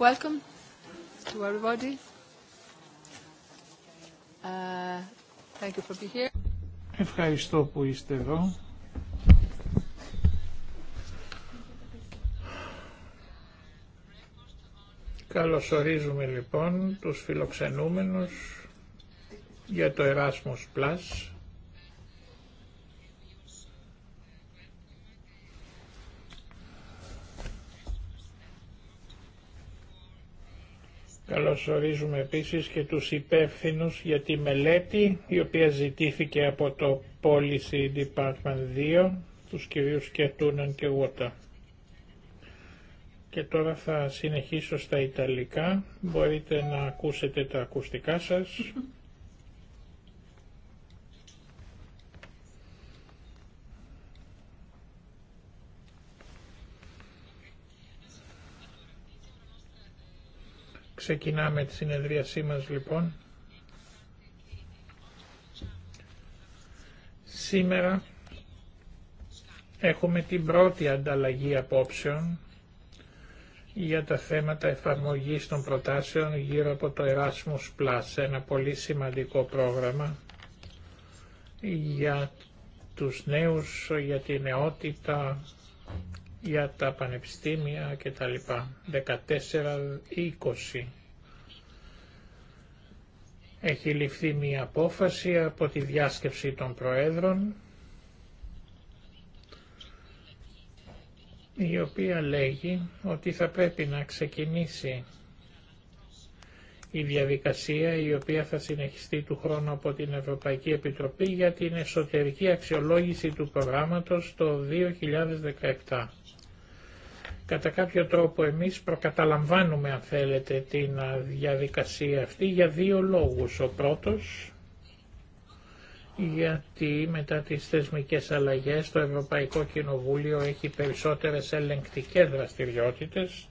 Welcome to everybody. Uh, thank you for being here. Ευχαριστώ που είστε εδώ. Καλωσορίζουμε λοιπόν τους φιλοξενούμενους για το Erasmus Plus Καλωσορίζουμε επίσης και τους υπεύθυνους για τη μελέτη η οποία ζητήθηκε από το Policy Department 2, τους κυρίους Κετούναν και Γουότα. Και τώρα θα συνεχίσω στα Ιταλικά. Μπορείτε να ακούσετε τα ακουστικά σας. Ξεκινάμε τη συνεδρίασή μας λοιπόν. Σήμερα έχουμε την πρώτη ανταλλαγή απόψεων για τα θέματα εφαρμογής των προτάσεων γύρω από το Erasmus Plus, ένα πολύ σημαντικό πρόγραμμα για τους νέους, για τη νεότητα για τα πανεπιστήμια και τα λοιπά. 14-20. Έχει ληφθεί μία απόφαση από τη διάσκεψη των Προέδρων η οποία λέγει ότι θα πρέπει να ξεκινήσει η διαδικασία η οποία θα συνεχιστεί του χρόνου από την Ευρωπαϊκή Επιτροπή για την εσωτερική αξιολόγηση του προγράμματος το 2017. Κατά κάποιο τρόπο εμείς προκαταλαμβάνουμε αν θέλετε την διαδικασία αυτή για δύο λόγους. Ο πρώτος γιατί μετά τις θεσμικές αλλαγές το Ευρωπαϊκό Κοινοβούλιο έχει περισσότερες ελεγκτικές δραστηριότητες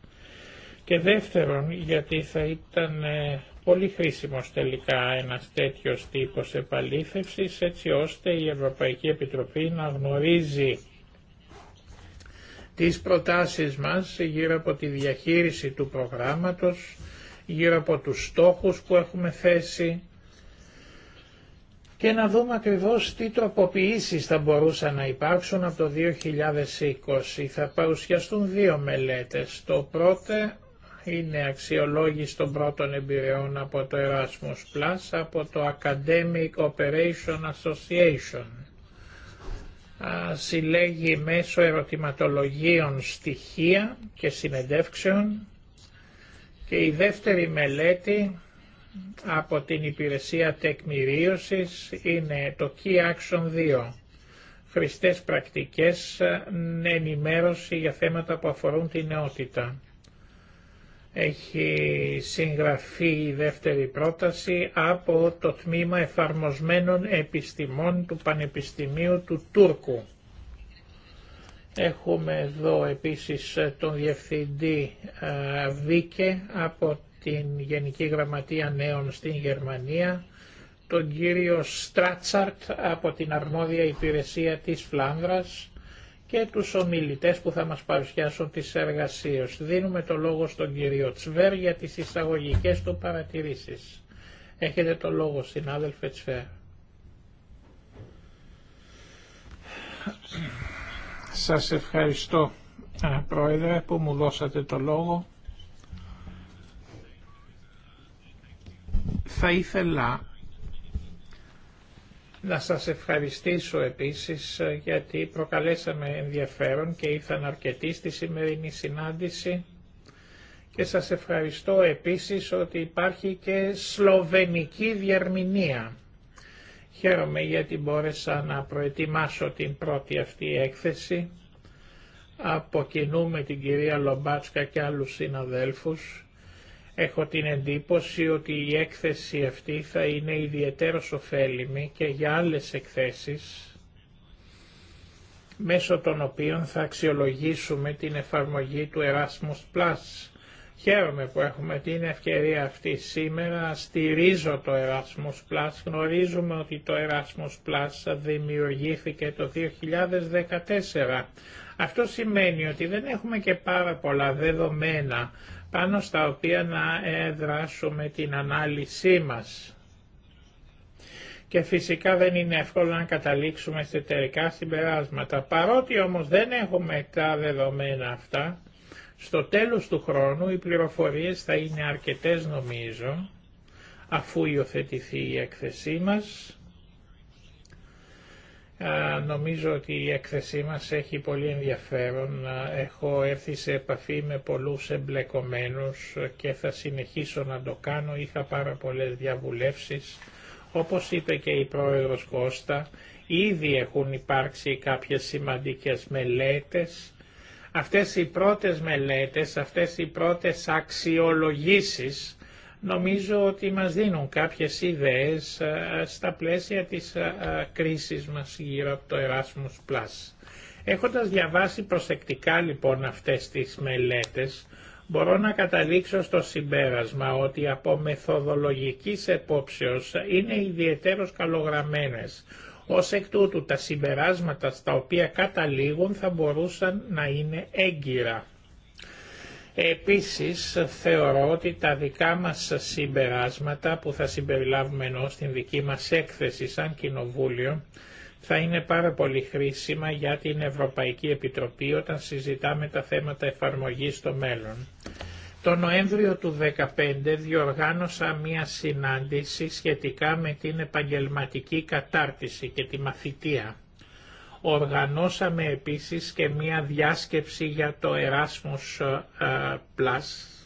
και δεύτερον γιατί θα ήταν ε, πολύ χρήσιμος τελικά ένας τέτοιος τύπος επαλήθευσης έτσι ώστε η Ευρωπαϊκή Επιτροπή να γνωρίζει τις προτάσεις μας γύρω από τη διαχείριση του προγράμματος, γύρω από τους στόχους που έχουμε θέσει και να δούμε ακριβώς τι τροποποιήσεις θα μπορούσαν να υπάρξουν από το 2020. Θα παρουσιαστούν δύο μελέτες. Το πρώτο είναι αξιολόγηση των πρώτων εμπειριών από το Erasmus Plus, από το Academic Operation Association συλλέγει μέσω ερωτηματολογίων στοιχεία και συνεντεύξεων και η δεύτερη μελέτη από την υπηρεσία τεκμηρίωσης είναι το Key Action 2. Χρηστές πρακτικές, ε, ενημέρωση για θέματα που αφορούν την νεότητα έχει συγγραφεί η δεύτερη πρόταση από το Τμήμα Εφαρμοσμένων Επιστημών του Πανεπιστημίου του Τούρκου. Έχουμε εδώ επίσης τον Διευθυντή ε, Βίκε από την Γενική Γραμματεία Νέων στην Γερμανία, τον κύριο Στράτσαρτ από την Αρμόδια Υπηρεσία της Φλάνδρας, και τους ομιλητές που θα μας παρουσιάσουν τις εργασίες. Δίνουμε το λόγο στον κύριο Τσβέρ για τις εισαγωγικές του παρατηρήσεις. Έχετε το λόγο, συνάδελφε Τσβέρ. Σας ευχαριστώ, Πρόεδρε, που μου δώσατε το λόγο. Θα ήθελα να σας ευχαριστήσω επίσης ε, γιατί προκαλέσαμε ενδιαφέρον και ήρθαν αρκετοί στη σημερινή συνάντηση και σας ευχαριστώ επίσης ότι υπάρχει και σλοβενική διαρμηνία. Χαίρομαι γιατί μπόρεσα να προετοιμάσω την πρώτη αυτή έκθεση από κοινού με την κυρία Λομπάτσκα και άλλους συναδέλφους Έχω την εντύπωση ότι η έκθεση αυτή θα είναι ιδιαίτερο ωφέλιμη και για άλλες εκθέσεις, μέσω των οποίων θα αξιολογήσουμε την εφαρμογή του Erasmus+. Plus. Χαίρομαι που έχουμε την ευκαιρία αυτή σήμερα. Στηρίζω το Erasmus Plus. Γνωρίζουμε ότι το Erasmus Plus δημιουργήθηκε το 2014. Αυτό σημαίνει ότι δεν έχουμε και πάρα πολλά δεδομένα πάνω στα οποία να έδρασουμε την ανάλυση μας. Και φυσικά δεν είναι εύκολο να καταλήξουμε σε τελικά συμπεράσματα. Παρότι όμως δεν έχουμε τα δεδομένα αυτά, στο τέλος του χρόνου οι πληροφορίες θα είναι αρκετές νομίζω, αφού υιοθετηθεί η έκθεσή μας ε, νομίζω ότι η έκθεσή μας έχει πολύ ενδιαφέρον. Ε, έχω έρθει σε επαφή με πολλούς εμπλεκομένους και θα συνεχίσω να το κάνω. Είχα πάρα πολλές διαβουλεύσεις. Όπως είπε και η πρόεδρος Κώστα, ήδη έχουν υπάρξει κάποιες σημαντικές μελέτες. Αυτές οι πρώτες μελέτες, αυτές οι πρώτες αξιολογήσεις νομίζω ότι μας δίνουν κάποιες ιδέες ε, στα πλαίσια της ε, ε, κρίσης μας γύρω από το Erasmus+. Έχοντας διαβάσει προσεκτικά λοιπόν αυτές τις μελέτες, μπορώ να καταλήξω στο συμπέρασμα ότι από μεθοδολογικής επόψεως είναι ιδιαίτερως καλογραμμένες. Ως εκ τούτου τα συμπεράσματα στα οποία καταλήγουν θα μπορούσαν να είναι έγκυρα. Επίσης θεωρώ ότι τα δικά μας συμπεράσματα που θα συμπεριλάβουμε ενώ στην δική μας έκθεση σαν Κοινοβούλιο θα είναι πάρα πολύ χρήσιμα για την Ευρωπαϊκή Επιτροπή όταν συζητάμε τα θέματα εφαρμογής στο μέλλον. Το Νοέμβριο του 2015 διοργάνωσα μία συνάντηση σχετικά με την επαγγελματική κατάρτιση και τη μαθητεία. Οργανώσαμε επίσης και μία διάσκεψη για το Erasmus ε, Plus.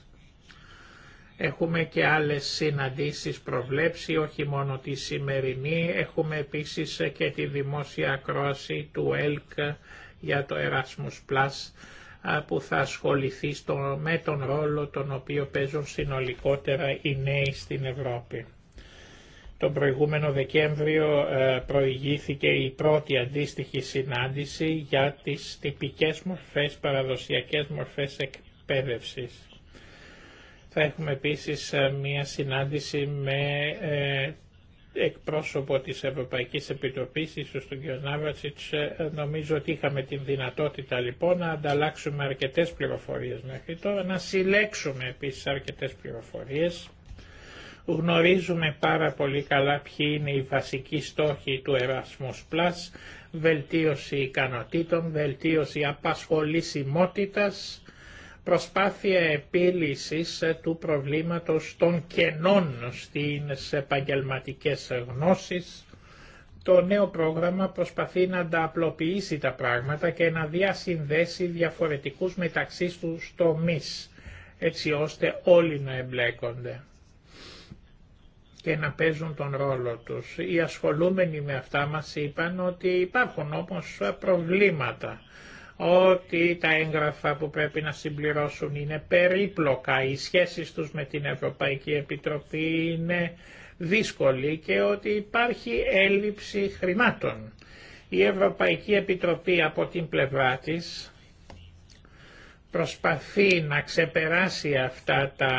Έχουμε και άλλες συναντήσεις προβλέψει, όχι μόνο τη σημερινή. Έχουμε επίσης ε, και τη δημόσια ακρόαση του ΕΛΚ για το Erasmus Plus ε, που θα ασχοληθεί με τον ρόλο τον οποίο παίζουν συνολικότερα οι νέοι στην Ευρώπη. Τον προηγούμενο Δεκέμβριο ε, προηγήθηκε η πρώτη αντίστοιχη συνάντηση για τις τυπικές μορφές, παραδοσιακές μορφές εκπαίδευσης. Θα έχουμε επίσης ε, μία συνάντηση με ε, εκπρόσωπο της Ευρωπαϊκής Επιτροπής, ίσως τον κ. νομίζω ότι είχαμε την δυνατότητα λοιπόν να ανταλλάξουμε αρκετές πληροφορίες μέχρι τώρα, να συλλέξουμε επίσης αρκετές πληροφορίες Γνωρίζουμε πάρα πολύ καλά ποιοι είναι οι βασικοί στόχοι του Erasmus Plus, βελτίωση ικανοτήτων, βελτίωση απασχολησιμότητας, προσπάθεια επίλυσης του προβλήματος των κενών στις επαγγελματικέ γνώσεις. Το νέο πρόγραμμα προσπαθεί να τα απλοποιήσει τα πράγματα και να διασυνδέσει διαφορετικούς μεταξύ τους τομείς, έτσι ώστε όλοι να εμπλέκονται και να παίζουν τον ρόλο τους. Οι ασχολούμενοι με αυτά μας είπαν ότι υπάρχουν όμως προβλήματα, ότι τα έγγραφα που πρέπει να συμπληρώσουν είναι περίπλοκα, οι σχέσεις τους με την Ευρωπαϊκή Επιτροπή είναι δύσκολη και ότι υπάρχει έλλειψη χρημάτων. Η Ευρωπαϊκή Επιτροπή από την πλευρά της προσπαθεί να ξεπεράσει αυτά τα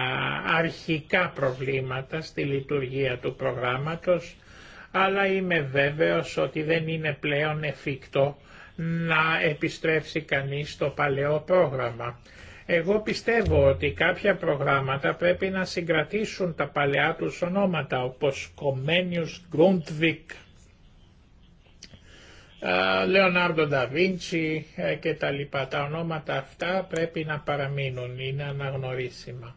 αρχικά προβλήματα στη λειτουργία του προγράμματος, αλλά είμαι βέβαιος ότι δεν είναι πλέον εφικτό να επιστρέψει κανείς στο παλαιό πρόγραμμα. Εγώ πιστεύω ότι κάποια προγράμματα πρέπει να συγκρατήσουν τα παλαιά τους ονόματα, όπως Comenius Grundvik ε, Λεωνάρντο Νταβίντσι ε, και τα λοιπά. Τα ονόματα αυτά πρέπει να παραμείνουν, είναι αναγνωρίσιμα.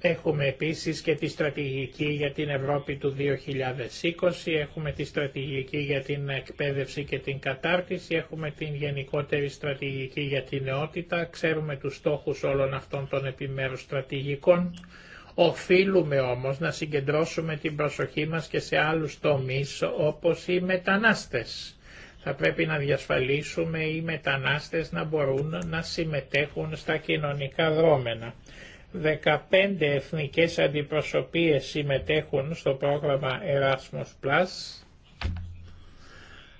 Έχουμε επίσης και τη στρατηγική για την Ευρώπη του 2020, έχουμε τη στρατηγική για την εκπαίδευση και την κατάρτιση, έχουμε την γενικότερη στρατηγική για την νεότητα, ξέρουμε τους στόχους όλων αυτών των επιμέρους στρατηγικών Οφείλουμε όμως να συγκεντρώσουμε την προσοχή μας και σε άλλους τομείς όπως οι μετανάστες. Θα πρέπει να διασφαλίσουμε οι μετανάστες να μπορούν να συμμετέχουν στα κοινωνικά δρόμενα. 15 εθνικές αντιπροσωπείες συμμετέχουν στο πρόγραμμα Erasmus+.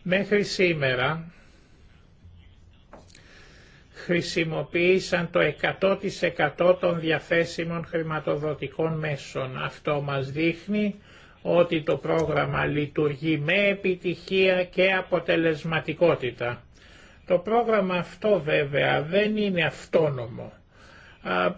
Μέχρι σήμερα χρησιμοποίησαν το 100% των διαθέσιμων χρηματοδοτικών μέσων. Αυτό μας δείχνει ότι το πρόγραμμα λειτουργεί με επιτυχία και αποτελεσματικότητα. Το πρόγραμμα αυτό βέβαια δεν είναι αυτόνομο,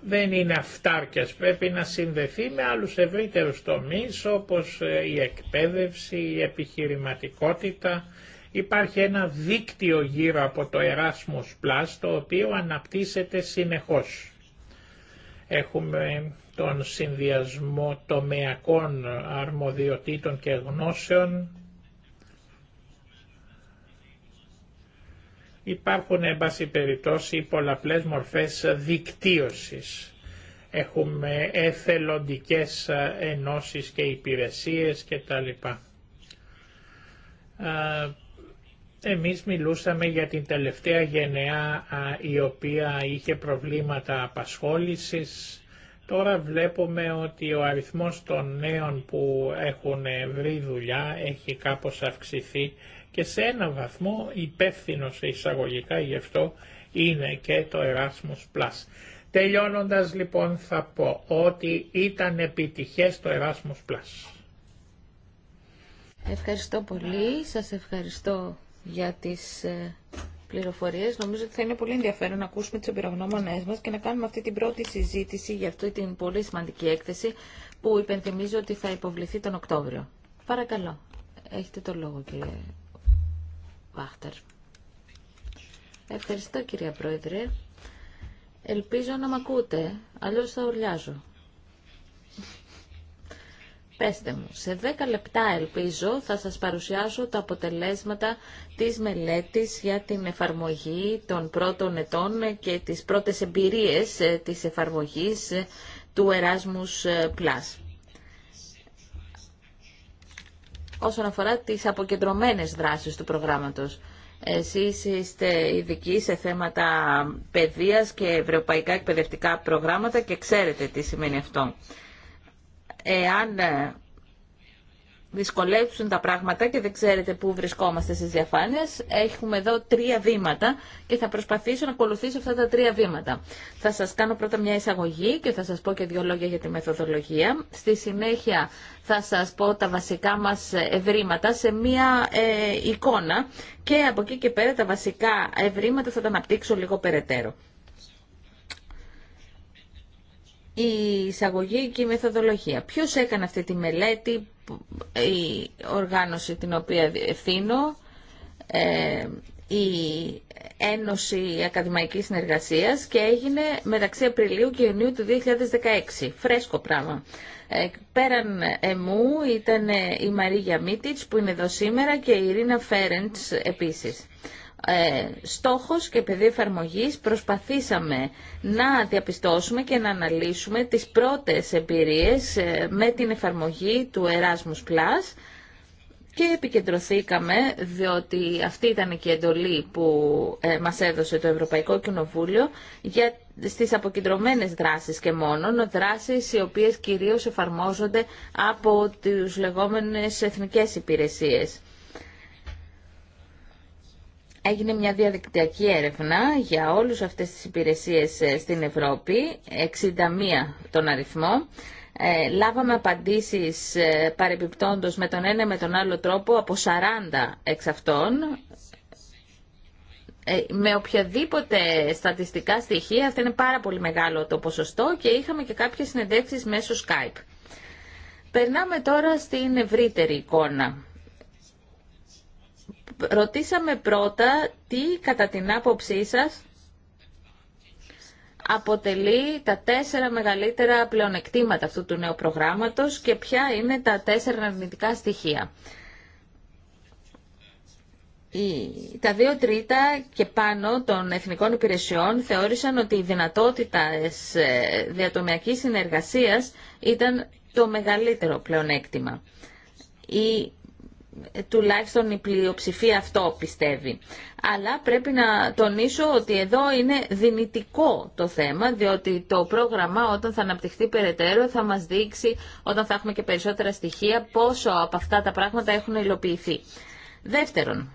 δεν είναι αυτάρκες, πρέπει να συνδεθεί με άλλους ευρύτερους τομείς όπως ε, η εκπαίδευση, η επιχειρηματικότητα, Υπάρχει ένα δίκτυο γύρω από το Erasmus το οποίο αναπτύσσεται συνεχώς. Έχουμε τον συνδυασμό τομεακών αρμοδιοτήτων και γνώσεων. Υπάρχουν, εν πάση περιπτώσει, πολλαπλές μορφές δικτύωσης. Έχουμε εθελοντικές ενώσεις και υπηρεσίες κτλ εμείς μιλούσαμε για την τελευταία γενεά η οποία είχε προβλήματα απασχόλησης. Τώρα βλέπουμε ότι ο αριθμός των νέων που έχουν βρει δουλειά έχει κάπως αυξηθεί και σε ένα βαθμό υπεύθυνο σε εισαγωγικά γι' αυτό είναι και το Erasmus Plus. Τελειώνοντας λοιπόν θα πω ότι ήταν επιτυχές το Erasmus Plus. Ευχαριστώ πολύ, σας ευχαριστώ για τις ε, πληροφορίες. Νομίζω ότι θα είναι πολύ ενδιαφέρον να ακούσουμε τις εμπειρογνώμονές μας και να κάνουμε αυτή την πρώτη συζήτηση για αυτή την πολύ σημαντική έκθεση που υπενθυμίζω ότι θα υποβληθεί τον Οκτώβριο. Παρακαλώ. Έχετε το λόγο κύριε Βάχτερ. Ευχαριστώ κυρία Πρόεδρε. Ελπίζω να μ' ακούτε, αλλιώς θα ουρλιάζω. Πέστε μου, σε 10 λεπτά ελπίζω θα σας παρουσιάσω τα αποτελέσματα της μελέτης για την εφαρμογή των πρώτων ετών και τις πρώτες εμπειρίες ε, της εφαρμογής ε, του Erasmus ε, Plus. Όσον αφορά τις αποκεντρωμένες δράσεις του προγράμματος, εσείς είστε ειδικοί σε θέματα παιδείας και ευρωπαϊκά εκπαιδευτικά προγράμματα και ξέρετε τι σημαίνει αυτό εάν ε, δυσκολέψουν τα πράγματα και δεν ξέρετε πού βρισκόμαστε στις διαφάνειες, έχουμε εδώ τρία βήματα και θα προσπαθήσω να ακολουθήσω αυτά τα τρία βήματα. Θα σας κάνω πρώτα μια εισαγωγή και θα σας πω και δύο λόγια για τη μεθοδολογία. Στη συνέχεια θα σας πω τα βασικά μας ευρήματα σε μια ε, εικόνα και από εκεί και πέρα τα βασικά ευρήματα θα τα αναπτύξω λίγο περαιτέρω. η εισαγωγή και η μεθοδολογία. Ποιος έκανε αυτή τη μελέτη, η οργάνωση την οποία ευθύνω, ε, η Ένωση Ακαδημαϊκής Συνεργασίας και έγινε μεταξύ Απριλίου και Ιουνίου του 2016. Φρέσκο πράγμα. Ε, πέραν εμού ήταν η Μαρίγια Μίτιτς που είναι εδώ σήμερα και η Ειρήνα Φέρεντς επίσης. Ε, στόχος και πεδίο εφαρμογή προσπαθήσαμε να διαπιστώσουμε και να αναλύσουμε τις πρώτες εμπειρίες ε, με την εφαρμογή του Erasmus Plus και επικεντρωθήκαμε διότι αυτή ήταν και η εντολή που ε, μας έδωσε το Ευρωπαϊκό Κοινοβούλιο για στις αποκεντρωμένες δράσεις και μόνο δράσεις οι οποίες κυρίως εφαρμόζονται από τις λεγόμενες εθνικές υπηρεσίες. Έγινε μια διαδικτυακή έρευνα για όλους αυτές τις υπηρεσίες ε, στην Ευρώπη, 61 τον αριθμό. Ε, λάβαμε απαντήσεις ε, παρεπιπτόντος με τον ένα με τον άλλο τρόπο από 40 εξ αυτών. με οποιαδήποτε στατιστικά στοιχεία, αυτό είναι πάρα πολύ μεγάλο το ποσοστό και είχαμε και κάποιες συνεντεύξεις μέσω Skype. Περνάμε τώρα στην ευρύτερη εικόνα ρωτήσαμε πρώτα τι κατά την άποψή σας αποτελεί τα τέσσερα μεγαλύτερα πλεονεκτήματα αυτού του νέου προγράμματος και ποια είναι τα τέσσερα αρνητικά στοιχεία. Τα δύο τρίτα και πάνω των εθνικών υπηρεσιών θεώρησαν ότι η δυνατότητα ε, διατομιακής συνεργασίας ήταν το μεγαλύτερο πλεονέκτημα τουλάχιστον η πλειοψηφία αυτό πιστεύει. Αλλά πρέπει να τονίσω ότι εδώ είναι δυνητικό το θέμα, διότι το πρόγραμμα όταν θα αναπτυχθεί περαιτέρω θα μας δείξει, όταν θα έχουμε και περισσότερα στοιχεία, πόσο από αυτά τα πράγματα έχουν υλοποιηθεί. Δεύτερον,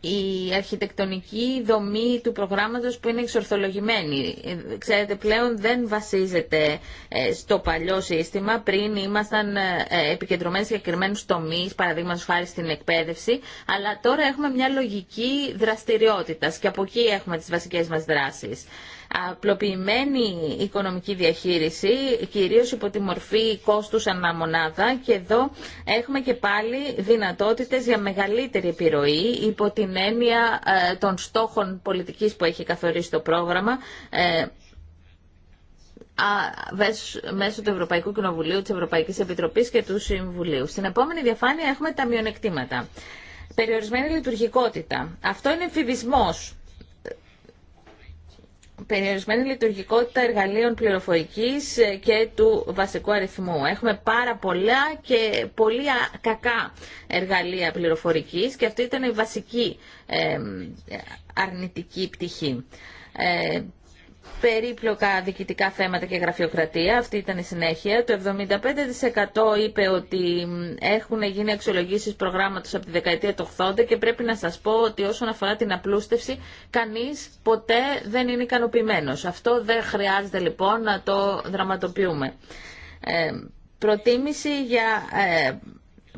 η αρχιτεκτονική δομή του προγράμματος που είναι εξορθολογημένη. Ε, ξέρετε, πλέον δεν βασίζεται ε, στο παλιό σύστημα. Πριν ήμασταν ε, επικεντρωμένοι σε συγκεκριμένου τομεί, παραδείγματο χάρη στην εκπαίδευση, αλλά τώρα έχουμε μια λογική δραστηριότητα και από εκεί έχουμε τι βασικέ μα δράσει απλοποιημένη οικονομική διαχείριση, κυρίως υπό τη μορφή κόστους αναμονάδα και εδώ έχουμε και πάλι δυνατότητες για μεγαλύτερη επιρροή υπό την έννοια ε, των στόχων πολιτικής που έχει καθορίσει το πρόγραμμα ε, μέσω του Ευρωπαϊκού Κοινοβουλίου, της Ευρωπαϊκής Επιτροπής και του Συμβουλίου. Στην επόμενη διαφάνεια έχουμε τα μειονεκτήματα. Περιορισμένη λειτουργικότητα. Αυτό είναι εμφυβισμός περιορισμένη λειτουργικότητα εργαλείων πληροφορικής ε, και του βασικού αριθμού. Έχουμε πάρα πολλά και πολύ κακά εργαλεία πληροφορικής και αυτή ήταν η βασική ε, ε, αρνητική πτυχή περίπλοκα διοικητικά θέματα και γραφειοκρατία, αυτή ήταν η συνέχεια. Το 75% είπε ότι έχουν γίνει αξιολογήσεις προγράμματος από τη δεκαετία του 80 και πρέπει να σας πω ότι όσον αφορά την απλούστευση, κανείς ποτέ δεν είναι ικανοποιημένο. Αυτό δεν χρειάζεται λοιπόν να το δραματοποιούμε. Ε, προτίμηση για... Ε,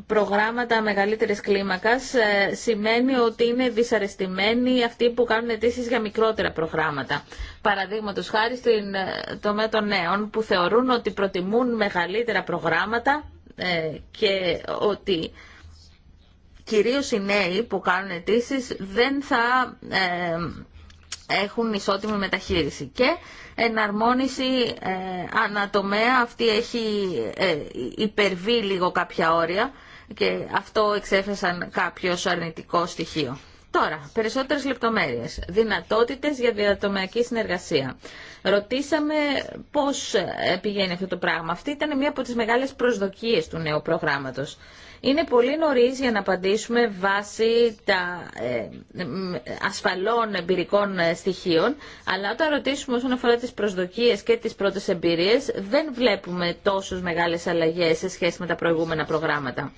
προγράμματα μεγαλύτερης κλίμακας ε, σημαίνει ότι είναι δυσαρεστημένοι αυτοί που κάνουν αιτήσει για μικρότερα προγράμματα. Παραδείγματος χάρη στην ε, τομέα των νέων που θεωρούν ότι προτιμούν μεγαλύτερα προγράμματα ε, και ότι κυρίως οι νέοι που κάνουν αιτήσει δεν θα έχουν ισότιμη μεταχείριση. Και εναρμόνιση ε, ανατομέα, αυτή έχει υπερβεί λίγο κάποια όρια και αυτό εξέφεσαν κάποιο αρνητικό στοιχείο. Τώρα, περισσότερες λεπτομέρειες. Δυνατότητες για διατομιακή συνεργασία. Ρωτήσαμε πώς πηγαίνει αυτό το πράγμα. Αυτή ήταν μία από τις μεγάλες προσδοκίες του νέου προγράμματος. Είναι πολύ νωρί για να απαντήσουμε βάσει τα ε, ασφαλών εμπειρικών ε, στοιχείων, αλλά όταν ρωτήσουμε όσον αφορά τι προσδοκίε και τι πρώτε εμπειρίε, δεν βλέπουμε τόσε μεγάλες αλλαγέ σε σχέση με τα προηγούμενα προγράμματα.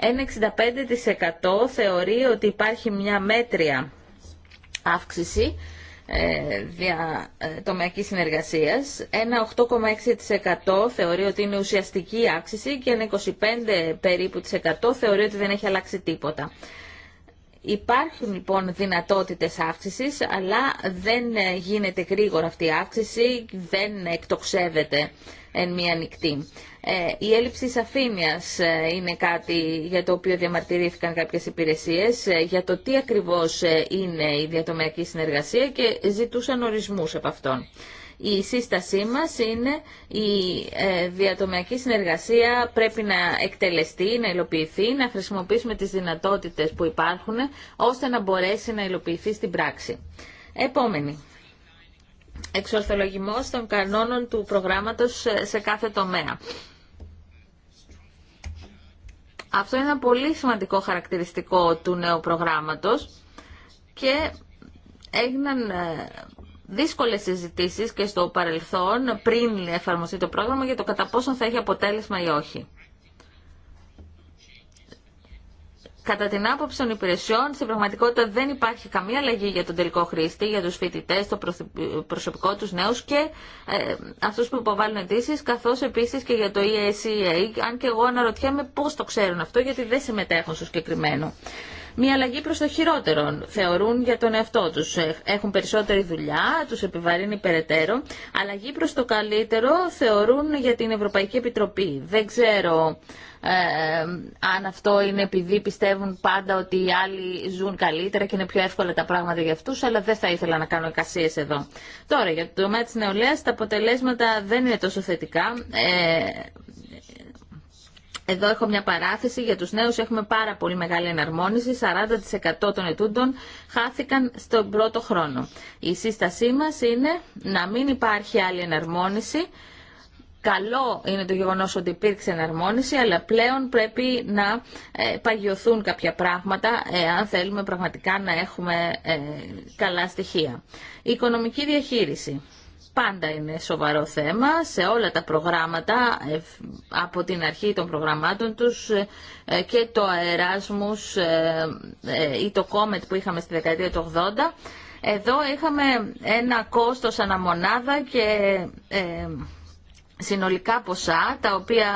1,65% θεωρεί ότι υπάρχει μια μέτρια αύξηση ε, διατομιακή ε, συνεργασίας. Ένα 8,6% θεωρεί ότι είναι ουσιαστική άξιση και ένα 25% περίπου θεωρεί ότι δεν έχει αλλάξει τίποτα. Υπάρχουν λοιπόν δυνατότητες αύξησης, αλλά δεν ε, γίνεται γρήγορα αυτή η αύξηση, δεν εκτοξεύεται εν μία νυχτή. Ε, η έλλειψη σαφήνειας ε, είναι κάτι για το οποίο διαμαρτυρήθηκαν κάποιες υπηρεσίες ε, για το τι ακριβώς είναι η διατομιακή συνεργασία και ζητούσαν ορισμούς από αυτόν. Η σύστασή μας είναι η διατομιακή συνεργασία πρέπει να εκτελεστεί, να υλοποιηθεί, να χρησιμοποιήσουμε τις δυνατότητες που υπάρχουν ώστε να μπορέσει να υλοποιηθεί στην πράξη. Επόμενη. εξορθολογημός των κανόνων του προγράμματος σε κάθε τομέα. Αυτό είναι ένα πολύ σημαντικό χαρακτηριστικό του νέου προγράμματος και έγιναν ε, δύσκολες συζητήσεις και στο παρελθόν πριν εφαρμοστεί το πρόγραμμα για το κατά πόσο θα έχει αποτέλεσμα ή όχι. Κατά την άποψη των υπηρεσιών, στην πραγματικότητα δεν υπάρχει καμία αλλαγή για τον τελικό χρήστη, για τους φοιτητέ, το προσωπικό τους νέους και ε, αυτούς που υποβάλλουν αιτήσει, καθώς επίσης και για το ESEA, αν και εγώ αναρωτιέμαι πώς το ξέρουν αυτό, γιατί δεν συμμετέχουν στο συγκεκριμένο μια αλλαγή προς το χειρότερο θεωρούν για τον εαυτό τους. Ε, έχουν περισσότερη δουλειά, τους επιβαρύνει περαιτέρω. Αλλαγή προς το καλύτερο θεωρούν για την Ευρωπαϊκή Επιτροπή. Δεν ξέρω ε, αν αυτό είναι επειδή πιστεύουν πάντα ότι οι άλλοι ζουν καλύτερα και είναι πιο εύκολα τα πράγματα για αυτούς, αλλά δεν θα ήθελα να κάνω εικασίες εδώ. Τώρα, για το τομέα της νεολαίας, τα αποτελέσματα δεν είναι τόσο θετικά. Ε, εδώ έχω μια παράθεση για τους νέους, έχουμε πάρα πολύ μεγάλη εναρμόνιση, 40% των ετούντων χάθηκαν στον πρώτο χρόνο. Η σύστασή μας είναι να μην υπάρχει άλλη εναρμόνιση, Καλό είναι το γεγονός ότι υπήρξε εναρμόνιση, αλλά πλέον πρέπει να ε, παγιωθούν κάποια πράγματα, ε, αν θέλουμε πραγματικά να έχουμε ε, καλά στοιχεία. Η οικονομική διαχείριση πάντα είναι σοβαρό θέμα σε όλα τα προγράμματα ε, από την αρχή των προγραμμάτων τους ε, ε, και το αεράσμους ή το κόμετ που είχαμε στη δεκαετία του 80. Εδώ είχαμε ένα κόστος αναμονάδα και συνολικά ποσά τα οποία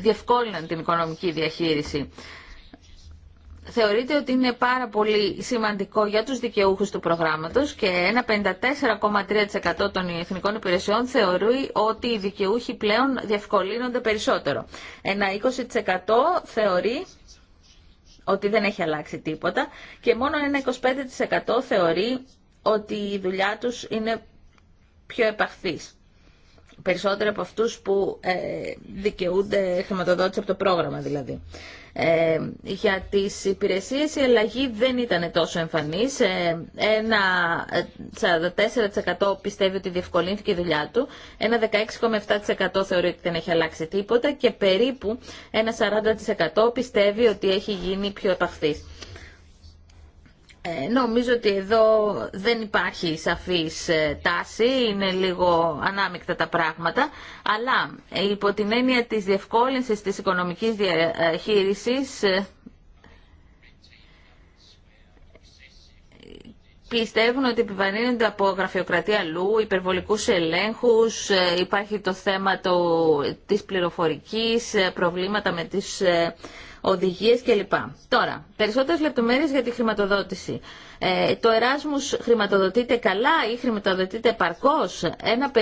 διευκόλυναν την οικονομική διαχείριση θεωρείται ότι είναι πάρα πολύ σημαντικό για τους δικαιούχους του προγράμματος και ένα 54,3% των εθνικών υπηρεσιών θεωρεί ότι οι δικαιούχοι πλέον διευκολύνονται περισσότερο. Ένα 20% θεωρεί ότι δεν έχει αλλάξει τίποτα και μόνο ένα 25% θεωρεί ότι η δουλειά τους είναι πιο επαχθής. Περισσότερο από αυτούς που ε, δικαιούνται χρηματοδότηση από το πρόγραμμα δηλαδή. Ε, για τις υπηρεσίες η αλλαγή δεν ήταν τόσο εμφανής. Ε, ένα ε, 44% πιστεύει ότι διευκολύνθηκε η δουλειά του. Ένα 16,7% θεωρεί ότι δεν έχει αλλάξει τίποτα. Και περίπου ένα 40% πιστεύει ότι έχει γίνει πιο επαχθής. Ε, νομίζω ότι εδώ δεν υπάρχει σαφής ε, τάση, είναι λίγο ανάμεικτα τα πράγματα, αλλά ε, υπό την έννοια της διευκόλυνσης της οικονομικής διαχείρισης ε, πιστεύουν ότι επιβαρύνονται από γραφειοκρατία λού, υπερβολικούς ελέγχους, υπάρχει το θέμα το, της πληροφορικής, προβλήματα με τις Οδηγίε κλπ. Τώρα, περισσότερες λεπτομέρειες για τη χρηματοδότηση. Ε, το Εράσμους χρηματοδοτείται καλά ή χρηματοδοτείται παρκώς. Ένα 50%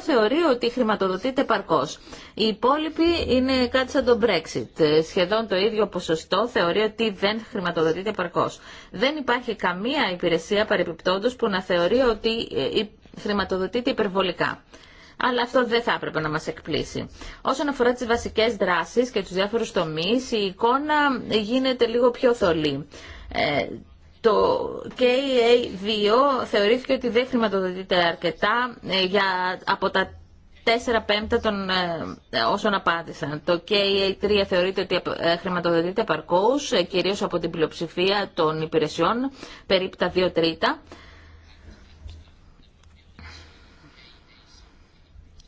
θεωρεί ότι χρηματοδοτείται παρκώς. Οι υπόλοιποι είναι κάτι σαν το Brexit. Σχεδόν το ίδιο ποσοστό θεωρεί ότι δεν χρηματοδοτείται παρκώς. Δεν υπάρχει καμία υπηρεσία παρεπιπτόντω που να θεωρεί ότι ε, χρηματοδοτείται υπερβολικά αλλά αυτό δεν θα έπρεπε να μας εκπλήσει. Όσον αφορά τις βασικές δράσεις και τους διάφορους τομείς, η εικόνα γίνεται λίγο πιο θολή. Ε, το KA2 θεωρήθηκε ότι δεν χρηματοδοτείται αρκετά ε, για, από τα 4 πέμπτα των ε, όσων απάντησαν. Το KA3 θεωρείται ότι ε, χρηματοδοτείται επαρκώς, ε, κυρίως από την πλειοψηφία των υπηρεσιών, περίπου τα 2 τρίτα.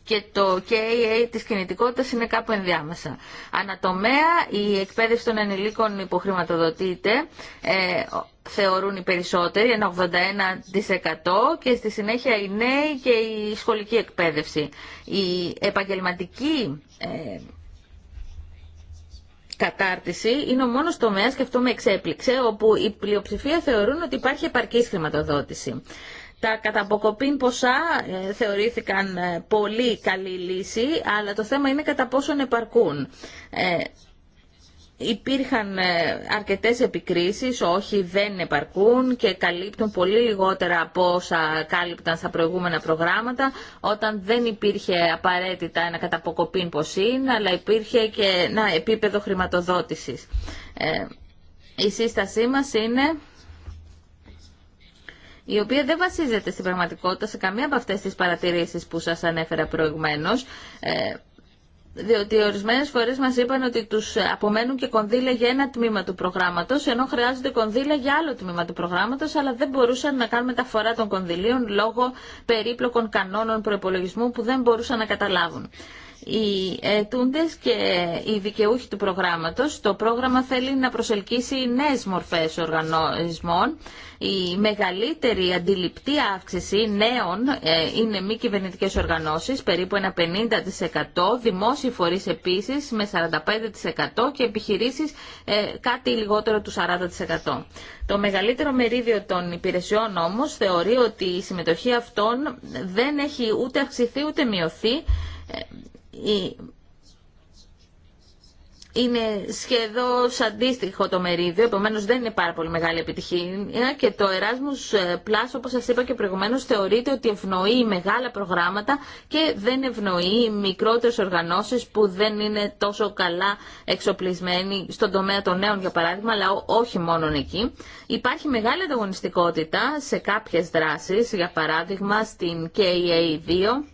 και το KA της κινητικότητας είναι κάπου ενδιάμεσα. Ανατομέα, η εκπαίδευση των ενηλίκων υποχρηματοδοτείται, ε, θεωρούν οι περισσότεροι, ένα 81% και στη συνέχεια οι νέοι και η σχολική εκπαίδευση. Η επαγγελματική ε, κατάρτιση είναι ο μόνος τομέας, και αυτό με εξέπληξε, όπου η πλειοψηφία θεωρούν ότι υπάρχει επαρκής χρηματοδότηση. Τα καταποκοπήν ποσά ε, θεωρήθηκαν ε, πολύ καλή λύση, αλλά το θέμα είναι κατά πόσον επαρκούν. Ε, υπήρχαν αρκετές επικρίσεις, όχι δεν επαρκούν και καλύπτουν πολύ λιγότερα από όσα κάλυπταν στα προηγούμενα προγράμματα όταν δεν υπήρχε απαραίτητα ένα καταποκοπήν ποσήν αλλά υπήρχε και ένα επίπεδο χρηματοδότησης. Η σύστασή μας είναι η οποία δεν βασίζεται στην πραγματικότητα σε καμία από αυτές τις παρατηρήσεις που σας ανέφερα προηγουμένως, ε, διότι ορισμένες φορές μας είπαν ότι τους απομένουν και κονδύλια για ένα τμήμα του προγράμματος, ενώ χρειάζονται κονδύλια για άλλο τμήμα του προγράμματος, αλλά δεν μπορούσαν να κάνουν μεταφορά των κονδυλίων λόγω περίπλοκων κανόνων προπολογισμού που δεν μπορούσαν να καταλάβουν οι ετούντες και οι δικαιούχοι του προγράμματος. Το πρόγραμμα θέλει να προσελκύσει νέες μορφές οργανισμών. Η μεγαλύτερη αντιληπτή αύξηση νέων ε, είναι μη κυβερνητικές οργανώσεις, περίπου ένα 50%, δημόσιοι φορείς επίσης με 45% και επιχειρήσεις ε, κάτι λιγότερο του 40%. Το μεγαλύτερο μερίδιο των υπηρεσιών όμως θεωρεί ότι η συμμετοχή αυτών δεν έχει ούτε αυξηθεί ούτε μειωθεί ε, είναι σχεδόν αντίστοιχο το μερίδιο, επομένως δεν είναι πάρα πολύ μεγάλη επιτυχία και το Erasmus Plus, όπως σας είπα και προηγουμένως, θεωρείται ότι ευνοεί μεγάλα προγράμματα και δεν ευνοεί μικρότερες οργανώσεις που δεν είναι τόσο καλά εξοπλισμένοι στον τομέα των νέων, για παράδειγμα, αλλά όχι μόνο εκεί. Υπάρχει μεγάλη ανταγωνιστικότητα σε κάποιες δράσεις, για παράδειγμα στην KA2,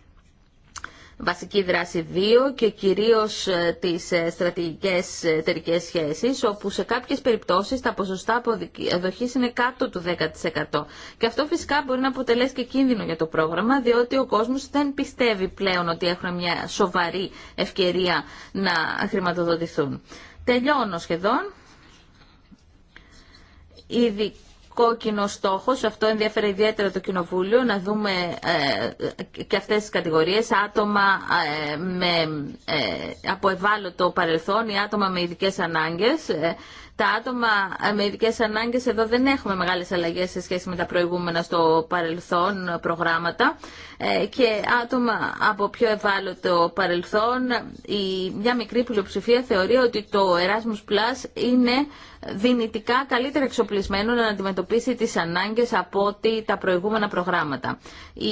βασική δράση 2 και κυρίως ε, τις ε, στρατηγικές εταιρικέ σχέσεις, όπου σε κάποιες περιπτώσεις τα ποσοστά αποδοχής είναι κάτω του 10%. Και αυτό φυσικά μπορεί να αποτελέσει και κίνδυνο για το πρόγραμμα, διότι ο κόσμος δεν πιστεύει πλέον ότι έχουν μια σοβαρή ευκαιρία να χρηματοδοτηθούν. Τελειώνω σχεδόν κόκκινο στόχο, αυτό ενδιαφέρει ιδιαίτερα το Κοινοβούλιο, να δούμε ε, και αυτέ τι κατηγορίες, άτομα ε, με, ε, από ευάλωτο παρελθόν ή άτομα με ειδικές ανάγκες. Ε, τα άτομα με ειδικέ ανάγκε εδώ δεν έχουμε μεγάλε αλλαγέ σε σχέση με τα προηγούμενα στο παρελθόν προγράμματα ε, και άτομα από πιο ευάλωτο παρελθόν η, μια μικρή πλειοψηφία θεωρεί ότι το Erasmus Plus είναι δυνητικά καλύτερα εξοπλισμένο να αντιμετωπίσει τις ανάγκες από ό,τι τα προηγούμενα προγράμματα. Η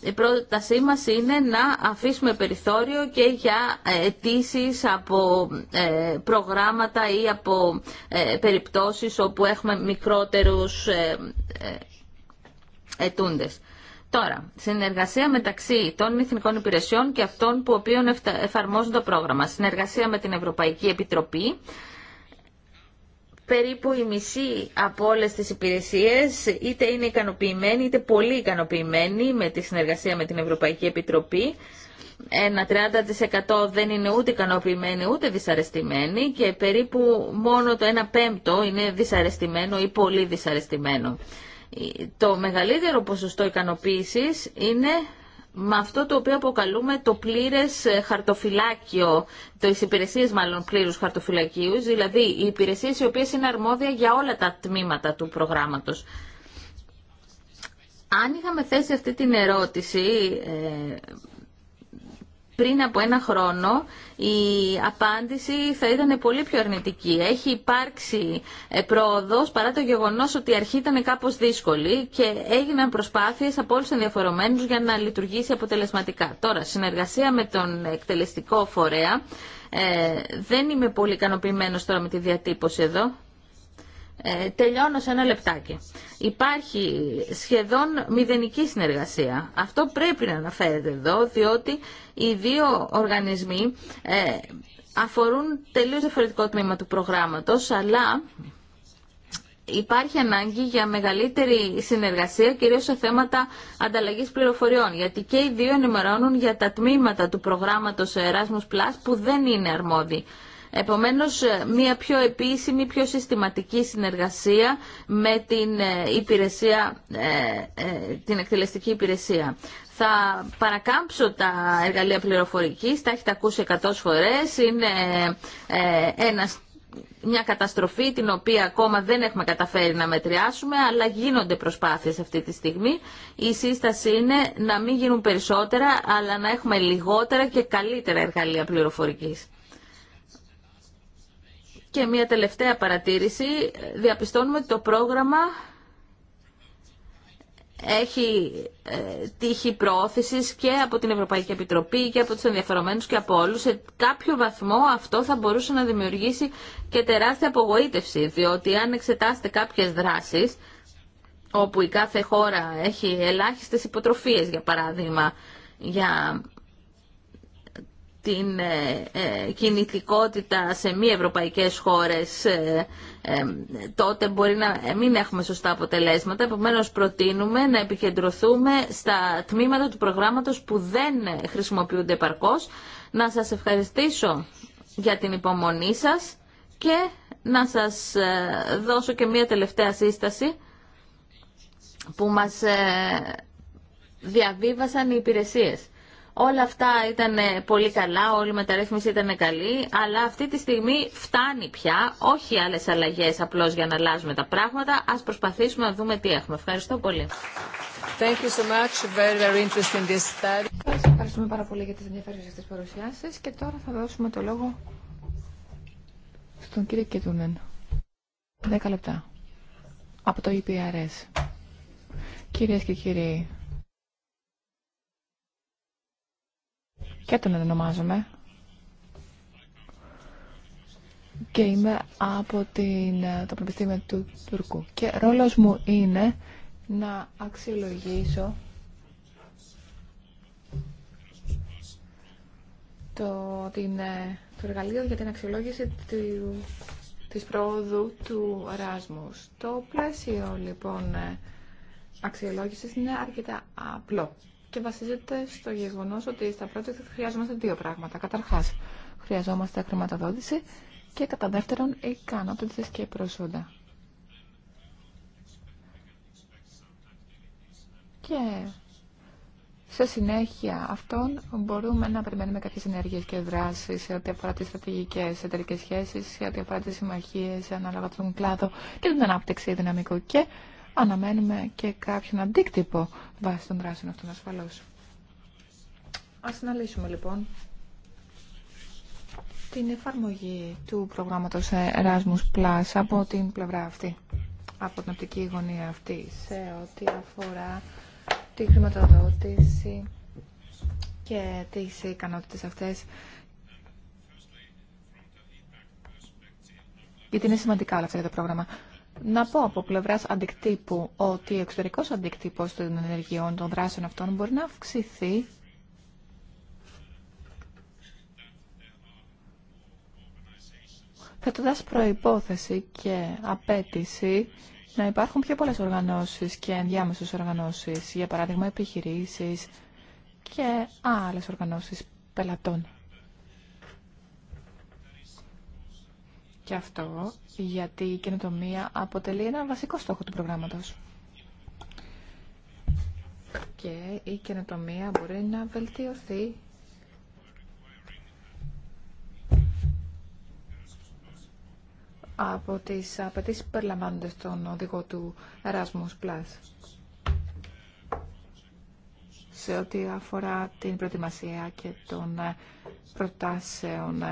η πρότασή μας είναι να αφήσουμε περιθώριο και για αιτήσει από ε, προγράμματα ή από ε, περιπτώσεις όπου έχουμε μικρότερους ε, ετούντες. Τώρα, συνεργασία μεταξύ των εθνικών υπηρεσιών και αυτών που οποίων εφαρμόζουν το πρόγραμμα. Συνεργασία με την Ευρωπαϊκή Επιτροπή περίπου η μισή από όλες τις υπηρεσίες είτε είναι ικανοποιημένη είτε πολύ ικανοποιημένη με τη συνεργασία με την Ευρωπαϊκή Επιτροπή. Ένα 30% δεν είναι ούτε ικανοποιημένοι ούτε δυσαρεστημένη και περίπου μόνο το 1 πέμπτο είναι δυσαρεστημένο ή πολύ δυσαρεστημένο. Το μεγαλύτερο ποσοστό ικανοποίησης είναι με αυτό το οποίο αποκαλούμε το πλήρες ε, χαρτοφυλάκιο, το υπηρεσίε μάλλον πλήρους χαρτοφυλακίου, δηλαδή οι υπηρεσίε οι οποίες είναι αρμόδια για όλα τα τμήματα του προγράμματος. Αν είχαμε θέσει αυτή την ερώτηση ε, πριν από ένα χρόνο η απάντηση θα ήταν πολύ πιο αρνητική. Έχει υπάρξει ε, πρόοδος παρά το γεγονός ότι η αρχή ήταν κάπως δύσκολη και έγιναν προσπάθειες από όλους τους για να λειτουργήσει αποτελεσματικά. Τώρα, συνεργασία με τον εκτελεστικό φορέα. Ε, δεν είμαι πολύ ικανοποιημένος τώρα με τη διατύπωση εδώ. Ε, τελειώνω σε ένα λεπτάκι. Υπάρχει σχεδόν μηδενική συνεργασία. Αυτό πρέπει να αναφέρεται εδώ, διότι οι δύο οργανισμοί ε, αφορούν τελείως διαφορετικό τμήμα του προγράμματος, αλλά υπάρχει ανάγκη για μεγαλύτερη συνεργασία, κυρίως σε θέματα ανταλλαγής πληροφοριών, γιατί και οι δύο ενημερώνουν για τα τμήματα του προγράμματος Erasmus Plus που δεν είναι αρμόδιοι Επομένως, ε, μια πιο επίσημη, πιο συστηματική συνεργασία με την, ε, υπηρεσία, ε, την εκτελεστική υπηρεσία. Θα παρακάμψω τα εργαλεία πληροφορικής, τα έχετε ακούσει 100 φορές, είναι μια καταστροφή την οποία ακόμα δεν έχουμε καταφέρει να μετριάσουμε, αλλά γίνονται προσπάθειες αυτή τη στιγμή. Η σύσταση είναι να μην γίνουν περισσότερα, αλλά να έχουμε λιγότερα και καλύτερα εργαλεία πληροφορικής. Και μια τελευταία παρατήρηση. Διαπιστώνουμε ότι το πρόγραμμα έχει ε, τύχει προώθηση και από την Ευρωπαϊκή Επιτροπή και από τους ενδιαφερομένους και από όλους. Σε κάποιο βαθμό αυτό θα μπορούσε να δημιουργήσει και τεράστια απογοήτευση, διότι αν εξετάσετε κάποιες δράσεις, όπου η κάθε χώρα έχει ελάχιστες υποτροφίες, για παράδειγμα, για την ε, ε, κινητικότητα σε μη ευρωπαϊκές χώρες, ε, τότε μπορεί να μην έχουμε σωστά αποτελέσματα. Επομένως, προτείνουμε να επικεντρωθούμε στα τμήματα του προγράμματος που δεν χρησιμοποιούνται επαρκώς. Να σας ευχαριστήσω για την υπομονή σας και να σας δώσω και μία τελευταία σύσταση που μας διαβίβασαν οι υπηρεσίες. Όλα αυτά ήταν πολύ καλά, όλη η μεταρρύθμιση ήταν καλή, αλλά αυτή τη στιγμή φτάνει πια, όχι άλλες αλλαγές απλώς για να αλλάζουμε τα πράγματα. Ας προσπαθήσουμε να δούμε τι έχουμε. Ευχαριστώ πολύ. Thank you so much. Very, very interesting this study. ευχαριστούμε πάρα πολύ για τις ενδιαφέρουσες της παρουσιάσεις και τώρα θα δώσουμε το λόγο στον κύριο Κετούνεν. 10 λεπτά. Από το EPRS. Κυρίες και κύριοι, και τον ονομάζομαι. Και είμαι από την, ε, το Πανεπιστήμιο του Τουρκού. Και ρόλος μου είναι να αξιολογήσω το, την, ε, το εργαλείο για την αξιολόγηση του, της πρόοδου του Εράσμου. Το πλαίσιο λοιπόν ε, αξιολόγησης είναι αρκετά απλό και βασίζεται στο γεγονός ότι στα project χρειάζομαστε δύο πράγματα. Καταρχάς, χρειαζόμαστε χρηματοδότηση και κατά δεύτερον, ικανότητες και προσόντα. Και σε συνέχεια αυτών μπορούμε να περιμένουμε κάποιες ενέργειες και δράσεις σε ό,τι αφορά τις στρατηγικές εταιρικές σχέσεις, σε ό,τι αφορά τις συμμαχίες, ανάλογα τον κλάδο και την ανάπτυξη δυναμικού και αναμένουμε και κάποιον αντίκτυπο βάσει των δράσεων αυτών ασφαλώς. Ας αναλύσουμε λοιπόν την εφαρμογή του προγράμματος Erasmus Plus από την πλευρά αυτή, από την οπτική γωνία αυτή, σε ό,τι αφορά τη χρηματοδότηση και τις ικανότητες αυτές. Γιατί είναι σημαντικά όλα αυτά για το πρόγραμμα. Να πω από πλευρά αντικτύπου ότι ο εξωτερικό αντικτύπος των ενεργειών των δράσεων αυτών μπορεί να αυξηθεί θέτοντας προϋπόθεση και απέτηση να υπάρχουν πιο πολλές οργανώσεις και ενδιάμεσες οργανώσεις, για παράδειγμα επιχειρήσεις και άλλες οργανώσεις πελατών. Και αυτό γιατί η καινοτομία αποτελεί ένα βασικό στόχο του προγράμματος. Και η καινοτομία μπορεί να βελτιωθεί από τις απαιτήσει που περιλαμβάνονται στον οδηγό του Erasmus Plus σε ό,τι αφορά την προετοιμασία και των προτάσεων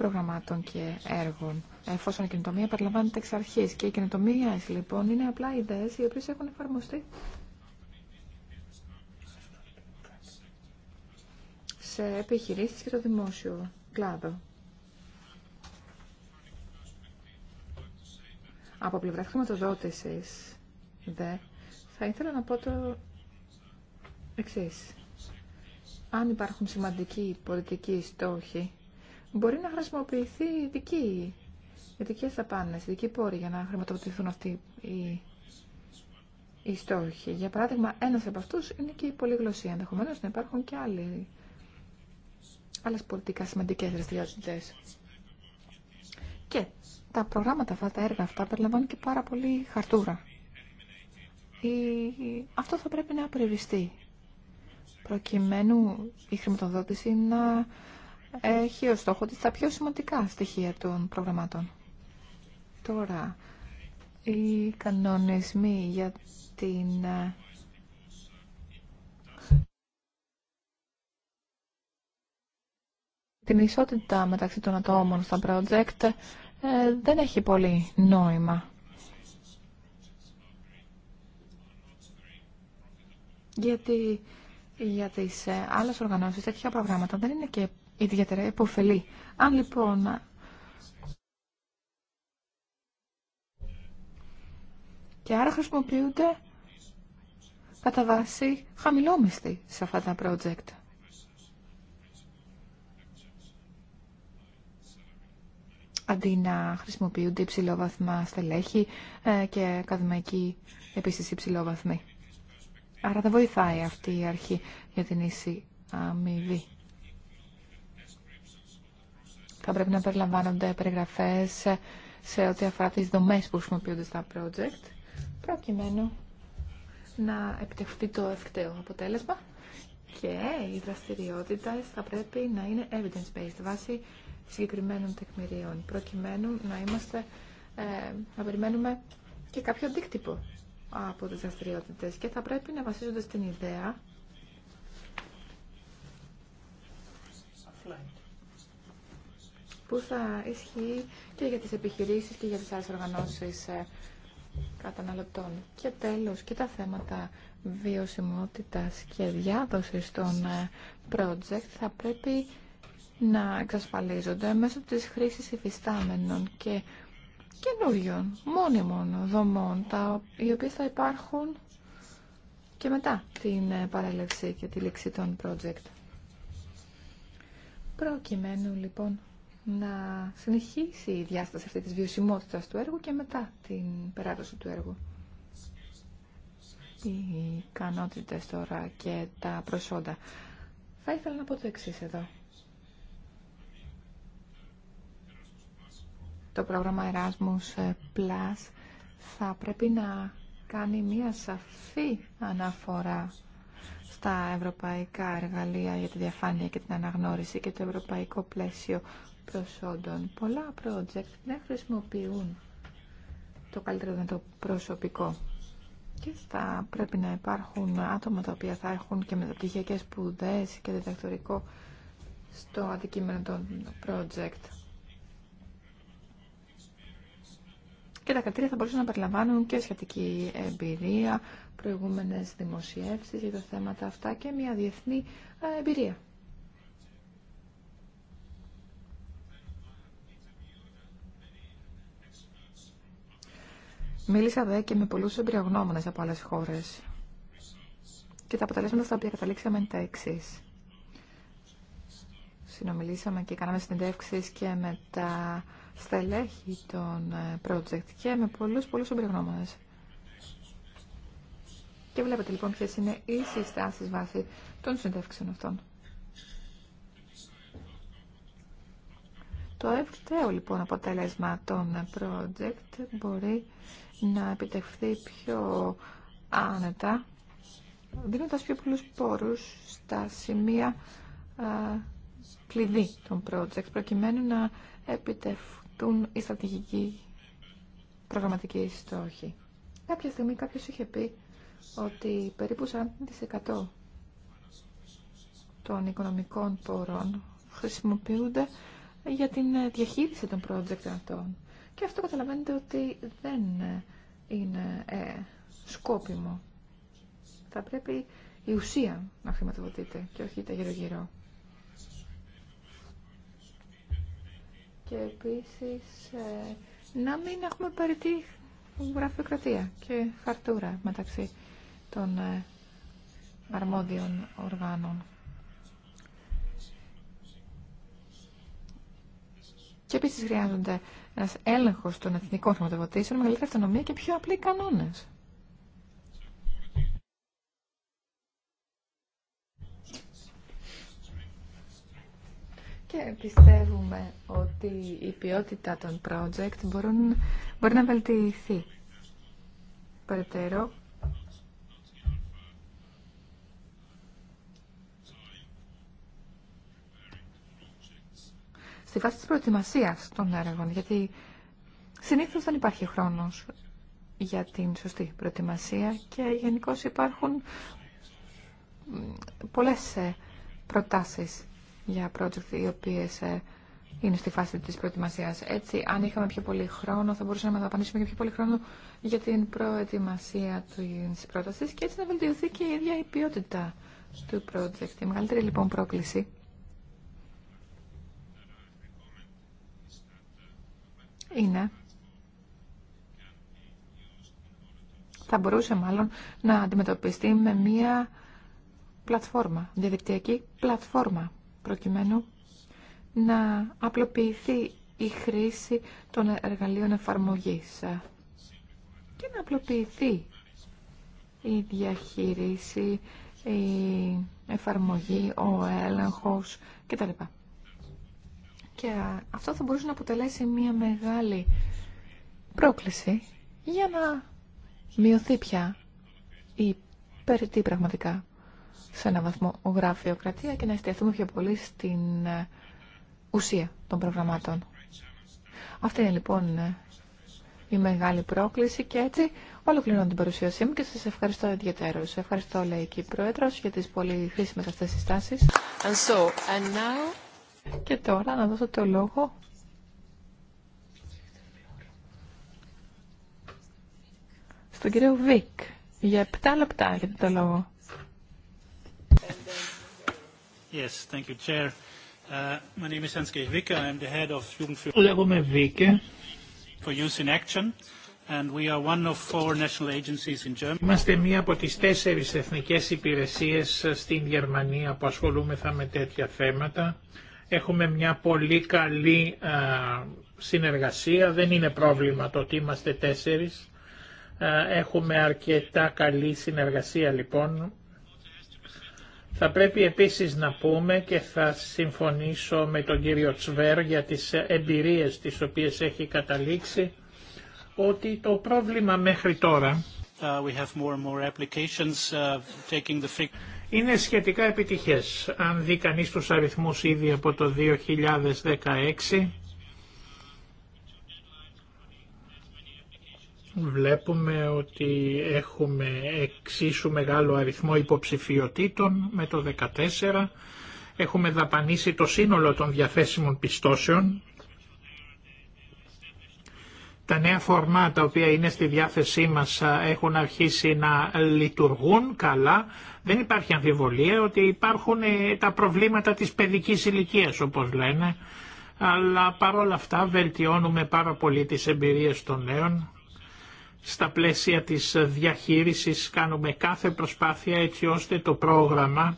προγραμμάτων και έργων, εφόσον η καινοτομία περιλαμβάνεται εξ αρχή. Και οι καινοτομίε λοιπόν είναι απλά ιδέε οι οποίε έχουν εφαρμοστεί σε επιχειρήσει και το δημόσιο κλάδο. Από πλευρά χρηματοδότηση, δε, θα ήθελα να πω το εξή. Αν υπάρχουν σημαντικοί πολιτικοί στόχοι μπορεί να χρησιμοποιηθεί ειδική, ειδικές δαπάνε, ειδική πόρη για να χρηματοδοτηθούν αυτοί οι, οι στόχοι. Για παράδειγμα, ένας από αυτού είναι και η πολυγλωσία. Ενδεχομένω να υπάρχουν και άλλοι, άλλες πολιτικά σημαντικέ δραστηριότητε. Και τα προγράμματα αυτά, τα έργα αυτά, περιλαμβάνουν και πάρα πολύ χαρτούρα. Αυτό θα πρέπει να περιοριστεί προκειμένου η χρηματοδότηση να έχει ως στόχο τα πιο σημαντικά στοιχεία των προγραμμάτων. Τώρα, οι κανονισμοί για την ε, την ισότητα μεταξύ των ατόμων στα project ε, δεν έχει πολύ νόημα. Γιατί για τις ε, άλλες οργανώσεις τέτοια προγράμματα δεν είναι και ιδιαίτερα υποφελή. Αν λοιπόν και άρα χρησιμοποιούνται κατά βάση χαμηλόμισθοι σε αυτά τα project. Αντί να χρησιμοποιούνται υψηλόβαθμα στελέχη ε, και ακαδημαϊκοί επίσης υψηλόβαθμοι. Άρα δεν βοηθάει αυτή η αρχή για την ίση αμοιβή θα πρέπει να περιλαμβάνονται περιγραφές σε ό,τι αφορά τις δομές που χρησιμοποιούνται στα project, προκειμένου να επιτευχθεί το ευκταίο αποτέλεσμα και οι δραστηριότητε θα πρέπει να είναι evidence-based, βάσει συγκεκριμένων τεκμηρίων, προκειμένου να είμαστε, ε, να περιμένουμε και κάποιο αντίκτυπο από τις δραστηριότητε και θα πρέπει να βασίζονται στην ιδέα που θα ισχύει και για τις επιχειρήσεις και για τις άλλες οργανώσεις ε, καταναλωτών. Και τέλος και τα θέματα βιωσιμότητας και διάδοσης των ε, project θα πρέπει να εξασφαλίζονται μέσω της χρήσης υφιστάμενων και καινούριων, μόνιμων δομών, τα, οι οποίες θα υπάρχουν και μετά την ε, παρέλευση και τη λήξη των project. Προκειμένου λοιπόν να συνεχίσει η διάσταση αυτή της βιωσιμότητας του έργου και μετά την περάτωση του έργου. Οι ικανότητε τώρα και τα προσόντα. Θα ήθελα να πω το εξή εδώ. Το πρόγραμμα Erasmus Plus θα πρέπει να κάνει μία σαφή αναφορά στα ευρωπαϊκά εργαλεία για τη διαφάνεια και την αναγνώριση και το ευρωπαϊκό πλαίσιο προσόντων. Πολλά project δεν χρησιμοποιούν το καλύτερο το προσωπικό. Και θα πρέπει να υπάρχουν άτομα τα οποία θα έχουν και μεταπτυχιακές σπουδέ και διδακτορικό στο αντικείμενο των project. Και τα κατήρια θα μπορούσαν να περιλαμβάνουν και σχετική εμπειρία, προηγούμενες δημοσιεύσεις για τα θέματα αυτά και μια διεθνή εμπειρία. Μίλησα δε και με πολλούς εμπειρογνώμονες από άλλε χώρε. Και τα αποτελέσματα στα οποία καταλήξαμε είναι τα εξή. Συνομιλήσαμε και κάναμε συνεντεύξεις και με τα στελέχη των ε, project και με πολλούς πολλούς εμπειρογνώμονες. Και βλέπετε λοιπόν ποιες είναι οι συστάσεις βάσει των συνεντεύξεων αυτών. Το ευθέω λοιπόν αποτέλεσμα των project μπορεί να επιτευχθεί πιο άνετα, δίνοντας πιο πολλούς πόρους στα σημεία α, κλειδί των project, προκειμένου να επιτευχθούν οι στρατηγικοί προγραμματικοί στόχοι. Κάποια στιγμή κάποιος είχε πει ότι περίπου 40% των οικονομικών πόρων χρησιμοποιούνται για την διαχείριση των project αυτών. Και αυτό καταλαβαίνετε ότι δεν είναι ε, σκόπιμο. Θα πρέπει η ουσία να χρηματοδοτείται και όχι τα γύρω-γύρω. Και επίσης ε, να μην έχουμε περιττή γραφειοκρατία και χαρτούρα μεταξύ των ε, αρμόδιων οργάνων. Και επίση χρειάζονται ένα έλεγχο των εθνικών χρηματοδοτήσεων, μεγαλύτερη αυτονομία και πιο απλοί κανόνε. Και πιστεύουμε ότι η ποιότητα των project μπορούν, μπορεί να βελτιωθεί περαιτέρω στη φάση της προετοιμασίας των έργων, γιατί συνήθως δεν υπάρχει χρόνος για την σωστή προετοιμασία και γενικώ υπάρχουν πολλές ε, προτάσεις για project οι οποίες ε, είναι στη φάση της προετοιμασίας. Έτσι, αν είχαμε πιο πολύ χρόνο, θα μπορούσαμε να δαπανίσουμε και πιο πολύ χρόνο για την προετοιμασία της πρότασης και έτσι να βελτιωθεί και η ίδια η ποιότητα του project. Η μεγαλύτερη λοιπόν πρόκληση είναι θα μπορούσε μάλλον να αντιμετωπιστεί με μία πλατφόρμα, διαδικτυακή πλατφόρμα, προκειμένου να απλοποιηθεί η χρήση των εργαλείων εφαρμογής και να απλοποιηθεί η διαχείριση, η εφαρμογή, ο έλεγχος κτλ. Και αυτό θα μπορούσε να αποτελέσει μια μεγάλη πρόκληση για να μειωθεί πια η περιττή πραγματικά σε ένα βαθμό γραφειοκρατία και να εστιαθούμε πιο πολύ στην ε, ουσία των προγραμμάτων. Αυτή είναι λοιπόν ε, η μεγάλη πρόκληση και έτσι ολοκληρώνω την παρουσίασή μου και σας ευχαριστώ Σας Ευχαριστώ λέει και η Πρόεδρος για τις πολύ χρήσιμες αυτές τις στάσεις. Και τώρα να δώσω το λόγο στον κύριο Βίκ για 7 λεπτά για το λόγο. Yes, thank you, Chair. Uh, my name is Hans Vika. I am the head of Jugendführung. Λέγομαι Βίκε. For Youth in Action. And we are one of four national agencies in Germany. Μας μία από τις τέσσερις εθνικές υπηρεσίες στην Γερμανία που ασχολούμεθα με τέτοια θέματα. Έχουμε μια πολύ καλή συνεργασία, δεν είναι πρόβλημα το ότι είμαστε τέσσερις. έχουμε αρκετά καλή συνεργασία λοιπόν. Θα πρέπει επίσης να πούμε και θα συμφωνήσω με τον κύριο Τσβέρ για τις εμπειρίες τις οποίες έχει καταλήξει ότι το πρόβλημα μέχρι τώρα είναι σχετικά επιτυχές. Αν δει κανεί τους αριθμούς ήδη από το 2016, βλέπουμε ότι έχουμε εξίσου μεγάλο αριθμό υποψηφιωτήτων με το 2014. Έχουμε δαπανίσει το σύνολο των διαθέσιμων πιστώσεων. Τα νέα φορμάτα, τα οποία είναι στη διάθεσή μας έχουν αρχίσει να λειτουργούν καλά. Δεν υπάρχει αμφιβολία ότι υπάρχουν ε, τα προβλήματα της παιδικής ηλικίας όπως λένε, αλλά παρόλα αυτά βελτιώνουμε πάρα πολύ τις εμπειρίες των νέων. Στα πλαίσια της διαχείρισης κάνουμε κάθε προσπάθεια έτσι ώστε το πρόγραμμα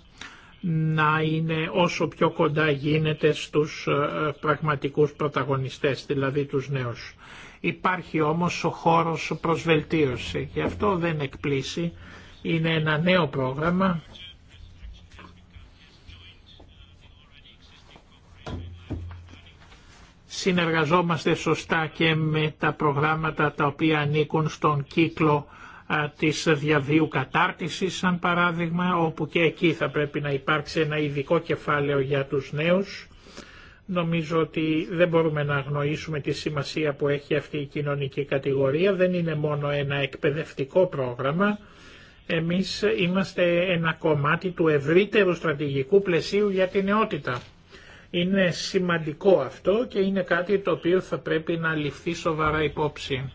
να είναι όσο πιο κοντά γίνεται στους ε, πραγματικούς πρωταγωνιστές, δηλαδή τους νέους. Υπάρχει όμως ο χώρος προς βελτίωση και αυτό δεν εκπλήσει είναι ένα νέο πρόγραμμα συνεργαζόμαστε σωστά και με τα προγράμματα τα οποία ανήκουν στον κύκλο της διαβίου κατάρτισης σαν παράδειγμα όπου και εκεί θα πρέπει να υπάρξει ένα ειδικό κεφάλαιο για τους νέους. Νομίζω ότι δεν μπορούμε να αγνοήσουμε τη σημασία που έχει αυτή η κοινωνική κατηγορία. Δεν είναι μόνο ένα εκπαιδευτικό πρόγραμμα εμείς είμαστε ένα κομμάτι του ευρύτερου στρατηγικού πλαισίου για την νεότητα. Είναι σημαντικό αυτό και είναι κάτι το οποίο θα πρέπει να ληφθεί σοβαρά υπόψη.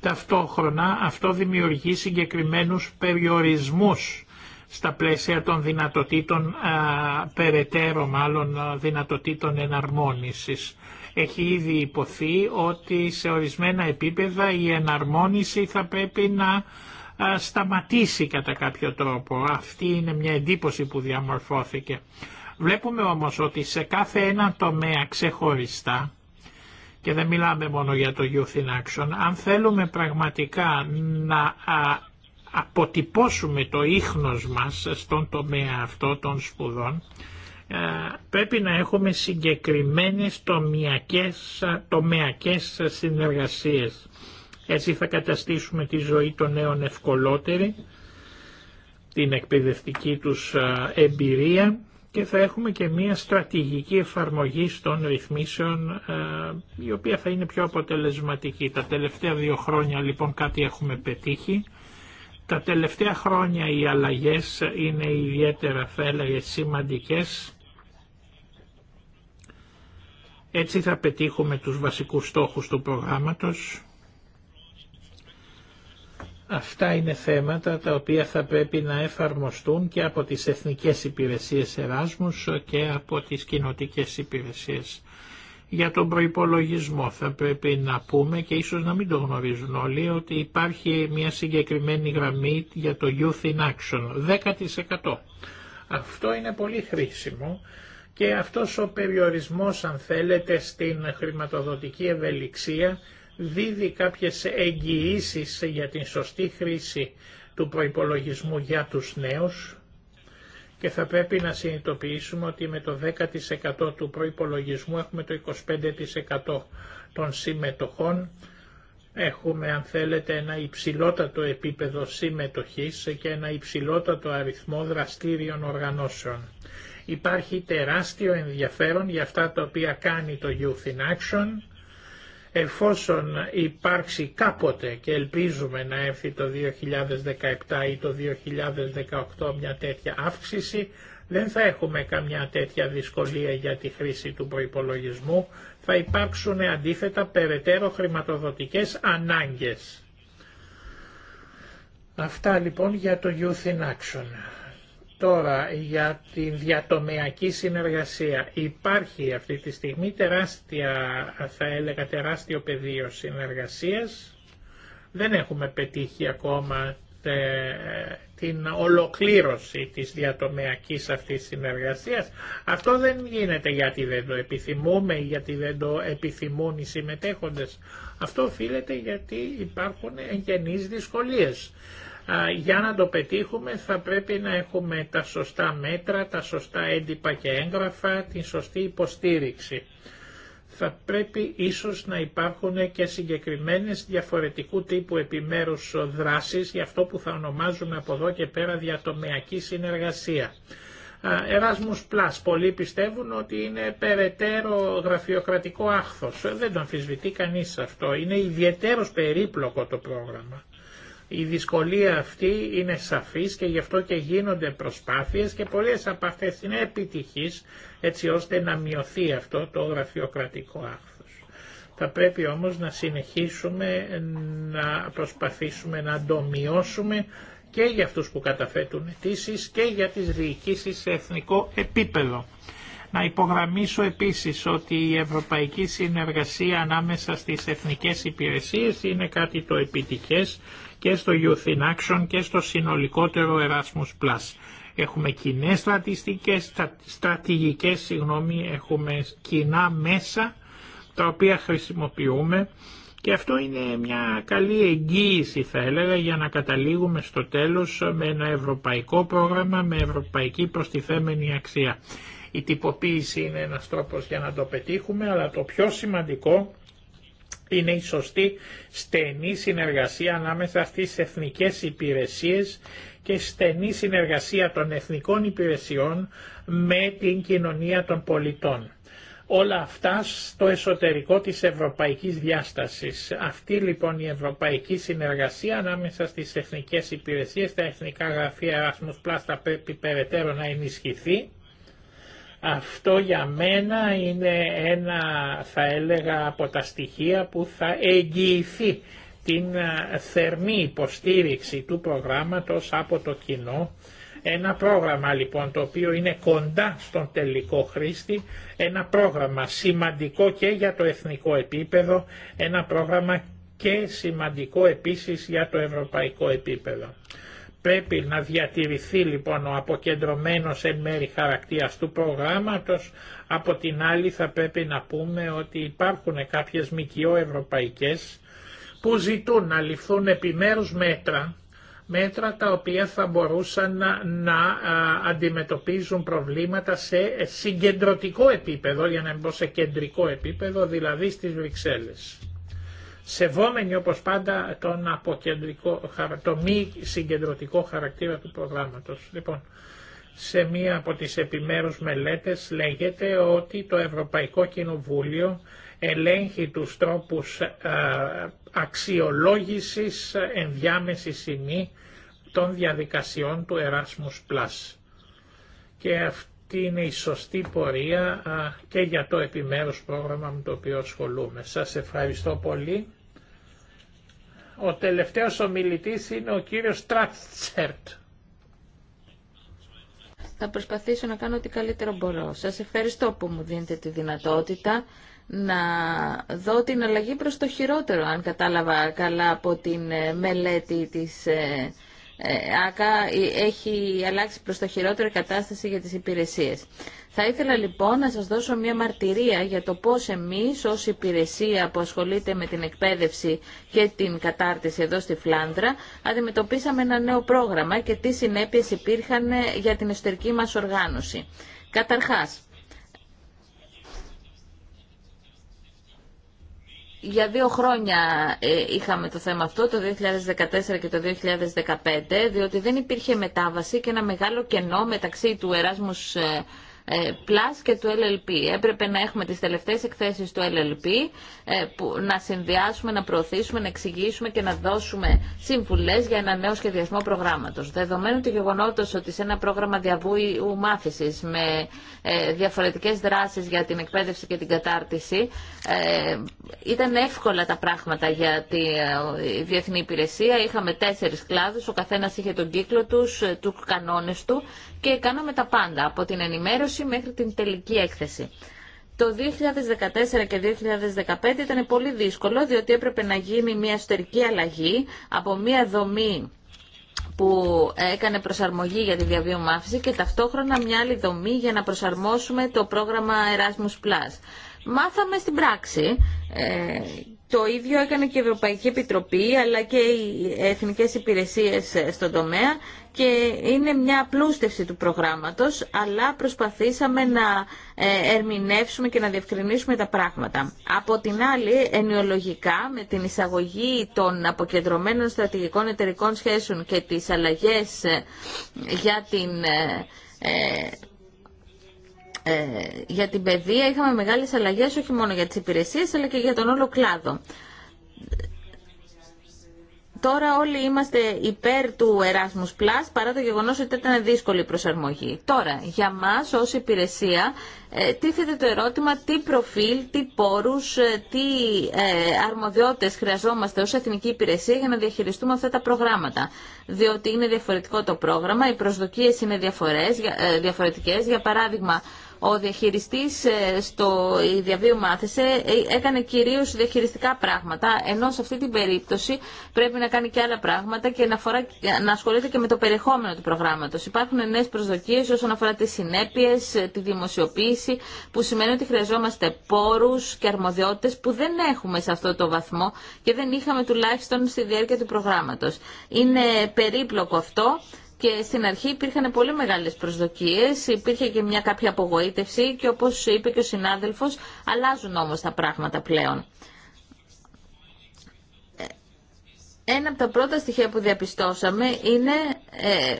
Ταυτόχρονα αυτό δημιουργεί συγκεκριμένους περιορισμούς στα πλαίσια των δυνατοτήτων, α, περαιτέρω μάλλον δυνατοτήτων εναρμόνισης. Έχει ήδη υποθεί ότι σε ορισμένα επίπεδα η εναρμόνιση θα πρέπει να σταματήσει κατά κάποιο τρόπο. Αυτή είναι μια εντύπωση που διαμορφώθηκε. Βλέπουμε όμως ότι σε κάθε ένα τομέα ξεχωριστά και δεν μιλάμε μόνο για το Youth in Action, αν θέλουμε πραγματικά να αποτυπώσουμε το ίχνος μας στον τομέα αυτό των σπουδών, ε, πρέπει να έχουμε συγκεκριμένες τομιακές, τομιακές συνεργασίες. Έτσι θα καταστήσουμε τη ζωή των νέων ευκολότερη, την εκπαιδευτική τους εμπειρία και θα έχουμε και μία στρατηγική εφαρμογή των ρυθμίσεων η οποία θα είναι πιο αποτελεσματική. Τα τελευταία δύο χρόνια λοιπόν κάτι έχουμε πετύχει. Τα τελευταία χρόνια οι αλλαγές είναι ιδιαίτερα θα έλεγε σημαντικές. Έτσι θα πετύχουμε τους βασικούς στόχους του προγράμματος Αυτά είναι θέματα τα οποία θα πρέπει να εφαρμοστούν και από τις Εθνικές Υπηρεσίες Εράσμους και από τις Κοινοτικές Υπηρεσίες. Για τον προϋπολογισμό θα πρέπει να πούμε και ίσως να μην το γνωρίζουν όλοι ότι υπάρχει μια συγκεκριμένη γραμμή για το Youth in Action, 10%. Αυτό είναι πολύ χρήσιμο και αυτός ο περιορισμός αν θέλετε στην χρηματοδοτική ευελιξία δίδει κάποιες εγγυήσει για την σωστή χρήση του προϋπολογισμού για τους νέους και θα πρέπει να συνειδητοποιήσουμε ότι με το 10% του προϋπολογισμού έχουμε το 25% των συμμετοχών έχουμε αν θέλετε ένα υψηλότατο επίπεδο συμμετοχής και ένα υψηλότατο αριθμό δραστήριων οργανώσεων. Υπάρχει τεράστιο ενδιαφέρον για αυτά τα οποία κάνει το Youth in Action εφόσον υπάρξει κάποτε και ελπίζουμε να έρθει το 2017 ή το 2018 μια τέτοια αύξηση, δεν θα έχουμε καμιά τέτοια δυσκολία για τη χρήση του προϋπολογισμού, θα υπάρξουν αντίθετα περαιτέρω χρηματοδοτικές ανάγκες. Αυτά λοιπόν για το Youth in Action. Τώρα για τη διατομεακή συνεργασία. Υπάρχει αυτή τη στιγμή τεράστια, θα έλεγα τεράστιο πεδίο συνεργασίας. Δεν έχουμε πετύχει ακόμα ε, την ολοκλήρωση της διατομεακής αυτής συνεργασίας. Αυτό δεν γίνεται γιατί δεν το επιθυμούμε ή γιατί δεν το επιθυμούν οι συμμετέχοντες. Αυτό οφείλεται γιατί υπάρχουν εγγενείς δυσκολίες. Για να το πετύχουμε θα πρέπει να έχουμε τα σωστά μέτρα, τα σωστά έντυπα και έγγραφα, την σωστή υποστήριξη. Θα πρέπει ίσως να υπάρχουν και συγκεκριμένες διαφορετικού τύπου επιμέρους δράσεις για αυτό που θα ονομάζουμε από εδώ και πέρα διατομιακή συνεργασία. Erasmus Plus. Πολλοί πιστεύουν ότι είναι περαιτέρω γραφειοκρατικό άχθος. Δεν το αμφισβητεί κανείς αυτό. Είναι ιδιαίτερος περίπλοκο το πρόγραμμα. Η δυσκολία αυτή είναι σαφής και γι' αυτό και γίνονται προσπάθειες και πολλές από αυτές είναι επιτυχείς έτσι ώστε να μειωθεί αυτό το γραφειοκρατικό άχθος. Θα πρέπει όμως να συνεχίσουμε να προσπαθήσουμε να το μειώσουμε και για αυτούς που καταφέτουν αιτήσει και για τις διοικήσεις σε εθνικό επίπεδο. Να υπογραμμίσω επίσης ότι η ευρωπαϊκή συνεργασία ανάμεσα στις εθνικές υπηρεσίες είναι κάτι το επιτυχές και στο Youth in Action και στο συνολικότερο Erasmus Plus. Έχουμε κοινέ στρατιστικές, στρατηγικές, συγγνώμη, έχουμε κοινά μέσα τα οποία χρησιμοποιούμε και αυτό είναι μια καλή εγγύηση θα έλεγα για να καταλήγουμε στο τέλος με ένα ευρωπαϊκό πρόγραμμα με ευρωπαϊκή προστιθέμενη αξία. Η τυποποίηση είναι ένας τρόπος για να το πετύχουμε, αλλά το πιο σημαντικό είναι η σωστή στενή συνεργασία ανάμεσα στις εθνικές υπηρεσίες και στενή συνεργασία των εθνικών υπηρεσιών με την κοινωνία των πολιτών. Όλα αυτά στο εσωτερικό της ευρωπαϊκής διάστασης. Αυτή λοιπόν η ευρωπαϊκή συνεργασία ανάμεσα στις εθνικές υπηρεσίες, τα εθνικά γραφεία Erasmus Plus θα πρέπει περαιτέρω να ενισχυθεί αυτό για μένα είναι ένα θα έλεγα από τα στοιχεία που θα εγγυηθεί την θερμή υποστήριξη του προγράμματος από το κοινό. Ένα πρόγραμμα λοιπόν το οποίο είναι κοντά στον τελικό χρήστη, ένα πρόγραμμα σημαντικό και για το εθνικό επίπεδο, ένα πρόγραμμα και σημαντικό επίσης για το ευρωπαϊκό επίπεδο πρέπει να διατηρηθεί λοιπόν ο αποκεντρωμένος εν μέρη χαρακτήρας του προγράμματος, από την άλλη θα πρέπει να πούμε ότι υπάρχουν κάποιες μικιό ευρωπαϊκές που ζητούν να ληφθούν επιμέρους μέτρα, μέτρα τα οποία θα μπορούσαν να, αντιμετωπίζουν προβλήματα σε συγκεντρωτικό επίπεδο, για να μην πω σε κεντρικό επίπεδο, δηλαδή στις Βρυξέλλες σεβόμενοι όπως πάντα τον αποκεντρικό, το μη συγκεντρωτικό χαρακτήρα του προγράμματος. Λοιπόν, σε μία από τις επιμέρους μελέτες λέγεται ότι το Ευρωπαϊκό Κοινοβούλιο ελέγχει τους τρόπους ε, αξιολόγησης ενδιάμεση σημεί των διαδικασιών του Erasmus Plus. Και αυτή είναι η σωστή πορεία ε, και για το επιμέρους πρόγραμμα με το οποίο ασχολούμαι. Σας ευχαριστώ πολύ. Ο τελευταίος ομιλητής είναι ο κύριος Τράτσερτ. Θα προσπαθήσω να κάνω ό,τι καλύτερο μπορώ. Σας ευχαριστώ που μου δίνετε τη δυνατότητα να δω την αλλαγή προς το χειρότερο, αν κατάλαβα καλά από την ε, μελέτη της ε, ε, ΑΚΑ ε, έχει αλλάξει προς το χειρότερο κατάσταση για τις υπηρεσίες. Θα ήθελα λοιπόν να σας δώσω μια μαρτυρία για το πώς εμείς ως υπηρεσία που ασχολείται με την εκπαίδευση και την κατάρτιση εδώ στη Φλάνδρα αντιμετωπίσαμε ένα νέο πρόγραμμα και τι συνέπειες υπήρχαν για την εσωτερική μας οργάνωση. Καταρχάς, για δύο χρόνια ε, είχαμε το θέμα αυτό, το 2014 και το 2015, διότι δεν υπήρχε μετάβαση και ένα μεγάλο κενό μεταξύ του Erasmus ε, ε, Plus και του LLP. Έπρεπε να έχουμε τις τελευταίες εκθέσεις του LLP ε, που να συνδυάσουμε, να προωθήσουμε, να εξηγήσουμε και να δώσουμε συμβουλές για ένα νέο σχεδιασμό προγράμματος. Δεδομένου του γεγονότος ότι σε ένα πρόγραμμα διαβούη μάθησης με ε, διαφορετικές δράσεις για την εκπαίδευση και την κατάρτιση ήταν εύκολα τα πράγματα για τη διεθνή υπηρεσία. Είχαμε τέσσερις κλάδους, ο καθένας είχε τον κύκλο τους, του κανόνες του και κάναμε τα πάντα, από την ενημέρωση μέχρι την τελική έκθεση. Το 2014 και 2015 ήταν πολύ δύσκολο, διότι έπρεπε να γίνει μια εσωτερική αλλαγή από μια δομή που έκανε προσαρμογή για τη διαβίου και ταυτόχρονα μια άλλη δομή για να προσαρμόσουμε το πρόγραμμα Erasmus+. Μάθαμε στην πράξη. Ε, το ίδιο έκανε και η Ευρωπαϊκή Επιτροπή αλλά και οι εθνικές υπηρεσίες ε, στον τομέα και είναι μια απλούστευση του προγράμματος, αλλά προσπαθήσαμε να ε, ερμηνεύσουμε και να διευκρινίσουμε τα πράγματα. Από την άλλη, ενοιολογικά, με την εισαγωγή των αποκεντρωμένων στρατηγικών εταιρικών σχέσεων και τις αλλαγές ε, για την ε, για την παιδεία είχαμε μεγάλες αλλαγές όχι μόνο για τις υπηρεσίες αλλά και για τον όλο κλάδο. Τώρα όλοι είμαστε υπέρ του Erasmus Plus, παρά το γεγονός ότι ήταν δύσκολη η προσαρμογή. Τώρα, για μας ω υπηρεσία, ε, τίθεται το ερώτημα τι προφίλ, τι πόρους, ε, τι ε, αρμοδιότητες χρειαζόμαστε ω Εθνική Υπηρεσία για να διαχειριστούμε αυτά τα προγράμματα. Διότι είναι διαφορετικό το πρόγραμμα, οι προσδοκίε είναι ε, διαφορετικές. Για παράδειγμα, ο διαχειριστής ε, στο διαβίου μάθησε ε, έκανε κυρίως διαχειριστικά πράγματα, ενώ σε αυτή την περίπτωση πρέπει να κάνει και άλλα πράγματα και να, αφορά, να ασχολείται και με το περιεχόμενο του προγράμματος. Υπάρχουν νέες προσδοκίες όσον αφορά τις συνέπειες, ε, τη δημοσιοποίηση, που σημαίνει ότι χρειαζόμαστε πόρους και αρμοδιότητες που δεν έχουμε σε αυτό το βαθμό και δεν είχαμε τουλάχιστον στη διάρκεια του προγράμματος. Είναι περίπλοκο αυτό και στην αρχή υπήρχαν πολύ μεγάλες προσδοκίες, υπήρχε και μια κάποια απογοήτευση και όπως είπε και ο συνάδελφος αλλάζουν όμως τα πράγματα πλέον. ένα από τα πρώτα στοιχεία που διαπιστώσαμε είναι ε,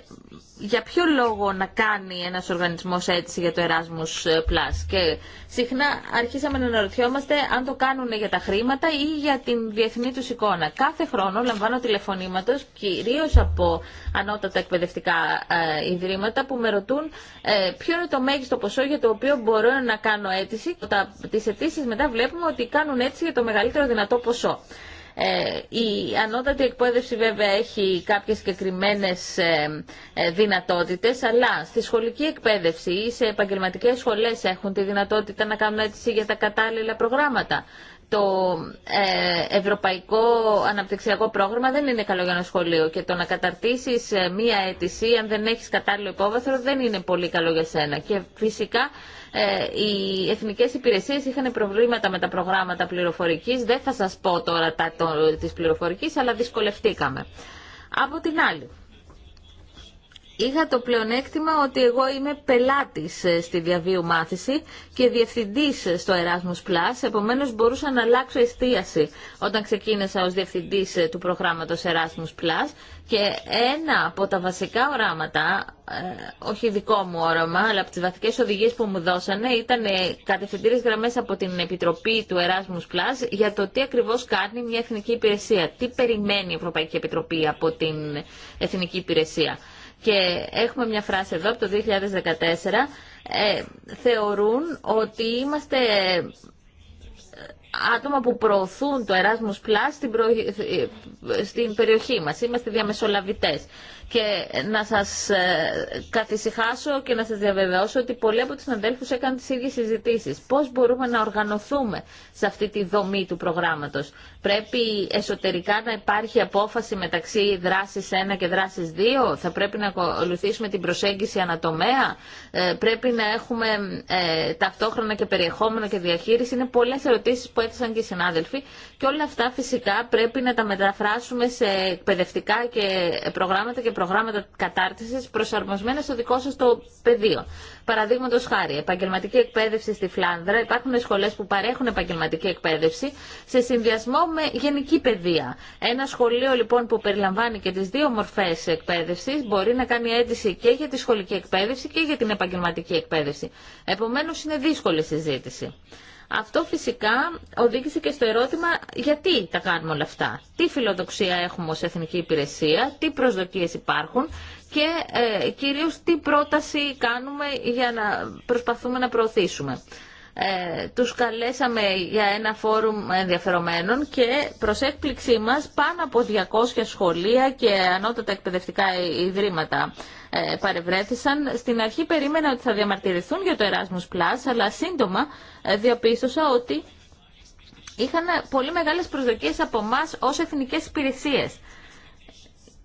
για ποιο λόγο να κάνει ένας οργανισμός έτσι για το Erasmus Plus. Και συχνά αρχίσαμε να αναρωτιόμαστε αν το κάνουν για τα χρήματα ή για την διεθνή τους εικόνα. Κάθε χρόνο λαμβάνω τηλεφωνήματο κυρίως από ανώτατα εκπαιδευτικά ε, ιδρύματα, που με ρωτούν ε, ποιο είναι το μέγιστο ποσό για το οποίο μπορώ να κάνω αίτηση. Τα, τις αιτήσει μετά βλέπουμε ότι κάνουν έτσι για το μεγαλύτερο δυνατό ποσό. Ε, η ανώτατη εκπαίδευση βέβαια έχει κάποιες συγκεκριμένε ε, ε, δυνατότητες, αλλά στη σχολική εκπαίδευση ή σε επαγγελματικές σχολές έχουν τη δυνατότητα να κάνουν αίτηση για τα κατάλληλα προγράμματα. Το Ευρωπαϊκό Αναπτυξιακό Πρόγραμμα δεν είναι καλό για ένα σχολείο και το να καταρτήσεις μία αίτηση, αν δεν έχεις κατάλληλο υπόβαθρο, δεν είναι πολύ καλό για σένα. Και φυσικά ε, οι εθνικές υπηρεσίες είχαν προβλήματα με τα προγράμματα πληροφορικής. Δεν θα σας πω τώρα τα της πληροφορικής, αλλά δυσκολευτήκαμε. Από την άλλη, Είχα το πλεονέκτημα ότι εγώ είμαι πελάτης ε, στη διαβίου μάθηση και διευθυντής ε, στο Erasmus Plus, επομένως μπορούσα να αλλάξω εστίαση όταν ξεκίνησα ως διευθυντής ε, του προγράμματος Erasmus Plus και ένα από τα βασικά οράματα, όχι δικό μου όραμα, αλλά από τις βαθικές οδηγίες που μου δώσανε ήταν κατευθυντήρες γραμμές από την Επιτροπή του Erasmus Plus για το τι ακριβώς κάνει μια εθνική υπηρεσία, τι περιμένει η Ευρωπαϊκή Επιτροπή από την εθνική υπηρεσία και έχουμε μια φράση εδώ από το 2014, ε, θεωρούν ότι είμαστε ε, άτομα που προωθούν το Erasmus Plus στην, ε, στην περιοχή μας. Είμαστε διαμεσολαβητές. Και να σας ε, καθησυχάσω και να σας διαβεβαιώσω ότι πολλοί από τους συναδέλφους έκαναν τις ίδιες συζητήσεις. Πώς μπορούμε να οργανωθούμε σε αυτή τη δομή του προγράμματος. Πρέπει εσωτερικά να υπάρχει απόφαση μεταξύ δράσης 1 και δράσης 2. Θα πρέπει να ακολουθήσουμε την προσέγγιση ανατομέα. Ε, πρέπει να έχουμε ε, ταυτόχρονα και περιεχόμενο και διαχείριση. Είναι πολλές ερωτήσεις που έθεσαν και οι συνάδελφοι. Και όλα αυτά φυσικά πρέπει να τα μεταφράσουμε σε εκπαιδευτικά και προγράμματα προγράμματα κατάρτισης προσαρμοσμένα στο δικό σας το πεδίο. Παραδείγματο χάρη, επαγγελματική εκπαίδευση στη Φλάνδρα. Υπάρχουν σχολέ που παρέχουν επαγγελματική εκπαίδευση σε συνδυασμό με γενική παιδεία. Ένα σχολείο λοιπόν που περιλαμβάνει και τι δύο μορφέ εκπαίδευση μπορεί να κάνει αίτηση και για τη σχολική εκπαίδευση και για την επαγγελματική εκπαίδευση. Επομένω είναι δύσκολη συζήτηση. Αυτό φυσικά οδήγησε και στο ερώτημα γιατί τα κάνουμε όλα αυτά. Τι φιλοδοξία έχουμε ως Εθνική Υπηρεσία, τι προσδοκίες υπάρχουν και ε, κυρίως τι πρόταση κάνουμε για να προσπαθούμε να προωθήσουμε. Ε, τους καλέσαμε για ένα φόρουμ ενδιαφερομένων και προς έκπληξή μας πάνω από 200 σχολεία και ανώτατα εκπαιδευτικά ιδρύματα ε, παρευρέθησαν. Στην αρχή περίμενα ότι θα διαμαρτυρηθούν για το Erasmus Plus, αλλά σύντομα ε, διαπίστωσα ότι είχαν πολύ μεγάλες προσδοκίες από εμά ως εθνικές υπηρεσίες.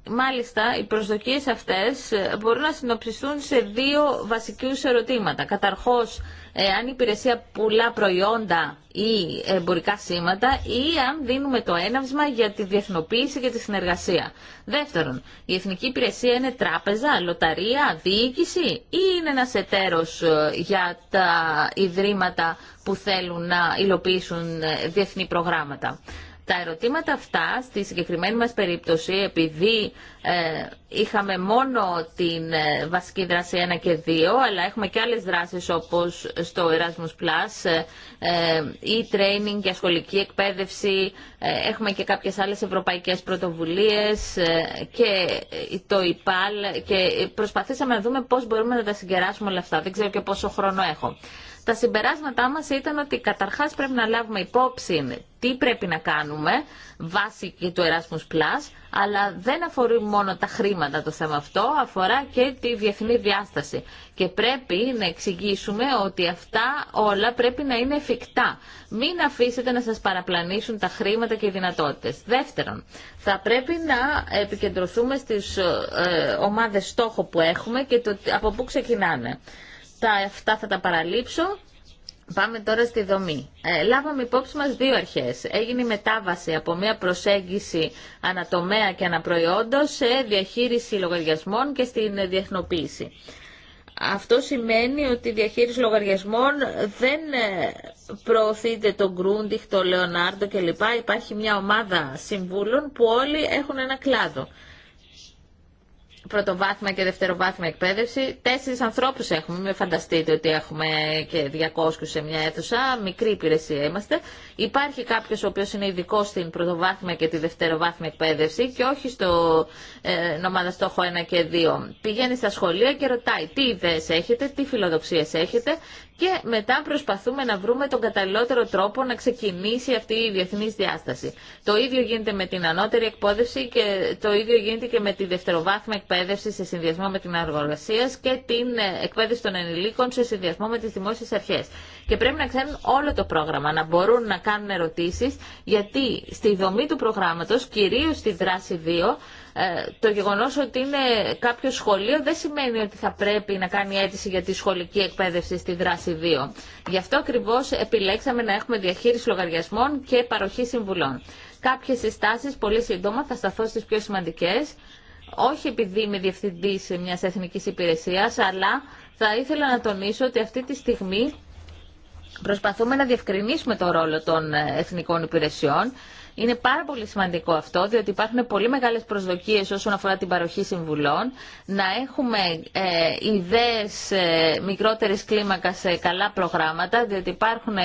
Μάλιστα, οι προσδοκίες αυτές ε, μπορούν να συνοψιστούν σε δύο βασικούς ερωτήματα. Καταρχώς, ε, αν η υπηρεσία πουλά προϊόντα ή εμπορικά σήματα ή αν δίνουμε το έναυσμα για τη διεθνοποίηση και τη συνεργασία. Δεύτερον, η Εθνική Υπηρεσία είναι τράπεζα, λοταρία, διοίκηση ή είναι ένας εταίρος ε, για τα ιδρύματα που θέλουν να υλοποιήσουν ε, διεθνή προγράμματα. Τα ερωτήματα αυτά, στη συγκεκριμένη μας περίπτωση, επειδή ε, είχαμε μόνο την ε, βασική δράση 1 και 2, αλλά έχουμε και άλλες δράσεις όπως στο Erasmus+, ε, e-training και σχολική εκπαίδευση, έχουμε και κάποιες άλλες ευρωπαϊκές πρωτοβουλίες και το ΙΠΑΛ e και προσπαθήσαμε να δούμε πώς μπορούμε να τα συγκεράσουμε όλα αυτά. Δεν ξέρω και πόσο χρόνο έχω. Τα συμπεράσματά μας ήταν ότι καταρχάς πρέπει να λάβουμε υπόψη τι πρέπει να κάνουμε βάσει και του Erasmus Plus, αλλά δεν αφορεί μόνο τα χρήματα το θέμα αυτό, αφορά και τη διεθνή διάσταση. Και πρέπει να εξηγήσουμε ότι αυτά όλα πρέπει να είναι εφικτά. Μην αφήσετε να σας παραπλανήσουν τα χρήματα και οι δυνατότητες. Δεύτερον, θα πρέπει να επικεντρωθούμε στις ε, ομάδες στόχο που έχουμε και το, από πού ξεκινάνε τα, αυτά θα τα παραλείψω. Πάμε τώρα στη δομή. Ε, λάβαμε υπόψη μας δύο αρχές. Έγινε η μετάβαση από μια προσέγγιση ανατομέα και αναπροϊόντος σε διαχείριση λογαριασμών και στην διεθνοποίηση. Αυτό σημαίνει ότι η διαχείριση λογαριασμών δεν ε, προωθείται τον Γκρούντιχ, τον Λεωνάρντο κλπ. Υπάρχει μια ομάδα συμβούλων που όλοι έχουν ένα κλάδο πρωτοβάθμια και δευτεροβάθμια εκπαίδευση. Τέσσερις ανθρώπους έχουμε, μην φανταστείτε ότι έχουμε και 200 σε μια αίθουσα, μικρή υπηρεσία είμαστε υπάρχει κάποιο ο οποίο είναι ειδικό στην πρωτοβάθμια και τη δευτεροβάθμια εκπαίδευση και όχι στο ε, ομάδα στόχο 1 και 2. Πηγαίνει στα σχολεία και ρωτάει τι ιδέε έχετε, τι φιλοδοξίε έχετε και μετά προσπαθούμε να βρούμε τον καταλληλότερο τρόπο να ξεκινήσει αυτή η διεθνή διάσταση. Το ίδιο γίνεται με την ανώτερη εκπαίδευση και το ίδιο γίνεται και με τη δευτεροβάθμια εκπαίδευση σε συνδυασμό με την αργοργασία και την ε, εκπαίδευση των ενηλίκων σε συνδυασμό με τι δημόσιε αρχέ και πρέπει να ξέρουν όλο το πρόγραμμα, να μπορούν να κάνουν ερωτήσεις, γιατί στη δομή του προγράμματος, κυρίως στη δράση 2, ε, το γεγονό ότι είναι κάποιο σχολείο δεν σημαίνει ότι θα πρέπει να κάνει αίτηση για τη σχολική εκπαίδευση στη δράση 2. Γι' αυτό ακριβώ επιλέξαμε να έχουμε διαχείριση λογαριασμών και παροχή συμβουλών. Κάποιε συστάσει, πολύ σύντομα, θα σταθώ στι πιο σημαντικέ, όχι επειδή είμαι διευθυντή μια εθνική υπηρεσία, αλλά θα ήθελα να τονίσω ότι αυτή τη στιγμή Προσπαθούμε να διευκρινίσουμε το ρόλο των ε, εθνικών υπηρεσιών είναι πάρα πολύ σημαντικό αυτό, διότι υπάρχουν πολύ μεγάλε προσδοκίε όσον αφορά την παροχή συμβουλών. Να έχουμε ε, ιδέες ε, σε καλά προγράμματα, διότι υπάρχουν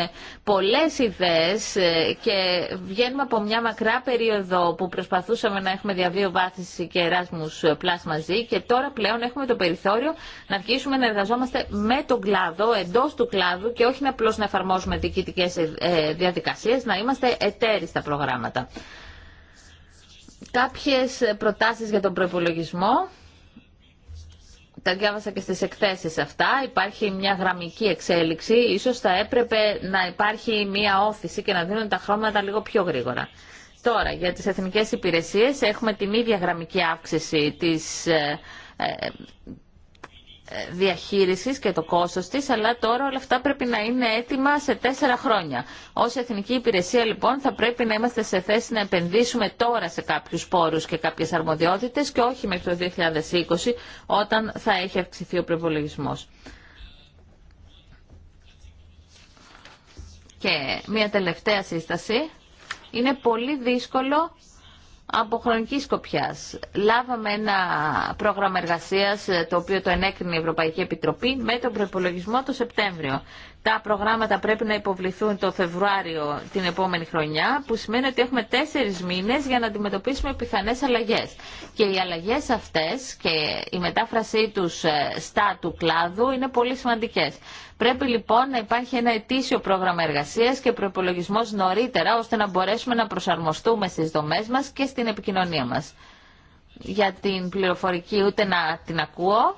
πολλέ ιδέε ε, και βγαίνουμε από μια μακρά περίοδο που προσπαθούσαμε να έχουμε διαβίω βάθηση και εράσμου πλά μαζί και τώρα πλέον έχουμε το περιθώριο να αρχίσουμε να εργαζόμαστε με τον κλάδο, εντό του κλάδου και όχι απλώ να εφαρμόζουμε διοικητικές ε, ε, διαδικασίε, να είμαστε εταίροι στα προγράμματα πράγματα. Κάποιες προτάσεις για τον προπολογισμό. Τα διάβασα και στις εκθέσεις αυτά. Υπάρχει μια γραμμική εξέλιξη. Ίσως θα έπρεπε να υπάρχει μια όθηση και να δίνουν τα χρώματα λίγο πιο γρήγορα. Τώρα, για τις εθνικές υπηρεσίες έχουμε την ίδια γραμμική αύξηση της ε, ε, διαχείρισης και το κόστος της, αλλά τώρα όλα αυτά πρέπει να είναι έτοιμα σε τέσσερα χρόνια. Ως Εθνική Υπηρεσία λοιπόν θα πρέπει να είμαστε σε θέση να επενδύσουμε τώρα σε κάποιους πόρους και κάποιες αρμοδιότητες και όχι μέχρι το 2020 όταν θα έχει αυξηθεί ο προπολογισμό. Και μια τελευταία σύσταση. Είναι πολύ δύσκολο από χρονική σκοπιά. Λάβαμε ένα πρόγραμμα εργασία το οποίο το ενέκρινε η Ευρωπαϊκή Επιτροπή με τον προπολογισμό το Σεπτέμβριο τα προγράμματα πρέπει να υποβληθούν το Φεβρουάριο την επόμενη χρονιά, που σημαίνει ότι έχουμε τέσσερι μήνε για να αντιμετωπίσουμε πιθανέ αλλαγέ. Και οι αλλαγέ αυτέ και η μετάφρασή του ε, στα του κλάδου είναι πολύ σημαντικέ. Πρέπει λοιπόν να υπάρχει ένα ετήσιο πρόγραμμα εργασία και προπολογισμό νωρίτερα, ώστε να μπορέσουμε να προσαρμοστούμε στι δομέ μα και στην επικοινωνία μα. Για την πληροφορική ούτε να την ακούω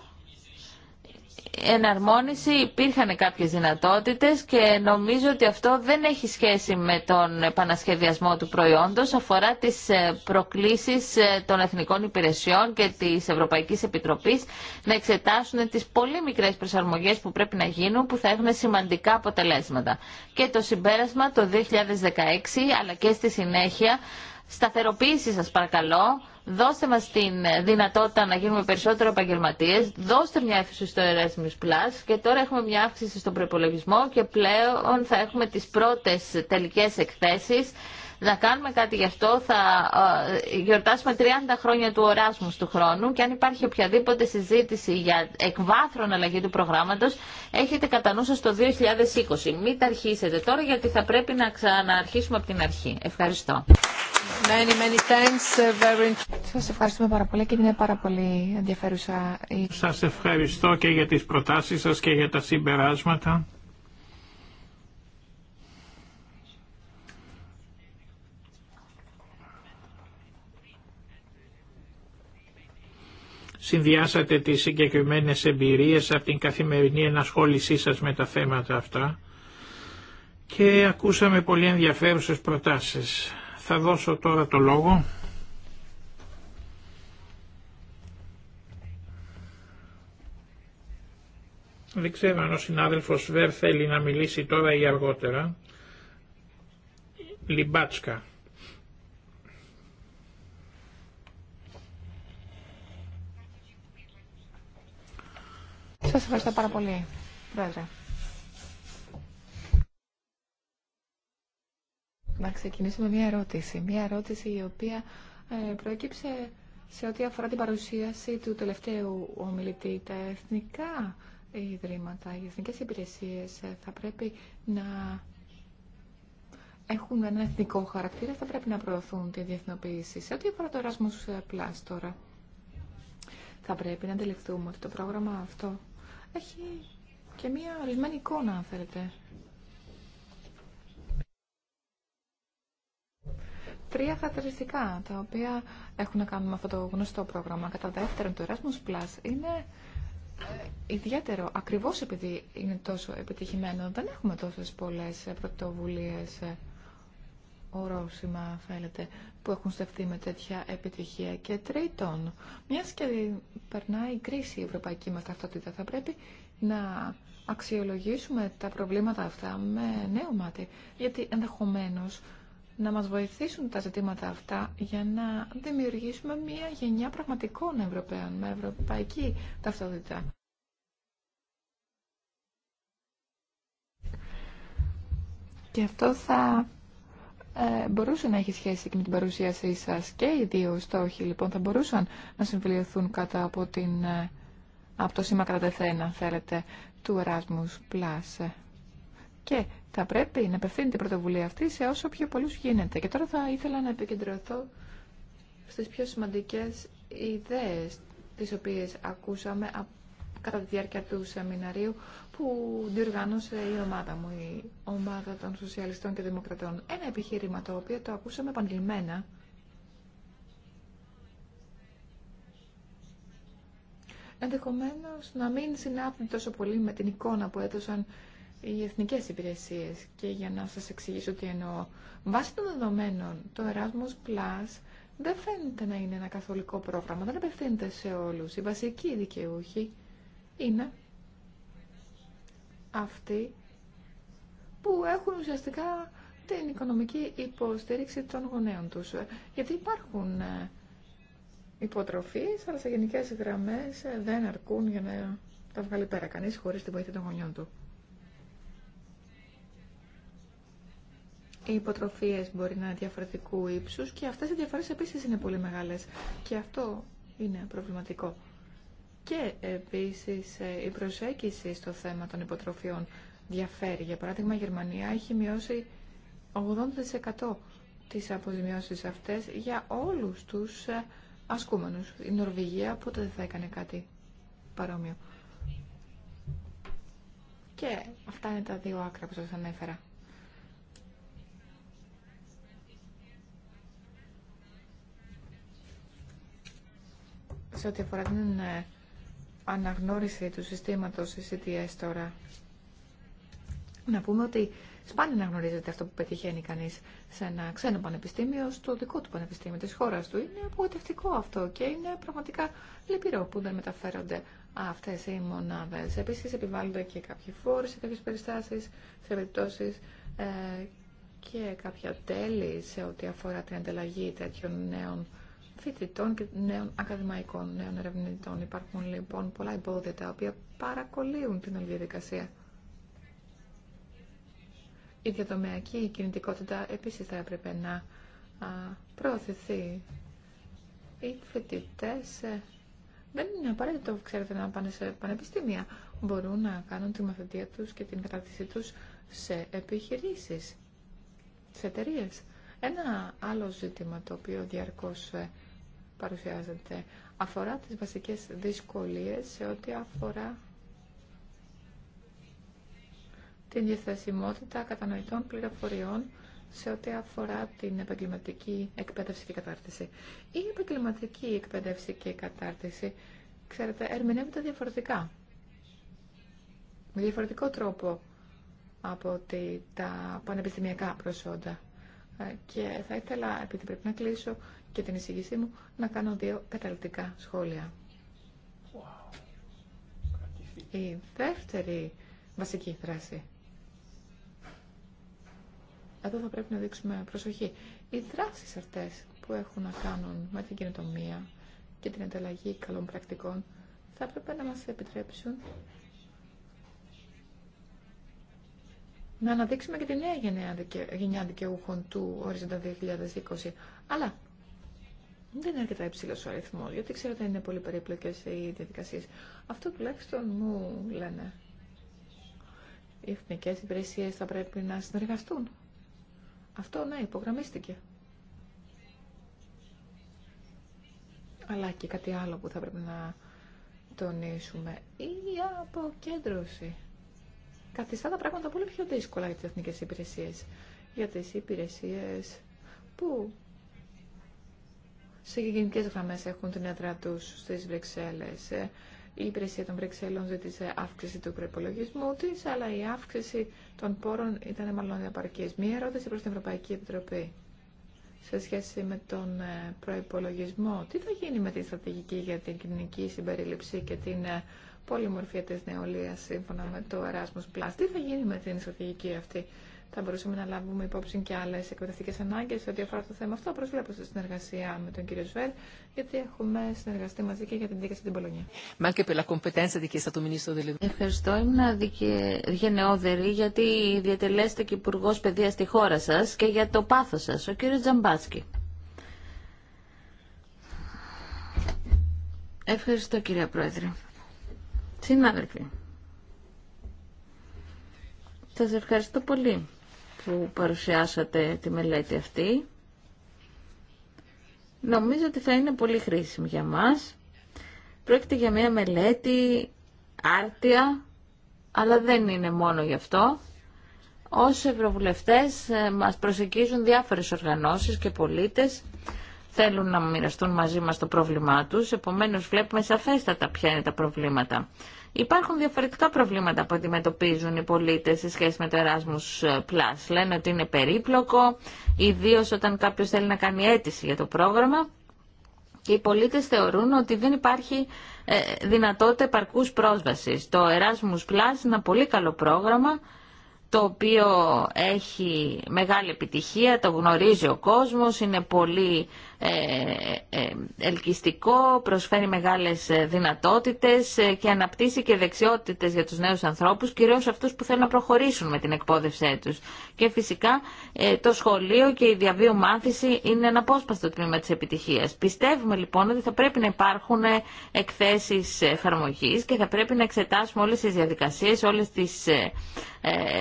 εναρμόνιση υπήρχαν κάποιες δυνατότητες και νομίζω ότι αυτό δεν έχει σχέση με τον επανασχεδιασμό του προϊόντος, αφορά τις ε, προκλήσεις ε, των Εθνικών Υπηρεσιών και της Ευρωπαϊκής Επιτροπής να εξετάσουν τις πολύ μικρές προσαρμογές που πρέπει να γίνουν που θα έχουν σημαντικά αποτελέσματα. Και το συμπέρασμα το 2016 αλλά και στη συνέχεια σταθεροποίηση σας παρακαλώ, δώστε μας τη δυνατότητα να γίνουμε περισσότερο επαγγελματίε, δώστε μια αύξηση στο Erasmus Plus και τώρα έχουμε μια αύξηση στον προπολογισμό και πλέον θα έχουμε τις πρώτες τελικές εκθέσεις να κάνουμε κάτι γι' αυτό. Θα ε, γιορτάσουμε 30 χρόνια του Οράσμου του χρόνου και αν υπάρχει οποιαδήποτε συζήτηση για εκβάθρον αλλαγή του προγράμματο, έχετε κατά νου το 2020. Μην τα αρχίσετε τώρα γιατί θα πρέπει να ξαναρχίσουμε από την αρχή. Ευχαριστώ. Many, many thanks. Uh, σας ευχαριστούμε πάρα πολύ και είναι πάρα πολύ ενδιαφέρουσα. Σας ευχαριστώ και για τις προτάσεις σας και για τα συμπεράσματα. συνδυάσατε τις συγκεκριμένες εμπειρίες από την καθημερινή ενασχόλησή σας με τα θέματα αυτά και ακούσαμε πολύ ενδιαφέρουσες προτάσεις. Θα δώσω τώρα το λόγο. Δεν ξέρω αν ο συνάδελφος Βερ θέλει να μιλήσει τώρα ή αργότερα. Λιμπάτσκα. Σας ευχαριστώ πάρα πολύ, Πρόεδρε. Να ξεκινήσουμε μια ερώτηση. Μια ερώτηση η οποία ε, προέκυψε σε ό,τι αφορά την παρουσίαση του τελευταίου ομιλητή. Τα εθνικά ιδρύματα, οι εθνικές υπηρεσίες ε, θα πρέπει να έχουν ένα εθνικό χαρακτήρα, θα πρέπει να προωθούν τη διεθνοποίηση. Σε ό,τι αφορά το Erasmus Plus τώρα, θα πρέπει να αντιληφθούμε ότι το πρόγραμμα αυτό έχει και μία ορισμένη εικόνα, αν θέλετε. Τρία χαρακτηριστικά, τα οποία έχουν να κάνουν με αυτό το γνωστό πρόγραμμα. Κατά δεύτερον, το Erasmus Plus είναι ε, ιδιαίτερο, ακριβώς επειδή είναι τόσο επιτυχημένο. Δεν έχουμε τόσες πολλές πρωτοβουλίες ε, ορόσημα, θέλετε, που έχουν στεφτεί με τέτοια επιτυχία. Και τρίτον, μια και περνάει η κρίση η ευρωπαϊκή μα ταυτότητα, θα πρέπει να αξιολογήσουμε τα προβλήματα αυτά με νέο μάτι, γιατί ενδεχομένω να μας βοηθήσουν τα ζητήματα αυτά για να δημιουργήσουμε μια γενιά πραγματικών Ευρωπαίων με ευρωπαϊκή ταυτότητα. Και αυτό θα ε, μπορούσε να έχει σχέση και με την παρουσίασή σας και οι δύο στόχοι λοιπόν θα μπορούσαν να συμφιλειωθούν κατά από, την, ε, από το σήμα κρατεθένα, θέλετε του Erasmus Plus και θα πρέπει να απευθύνει την πρωτοβουλία αυτή σε όσο πιο πολλούς γίνεται και τώρα θα ήθελα να επικεντρωθώ στις πιο σημαντικές ιδέες τις οποίες ακούσαμε από κατά τη διάρκεια του σεμιναρίου που διοργάνωσε η ομάδα μου, η ομάδα των Σοσιαλιστών και Δημοκρατών. Ένα επιχείρημα το οποίο το ακούσαμε επανειλημμένα Ενδεχομένω να μην συνάπτει τόσο πολύ με την εικόνα που έδωσαν οι εθνικές υπηρεσίες. Και για να σας εξηγήσω τι εννοώ. Βάσει των δεδομένων, το Erasmus Plus δεν φαίνεται να είναι ένα καθολικό πρόγραμμα, δεν απευθύνεται σε όλους. Οι βασικοί δικαιούχοι είναι αυτοί που έχουν ουσιαστικά την οικονομική υποστήριξη των γονέων τους. Γιατί υπάρχουν ε, υποτροφίες, αλλά σε γενικές γραμμές ε, δεν αρκούν για να τα βγάλει πέρα κανείς χωρίς την βοήθεια των γονιών του. Οι υποτροφίες μπορεί να είναι διαφορετικού ύψους και αυτές οι διαφορές επίσης είναι πολύ μεγάλες. Και αυτό είναι προβληματικό. Και επίσης ε, η προσέγγιση στο θέμα των υποτροφιών διαφέρει. Για παράδειγμα, η Γερμανία έχει μειώσει 80% τις αποζημιώσει αυτές για όλους τους ε, ασκούμενους. Η Νορβηγία ποτέ δεν θα έκανε κάτι παρόμοιο. Και αυτά είναι τα δύο άκρα που σας ανέφερα. Σε ό,τι αφορά την ε, αναγνώριση του συστήματος CTS τώρα. Να πούμε ότι σπάνια να γνωρίζετε αυτό που πετυχαίνει κανείς σε ένα ξένο πανεπιστήμιο, στο δικό του πανεπιστήμιο της χώρας του. Είναι απογοητευτικό αυτό και είναι πραγματικά λυπηρό που δεν μεταφέρονται αυτές οι μονάδες. Επίσης επιβάλλονται και κάποιοι φόροι σε κάποιες περιστάσεις, σε περιπτώσεις ε, και κάποια τέλη σε ό,τι αφορά την ανταλλαγή τέτοιων νέων φοιτητών και νέων ακαδημαϊκών, νέων ερευνητών. Υπάρχουν λοιπόν πολλά εμπόδια τα οποία παρακολύουν την όλη διαδικασία. Η διαδομεακή κινητικότητα επίσης θα έπρεπε να προωθηθεί. Οι φοιτητέ ε, δεν είναι απαραίτητο, ξέρετε, να πάνε σε πανεπιστήμια. Μπορούν να κάνουν τη μαθητεία τους και την κατάρτισή τους σε επιχειρήσεις, σε εταιρείε. Ένα άλλο ζήτημα το οποίο διαρκώς ε, παρουσιάζεται αφορά τις βασικές δυσκολίες σε ό,τι αφορά την διαθεσιμότητα κατανοητών πληροφοριών σε ό,τι αφορά την επαγγελματική εκπαίδευση και κατάρτιση. Η επαγγελματική εκπαίδευση και κατάρτιση, ξέρετε, ερμηνεύεται διαφορετικά. Με διαφορετικό τρόπο από ότι τα πανεπιστημιακά προσόντα. Ε, και θα ήθελα, επειδή πρέπει να κλείσω, και την εισηγήσή μου να κάνω δύο καταληκτικά σχόλια. Η δεύτερη βασική δράση. Εδώ θα πρέπει να δείξουμε προσοχή. Οι δράσει αυτέ που έχουν να κάνουν με την κοινοτομία και την ανταλλαγή καλών πρακτικών θα έπρεπε να μας επιτρέψουν να αναδείξουμε και τη νέα γενιά δικαιούχων του Ορίζοντα 2020. Αλλά δεν είναι αρκετά υψηλό ο αριθμό, γιατί ξέρω ότι είναι πολύ περίπλοκε οι διαδικασίε. Αυτό τουλάχιστον μου λένε. Οι εθνικέ υπηρεσίε θα πρέπει να συνεργαστούν. Αυτό ναι, υπογραμμίστηκε. Αλλά και κάτι άλλο που θα πρέπει να τονίσουμε. Η αποκέντρωση. Καθιστά τα πράγματα πολύ πιο δύσκολα για τι εθνικέ υπηρεσίε. Για τι υπηρεσίε που σε γενικέ γραμμέ έχουν την έδρα του στι Βρυξέλλε. Η υπηρεσία των Βρυξέλλων ζήτησε αύξηση του προπολογισμού τη, αλλά η αύξηση των πόρων ήταν μάλλον επαρκή. Μία ερώτηση προ την Ευρωπαϊκή Επιτροπή σε σχέση με τον ε, προπολογισμό. Τι θα γίνει με την στρατηγική για την κοινωνική συμπερίληψη και την ε, πολυμορφία τη νεολαία σύμφωνα με το Erasmus Plus. Τι θα γίνει με την στρατηγική αυτή θα μπορούσαμε να λάβουμε υπόψη και άλλε εκπαιδευτικέ ανάγκε σε ό,τι αφορά το θέμα αυτό. Προσβλέπω στη συνεργασία με τον κύριο Σβέρ, γιατί έχουμε συνεργαστεί μαζί και για την δίκαια στην Πολωνία. Ευχαριστώ. Ήμουν γενναιόδερη, γιατί διατελέστε και υπουργό παιδεία στη χώρα σα και για το πάθο σα, ο κύριο Τζαμπάσκι. Ευχαριστώ κύριε Πρόεδρε. Συνάδελφοι, σας ευχαριστώ πολύ που παρουσιάσατε τη μελέτη αυτή. Νομίζω ότι θα είναι πολύ χρήσιμη για μας. Πρόκειται για μια μελέτη άρτια, αλλά δεν είναι μόνο γι' αυτό. Ως ευρωβουλευτές ε, μας προσεγγίζουν διάφορες οργανώσεις και πολίτες θέλουν να μοιραστούν μαζί μας το πρόβλημά τους, επομένως βλέπουμε σαφέστατα ποια είναι τα προβλήματα. Υπάρχουν διαφορετικά προβλήματα που αντιμετωπίζουν οι πολίτες σε σχέση με το Erasmus Plus. Λένε ότι είναι περίπλοκο, ιδίως όταν κάποιος θέλει να κάνει αίτηση για το πρόγραμμα και οι πολίτες θεωρούν ότι δεν υπάρχει ε, δυνατότητα επαρκούς πρόσβασης. Το Erasmus Plus είναι ένα πολύ καλό πρόγραμμα το οποίο έχει μεγάλη επιτυχία, το γνωρίζει ο κόσμος, είναι πολύ ε, ε, ελκυστικό, προσφέρει μεγάλες ε, δυνατότητες και αναπτύσσει και δεξιότητες για τους νέους ανθρώπους, κυρίως αυτούς που θέλουν να προχωρήσουν με την εκπόδευσή τους. Και φυσικά το σχολείο και η διαβίου μάθηση είναι ένα απόσπαστο τμήμα της επιτυχίας. Πιστεύουμε λοιπόν ότι θα πρέπει να υπάρχουν εκθέσεις εφαρμογή και θα πρέπει να εξετάσουμε όλες τις διαδικασίες, όλες τις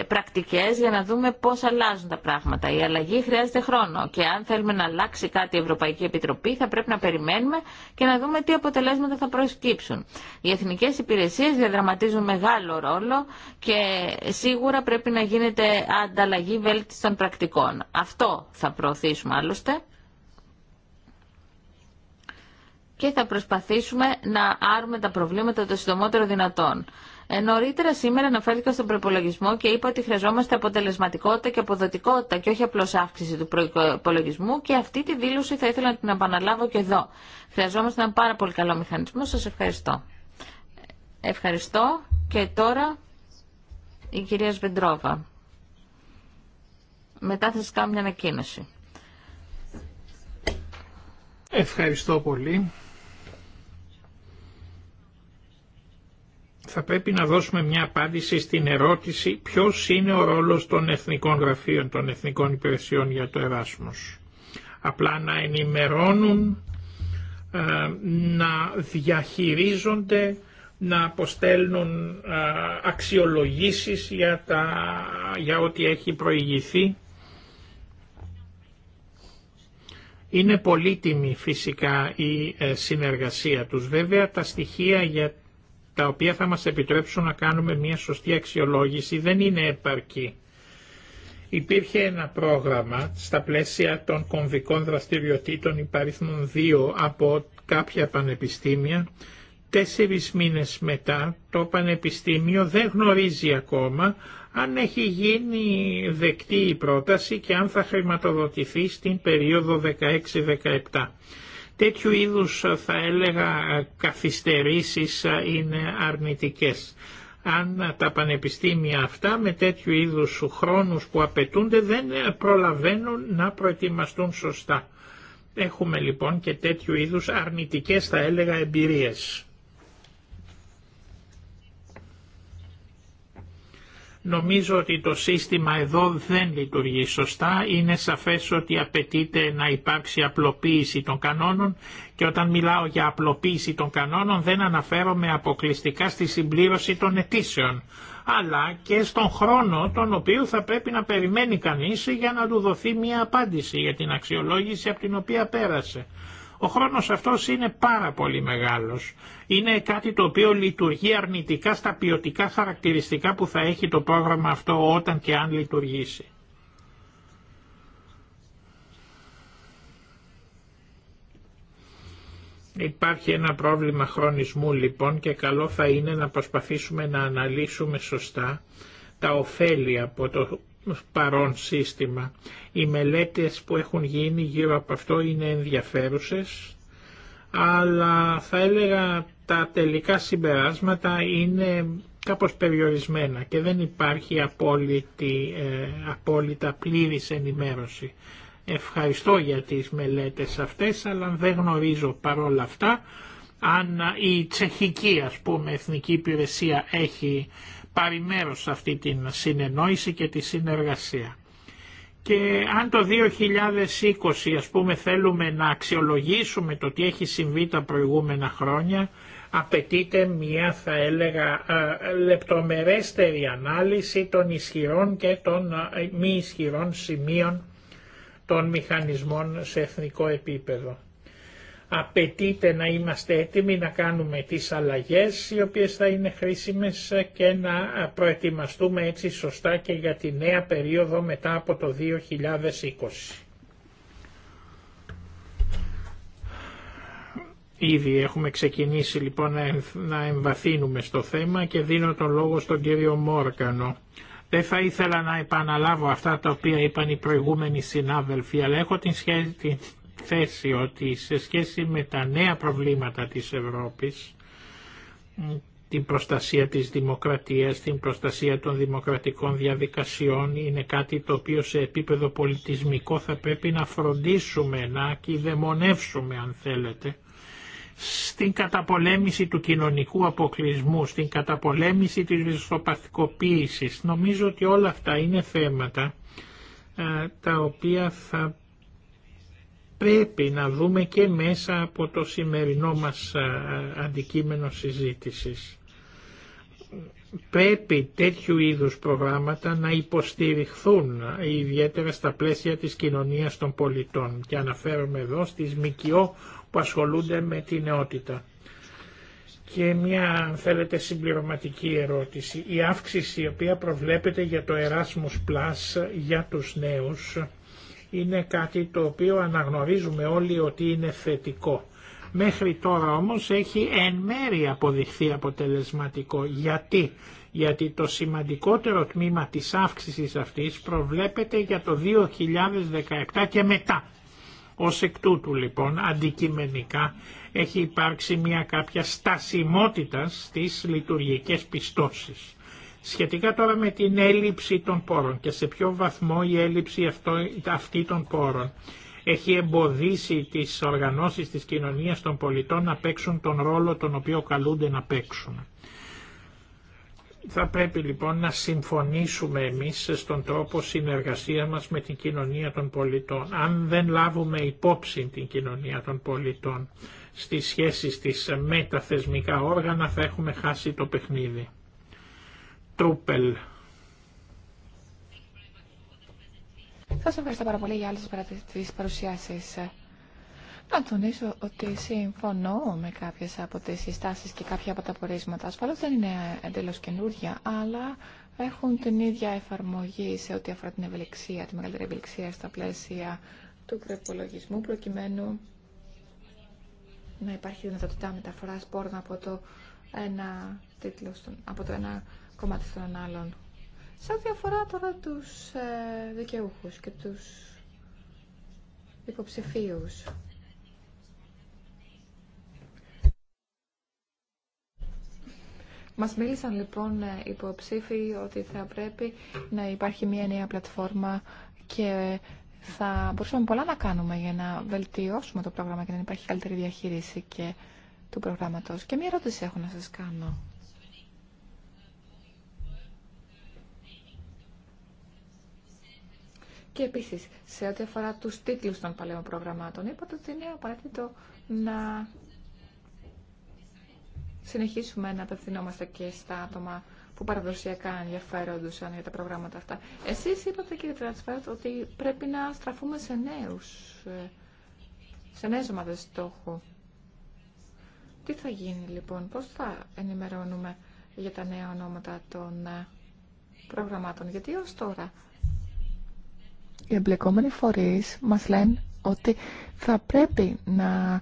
πρακτικές για να δούμε πώς αλλάζουν τα πράγματα. Η αλλαγή χρειάζεται χρόνο και αν θέλουμε να αλλάξει κάτι η Ευρωπαϊκή Επιτροπή. Θα πρέπει να περιμένουμε και να δούμε τι αποτελέσματα θα προσκύψουν. Οι εθνικέ υπηρεσίε διαδραματίζουν μεγάλο ρόλο και σίγουρα πρέπει να γίνεται ανταλλαγή βέλτιστων πρακτικών. Αυτό θα προωθήσουμε άλλωστε και θα προσπαθήσουμε να άρουμε τα προβλήματα το συντομότερο δυνατόν. Ε, νωρίτερα σήμερα αναφέρθηκα στον προπολογισμό και είπα ότι χρειαζόμαστε αποτελεσματικότητα και αποδοτικότητα και όχι απλώ αύξηση του προπολογισμού και αυτή τη δήλωση θα ήθελα να την επαναλάβω και εδώ. Χρειαζόμαστε ένα πάρα πολύ καλό μηχανισμό. Σα ευχαριστώ. Ευχαριστώ και τώρα η κυρία Σβεντρόβα. Μετά θα σας κάνω μια ανακοίνωση. Ευχαριστώ πολύ. θα πρέπει να δώσουμε μια απάντηση στην ερώτηση ποιος είναι ο ρόλος των εθνικών γραφείων, των εθνικών υπηρεσιών για το Εράσμος. Απλά να ενημερώνουν, ε, να διαχειρίζονται, να αποστέλνουν ε, αξιολογήσεις για, τα, για ό,τι έχει προηγηθεί. Είναι πολύτιμη φυσικά η ε, συνεργασία τους. Βέβαια τα στοιχεία για τα οποία θα μας επιτρέψουν να κάνουμε μια σωστή αξιολόγηση δεν είναι επαρκή. Υπήρχε ένα πρόγραμμα στα πλαίσια των κομβικών δραστηριοτήτων υπαριθμών 2 από κάποια πανεπιστήμια. Τέσσερις μήνες μετά το πανεπιστήμιο δεν γνωρίζει ακόμα αν έχει γίνει δεκτή η πρόταση και αν θα χρηματοδοτηθεί στην περίοδο 16-17 τέτοιου είδους ε, θα έλεγα ε, καθυστερήσεις ε, είναι αρνητικές. Αν τα πανεπιστήμια αυτά με τέτοιου είδους χρόνους που απαιτούνται δεν προλαβαίνουν να προετοιμαστούν σωστά. Έχουμε λοιπόν και τέτοιου είδους αρνητικές θα έλεγα εμπειρίες. Νομίζω ότι το σύστημα εδώ δεν λειτουργεί σωστά. Είναι σαφές ότι απαιτείται να υπάρξει απλοποίηση των κανόνων και όταν μιλάω για απλοποίηση των κανόνων δεν αναφέρομαι αποκλειστικά στη συμπλήρωση των αιτήσεων αλλά και στον χρόνο τον οποίο θα πρέπει να περιμένει κανείς για να του δοθεί μια απάντηση για την αξιολόγηση από την οποία πέρασε. Ο χρόνος αυτός είναι πάρα πολύ μεγάλος. Είναι κάτι το οποίο λειτουργεί αρνητικά στα ποιοτικά χαρακτηριστικά που θα έχει το πρόγραμμα αυτό όταν και αν λειτουργήσει. Υπάρχει ένα πρόβλημα χρονισμού λοιπόν και καλό θα είναι να προσπαθήσουμε να αναλύσουμε σωστά τα ωφέλη από το παρόν σύστημα. Οι μελέτες που έχουν γίνει γύρω από αυτό είναι ενδιαφέρουσες, αλλά θα έλεγα τα τελικά συμπεράσματα είναι κάπως περιορισμένα και δεν υπάρχει απόλυτη, ε, απόλυτα πλήρης ενημέρωση. Ευχαριστώ για τις μελέτες αυτές, αλλά δεν γνωρίζω παρόλα αυτά αν η τσεχική ας πούμε εθνική υπηρεσία έχει πάρει σε αυτή την συνεννόηση και τη συνεργασία. Και αν το 2020 ας πούμε θέλουμε να αξιολογήσουμε το τι έχει συμβεί τα προηγούμενα χρόνια, απαιτείται μια θα έλεγα ε, λεπτομερέστερη ανάλυση των ισχυρών και των ε, μη ισχυρών σημείων των μηχανισμών σε εθνικό επίπεδο απαιτείται να είμαστε έτοιμοι να κάνουμε τις αλλαγές οι οποίες θα είναι χρήσιμες και να προετοιμαστούμε έτσι σωστά και για τη νέα περίοδο μετά από το 2020. Ήδη έχουμε ξεκινήσει λοιπόν να εμβαθύνουμε στο θέμα και δίνω τον λόγο στον κύριο Μόρκανο. Δεν θα ήθελα να επαναλάβω αυτά τα οποία είπαν οι προηγούμενοι συνάδελφοι, αλλά έχω την, σχέση, θέση ότι σε σχέση με τα νέα προβλήματα της Ευρώπης, την προστασία της δημοκρατίας, την προστασία των δημοκρατικών διαδικασιών είναι κάτι το οποίο σε επίπεδο πολιτισμικό θα πρέπει να φροντίσουμε, να κυδαιμονεύσουμε αν θέλετε, στην καταπολέμηση του κοινωνικού αποκλεισμού, στην καταπολέμηση της ριζοπαθικοποίησης. Νομίζω ότι όλα αυτά είναι θέματα ε, τα οποία θα πρέπει να δούμε και μέσα από το σημερινό μας αντικείμενο συζήτησης. Πρέπει τέτοιου είδους προγράμματα να υποστηριχθούν ιδιαίτερα στα πλαίσια της κοινωνίας των πολιτών και αναφέρομαι εδώ στις ΜΚΙΟ που ασχολούνται με τη νεότητα. Και μια, αν θέλετε, συμπληρωματική ερώτηση. Η αύξηση η οποία προβλέπεται για το Erasmus Plus για τους νέους είναι κάτι το οποίο αναγνωρίζουμε όλοι ότι είναι θετικό. Μέχρι τώρα όμως έχει εν μέρη αποδειχθεί αποτελεσματικό. Γιατί? Γιατί το σημαντικότερο τμήμα της αύξησης αυτής προβλέπεται για το 2017 και μετά. Ως εκ τούτου λοιπόν αντικειμενικά έχει υπάρξει μια κάποια στασιμότητα στις λειτουργικές πιστώσεις. Σχετικά τώρα με την έλλειψη των πόρων και σε ποιο βαθμό η έλλειψη αυτό, αυτή των πόρων έχει εμποδίσει τις οργανώσεις της κοινωνίας των πολιτών να παίξουν τον ρόλο τον οποίο καλούνται να παίξουν. Θα πρέπει λοιπόν να συμφωνήσουμε εμείς στον τρόπο συνεργασίας μας με την κοινωνία των πολιτών. Αν δεν λάβουμε υπόψη την κοινωνία των πολιτών στις σχέσεις της με τα θεσμικά όργανα θα έχουμε χάσει το παιχνίδι. Τρούπελ. Σας ευχαριστώ πάρα πολύ για άλλες τις παρουσιάσεις. Να τονίσω ότι συμφωνώ με κάποιες από τις συστάσεις και κάποια από τα πορίσματα. Ασφαλώς δεν είναι εντελώς καινούργια, αλλά έχουν την ίδια εφαρμογή σε ό,τι αφορά την ευελιξία, τη μεγαλύτερη ευελιξία στα πλαίσια του προπολογισμού, προκειμένου να υπάρχει δυνατότητα μεταφοράς πόρων από το ένα τίτλο από το ένα κομμάτι των άλλων. Σε ό,τι αφορά τώρα τους ε, δικαιούχους και τους υποψηφίους. Μας μίλησαν λοιπόν ε, υποψήφοι ότι θα πρέπει να υπάρχει μια νέα πλατφόρμα και θα μπορούσαμε πολλά να κάνουμε για να βελτιώσουμε το πρόγραμμα και να υπάρχει καλύτερη διαχείριση και του προγράμματος. Και μια ερώτηση έχω να σας κάνω. Και επίσης, σε ό,τι αφορά τους τίτλου των παλαιών προγραμμάτων, είπατε ότι είναι απαραίτητο να συνεχίσουμε να απευθυνόμαστε και στα άτομα που παραδοσιακά ενδιαφέροντουσαν για τα προγράμματα αυτά. Εσείς είπατε, κύριε Τρατσφέρτ, ότι πρέπει να στραφούμε σε νέους, ε, σε νέε ομάδε στόχου. Τι θα γίνει λοιπόν, πώς θα ενημερώνουμε για τα νέα ονόματα των ε, προγραμμάτων, γιατί ως τώρα οι εμπλεκόμενοι φορείς μας λένε ότι θα πρέπει να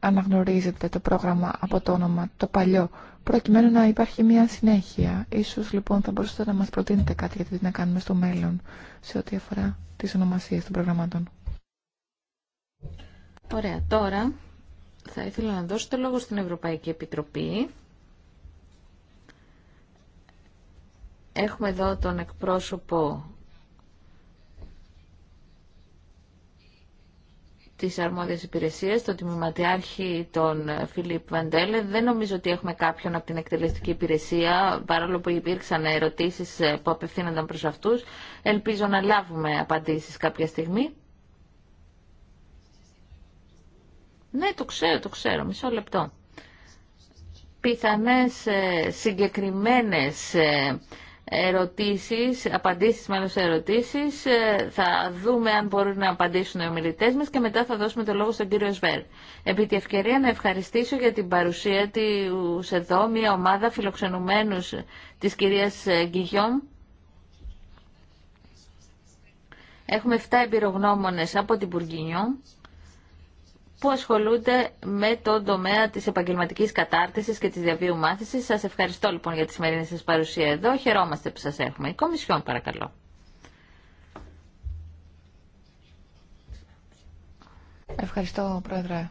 αναγνωρίζετε το πρόγραμμα από το όνομα το παλιό, προκειμένου να υπάρχει μια συνέχεια. Ίσως λοιπόν θα μπορούσατε να μας προτείνετε κάτι γιατί να κάνουμε στο μέλλον σε ό,τι αφορά τις ονομασίες των προγραμμάτων. Ωραία, τώρα θα ήθελα να δώσω το λόγο στην Ευρωπαϊκή Επιτροπή. Έχουμε εδώ τον εκπρόσωπο της αρμόδιας υπηρεσίας, τον Τμήματιάρχη τον Φιλίπ Βαντέλε. Δεν νομίζω ότι έχουμε κάποιον από την εκτελεστική υπηρεσία, παρόλο που υπήρξαν ερωτήσεις ε, που απευθύνονταν προς αυτούς. Ελπίζω να λάβουμε απαντήσεις κάποια στιγμή. Ναι, το ξέρω, το ξέρω. Μισό λεπτό. Πιθανές ε, συγκεκριμένες ε, ερωτήσεις, απαντήσεις μάλλον σε ερωτήσεις. Ε, θα δούμε αν μπορούν να απαντήσουν οι ομιλητές μας και μετά θα δώσουμε το λόγο στον κύριο Σβέρ. Επί τη ευκαιρία να ευχαριστήσω για την παρουσία της εδώ μια ομάδα φιλοξενουμένους της κυρίας Γκυγιόμ. Έχουμε 7 εμπειρογνώμονες από την Πουργκίνιο που ασχολούνται με τον τομέα της επαγγελματικής κατάρτισης και της διαβίου μάθησης. Σας ευχαριστώ λοιπόν για τη σημερινή σας παρουσία εδώ. Χαιρόμαστε που σα έχουμε. Η Κομισιόν παρακαλώ. Ευχαριστώ Πρόεδρε.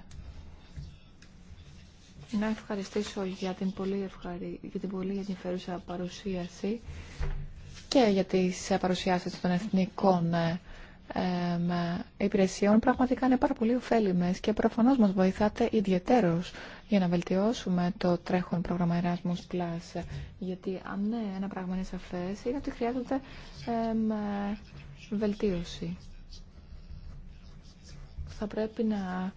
Να ευχαριστήσω για την πολύ, ευχαρι... για την πολύ ενδιαφέρουσα παρουσίαση και για τις παρουσιάσεις των εθνικών ε, υπηρεσιών πραγματικά είναι πάρα πολύ ωφέλιμες και προφανώς μας βοηθάτε ιδιαιτέρως για να βελτιώσουμε το τρέχον πρόγραμμα Erasmus Plus γιατί αν ναι, ένα πράγμα είναι σαφές είναι ότι χρειάζεται βελτίωση. Θα πρέπει να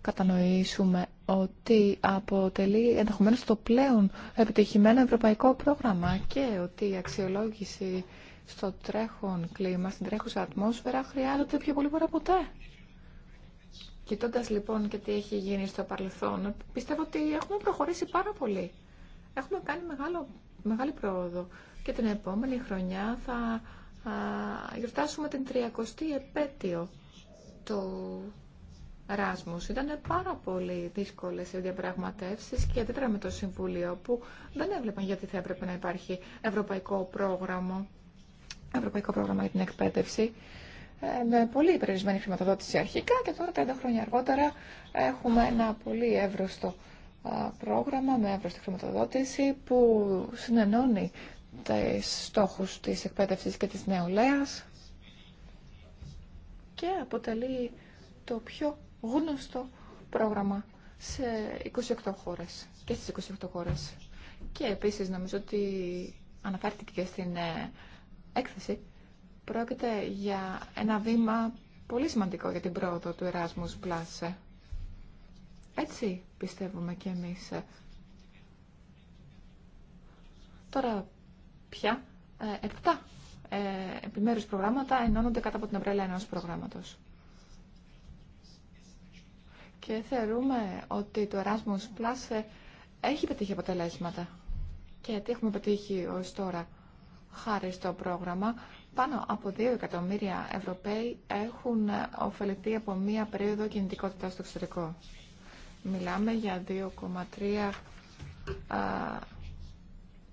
κατανοήσουμε ότι αποτελεί ενδεχομένω το πλέον επιτυχημένο ευρωπαϊκό πρόγραμμα και ότι η αξιολόγηση στο τρέχον κλίμα, στην τρέχουσα ατμόσφαιρα, χρειάζεται πιο πολύ παραποτέ. ποτέ. Κοιτώντας λοιπόν και τι έχει γίνει στο παρελθόν, πιστεύω ότι έχουμε προχωρήσει πάρα πολύ. Έχουμε κάνει μεγάλο, μεγάλη πρόοδο και την επόμενη χρονιά θα α, γιορτάσουμε την 30η επέτειο του ράσμους. Ήταν πάρα πολύ δύσκολες οι διαπραγματεύσει, και αντίτρα με το Συμβούλιο που δεν έβλεπαν γιατί θα έπρεπε να υπάρχει ευρωπαϊκό πρόγραμμα Ευρωπαϊκό Πρόγραμμα για την Εκπαίδευση ε, με πολύ περιορισμένη χρηματοδότηση αρχικά και τώρα 30 χρόνια αργότερα έχουμε ένα πολύ εύρωστο πρόγραμμα με εύρωστη χρηματοδότηση που συνενώνει τις στόχους της εκπαίδευσης και της νεολαίας και αποτελεί το πιο γνωστό πρόγραμμα σε 28 χώρες και στις 28 χώρες. Και επίσης νομίζω ότι αναφέρθηκε και στην ε, έκθεση πρόκειται για ένα βήμα πολύ σημαντικό για την πρόοδο του Erasmus Plus. Έτσι πιστεύουμε και εμείς. Τώρα πια ε, επτά ε, επιμέρους προγράμματα ενώνονται κάτω από την ομπρέλα ενός προγράμματος. Και θεωρούμε ότι το Erasmus Plus ε, έχει πετύχει αποτελέσματα. Και τι έχουμε πετύχει ως τώρα. Χάρη στο πρόγραμμα, πάνω από 2 εκατομμύρια Ευρωπαίοι έχουν ωφεληθεί από μία περίοδο κινητικότητα στο εξωτερικό. Μιλάμε για 2,3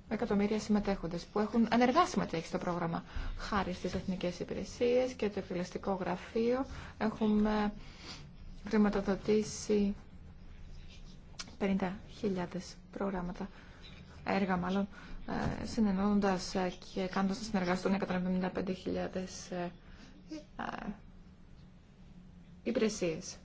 εκατομμύρια συμμετέχοντες που έχουν ενεργά συμμετέχει στο πρόγραμμα. Χάρη στις εθνικές υπηρεσίες και το εκτελεστικό γραφείο έχουμε χρηματοδοτήσει 50.000 προγράμματα, έργα μάλλον, ε, συνενώνοντας ε, και κάνοντας να συνεργαστούν 175.000 ε, υπηρεσίες.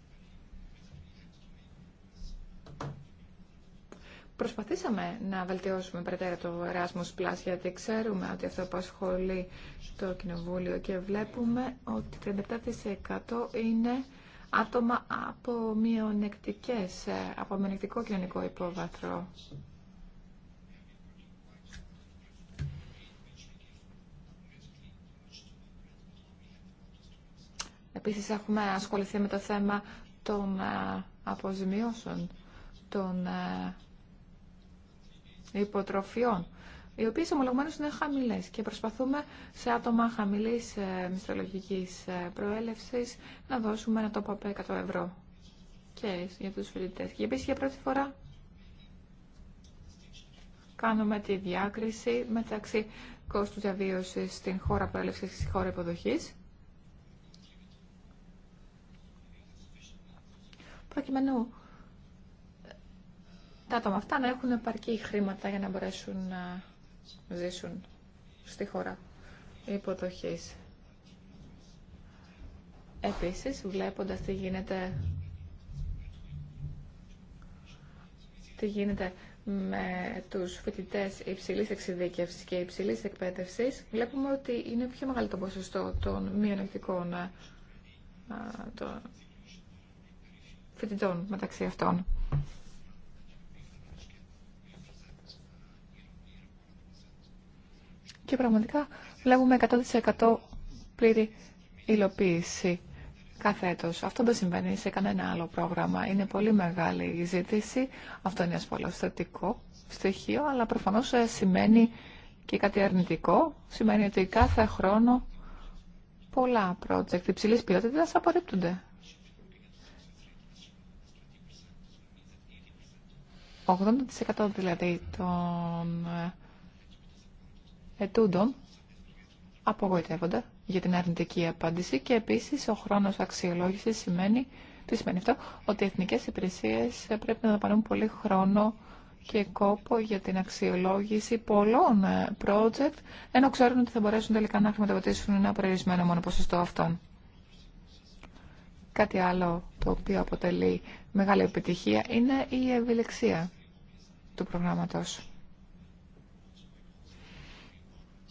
Προσπαθήσαμε να βελτιώσουμε περαιτέρω το Erasmus Plus γιατί ξέρουμε ότι αυτό απασχολεί το Κοινοβούλιο και βλέπουμε ότι 37% είναι άτομα από μειονεκτικές, από μειονεκτικό κοινωνικό υπόβαθρο. Επίσης έχουμε ασχοληθεί με το θέμα των ε, αποζημιώσεων, των ε, υποτροφιών, οι οποίες ομολογμένως είναι χαμηλές και προσπαθούμε σε άτομα χαμηλής ε, μισθολογικής προέλευσης να δώσουμε ένα τόπο από 100 ευρώ και για τους φοιτητές. Και επίσης για πρώτη φορά κάνουμε τη διάκριση μεταξύ κόστου διαβίωσης στην χώρα προέλευσης και στη χώρα υποδοχής προκειμένου τα άτομα αυτά να έχουν επαρκή χρήματα για να μπορέσουν να ζήσουν στη χώρα υποδοχής. Επίσης, βλέποντας τι γίνεται, τι γίνεται με τους φοιτητές υψηλής εξειδίκευσης και υψηλής εκπαίδευσης, βλέπουμε ότι είναι πιο μεγάλο το ποσοστό των μειονεκτικών ε, ε, φοιτητών μεταξύ αυτών. Και πραγματικά βλέπουμε 100% πλήρη υλοποίηση κάθε έτος. Αυτό δεν συμβαίνει σε κανένα άλλο πρόγραμμα. Είναι πολύ μεγάλη η ζήτηση. Αυτό είναι ασφαλώ θετικό στοιχείο, αλλά προφανώς ε, σημαίνει και κάτι αρνητικό. Σημαίνει ότι κάθε χρόνο πολλά project υψηλής ποιότητας απορρίπτονται. 80% δηλαδή των ε, ετούντων απογοητεύονται για την αρνητική απάντηση και επίσης ο χρόνος αξιολόγησης σημαίνει, τι σημαίνει αυτό, ότι οι εθνικές υπηρεσίες πρέπει να δαπανούν πολύ χρόνο και κόπο για την αξιολόγηση πολλών ε, project, ενώ ξέρουν ότι θα μπορέσουν τελικά να χρηματοδοτήσουν ένα περιορισμένο μόνο ποσοστό αυτών. Κάτι άλλο το οποίο αποτελεί μεγάλη επιτυχία είναι η ευηλεξία του προγράμματος.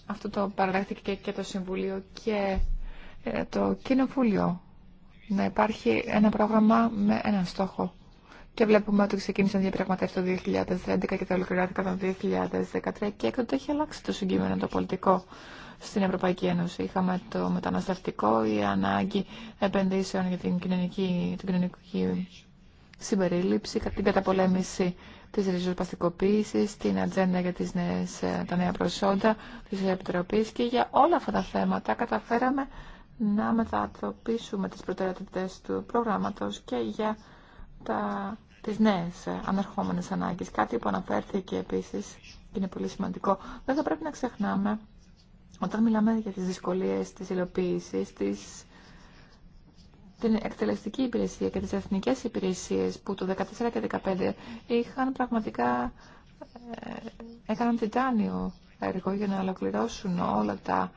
Αυτό το παραδέχτηκε και το Συμβουλίο και ε, το Κοινοβούλιο. Να υπάρχει ένα πρόγραμμα με έναν στόχο. Και βλέπουμε ότι ξεκίνησαν διαπραγματεύσει το 2011 και τα ολοκληρώθηκαν το 2013 και έκτοτε έχει αλλάξει το συγκείμενο το πολιτικό στην Ευρωπαϊκή Ένωση. Είχαμε το μεταναστευτικό, η ανάγκη επενδύσεων για την κοινωνική, την κοινωνική συμπερίληψη, την καταπολέμηση της ριζοσπαστικοποίησης, την ατζέντα για τις νέες, ε, τα νέα προσόντα της Επιτροπής και για όλα αυτά τα θέματα καταφέραμε να μετατοπίσουμε τις προτεραιότητες του προγράμματος και για τα, τις νέες ε, ανερχόμενες ανάγκες. Κάτι που αναφέρθηκε επίσης και είναι πολύ σημαντικό. Δεν θα πρέπει να ξεχνάμε όταν μιλάμε για τις δυσκολίες της υλοποίησης, της, την εκτελεστική υπηρεσία και τις εθνικές υπηρεσίες που το 2014 και 2015 είχαν πραγματικά ε, έκαναν τιτάνιο έργο για να ολοκληρώσουν όλα τα,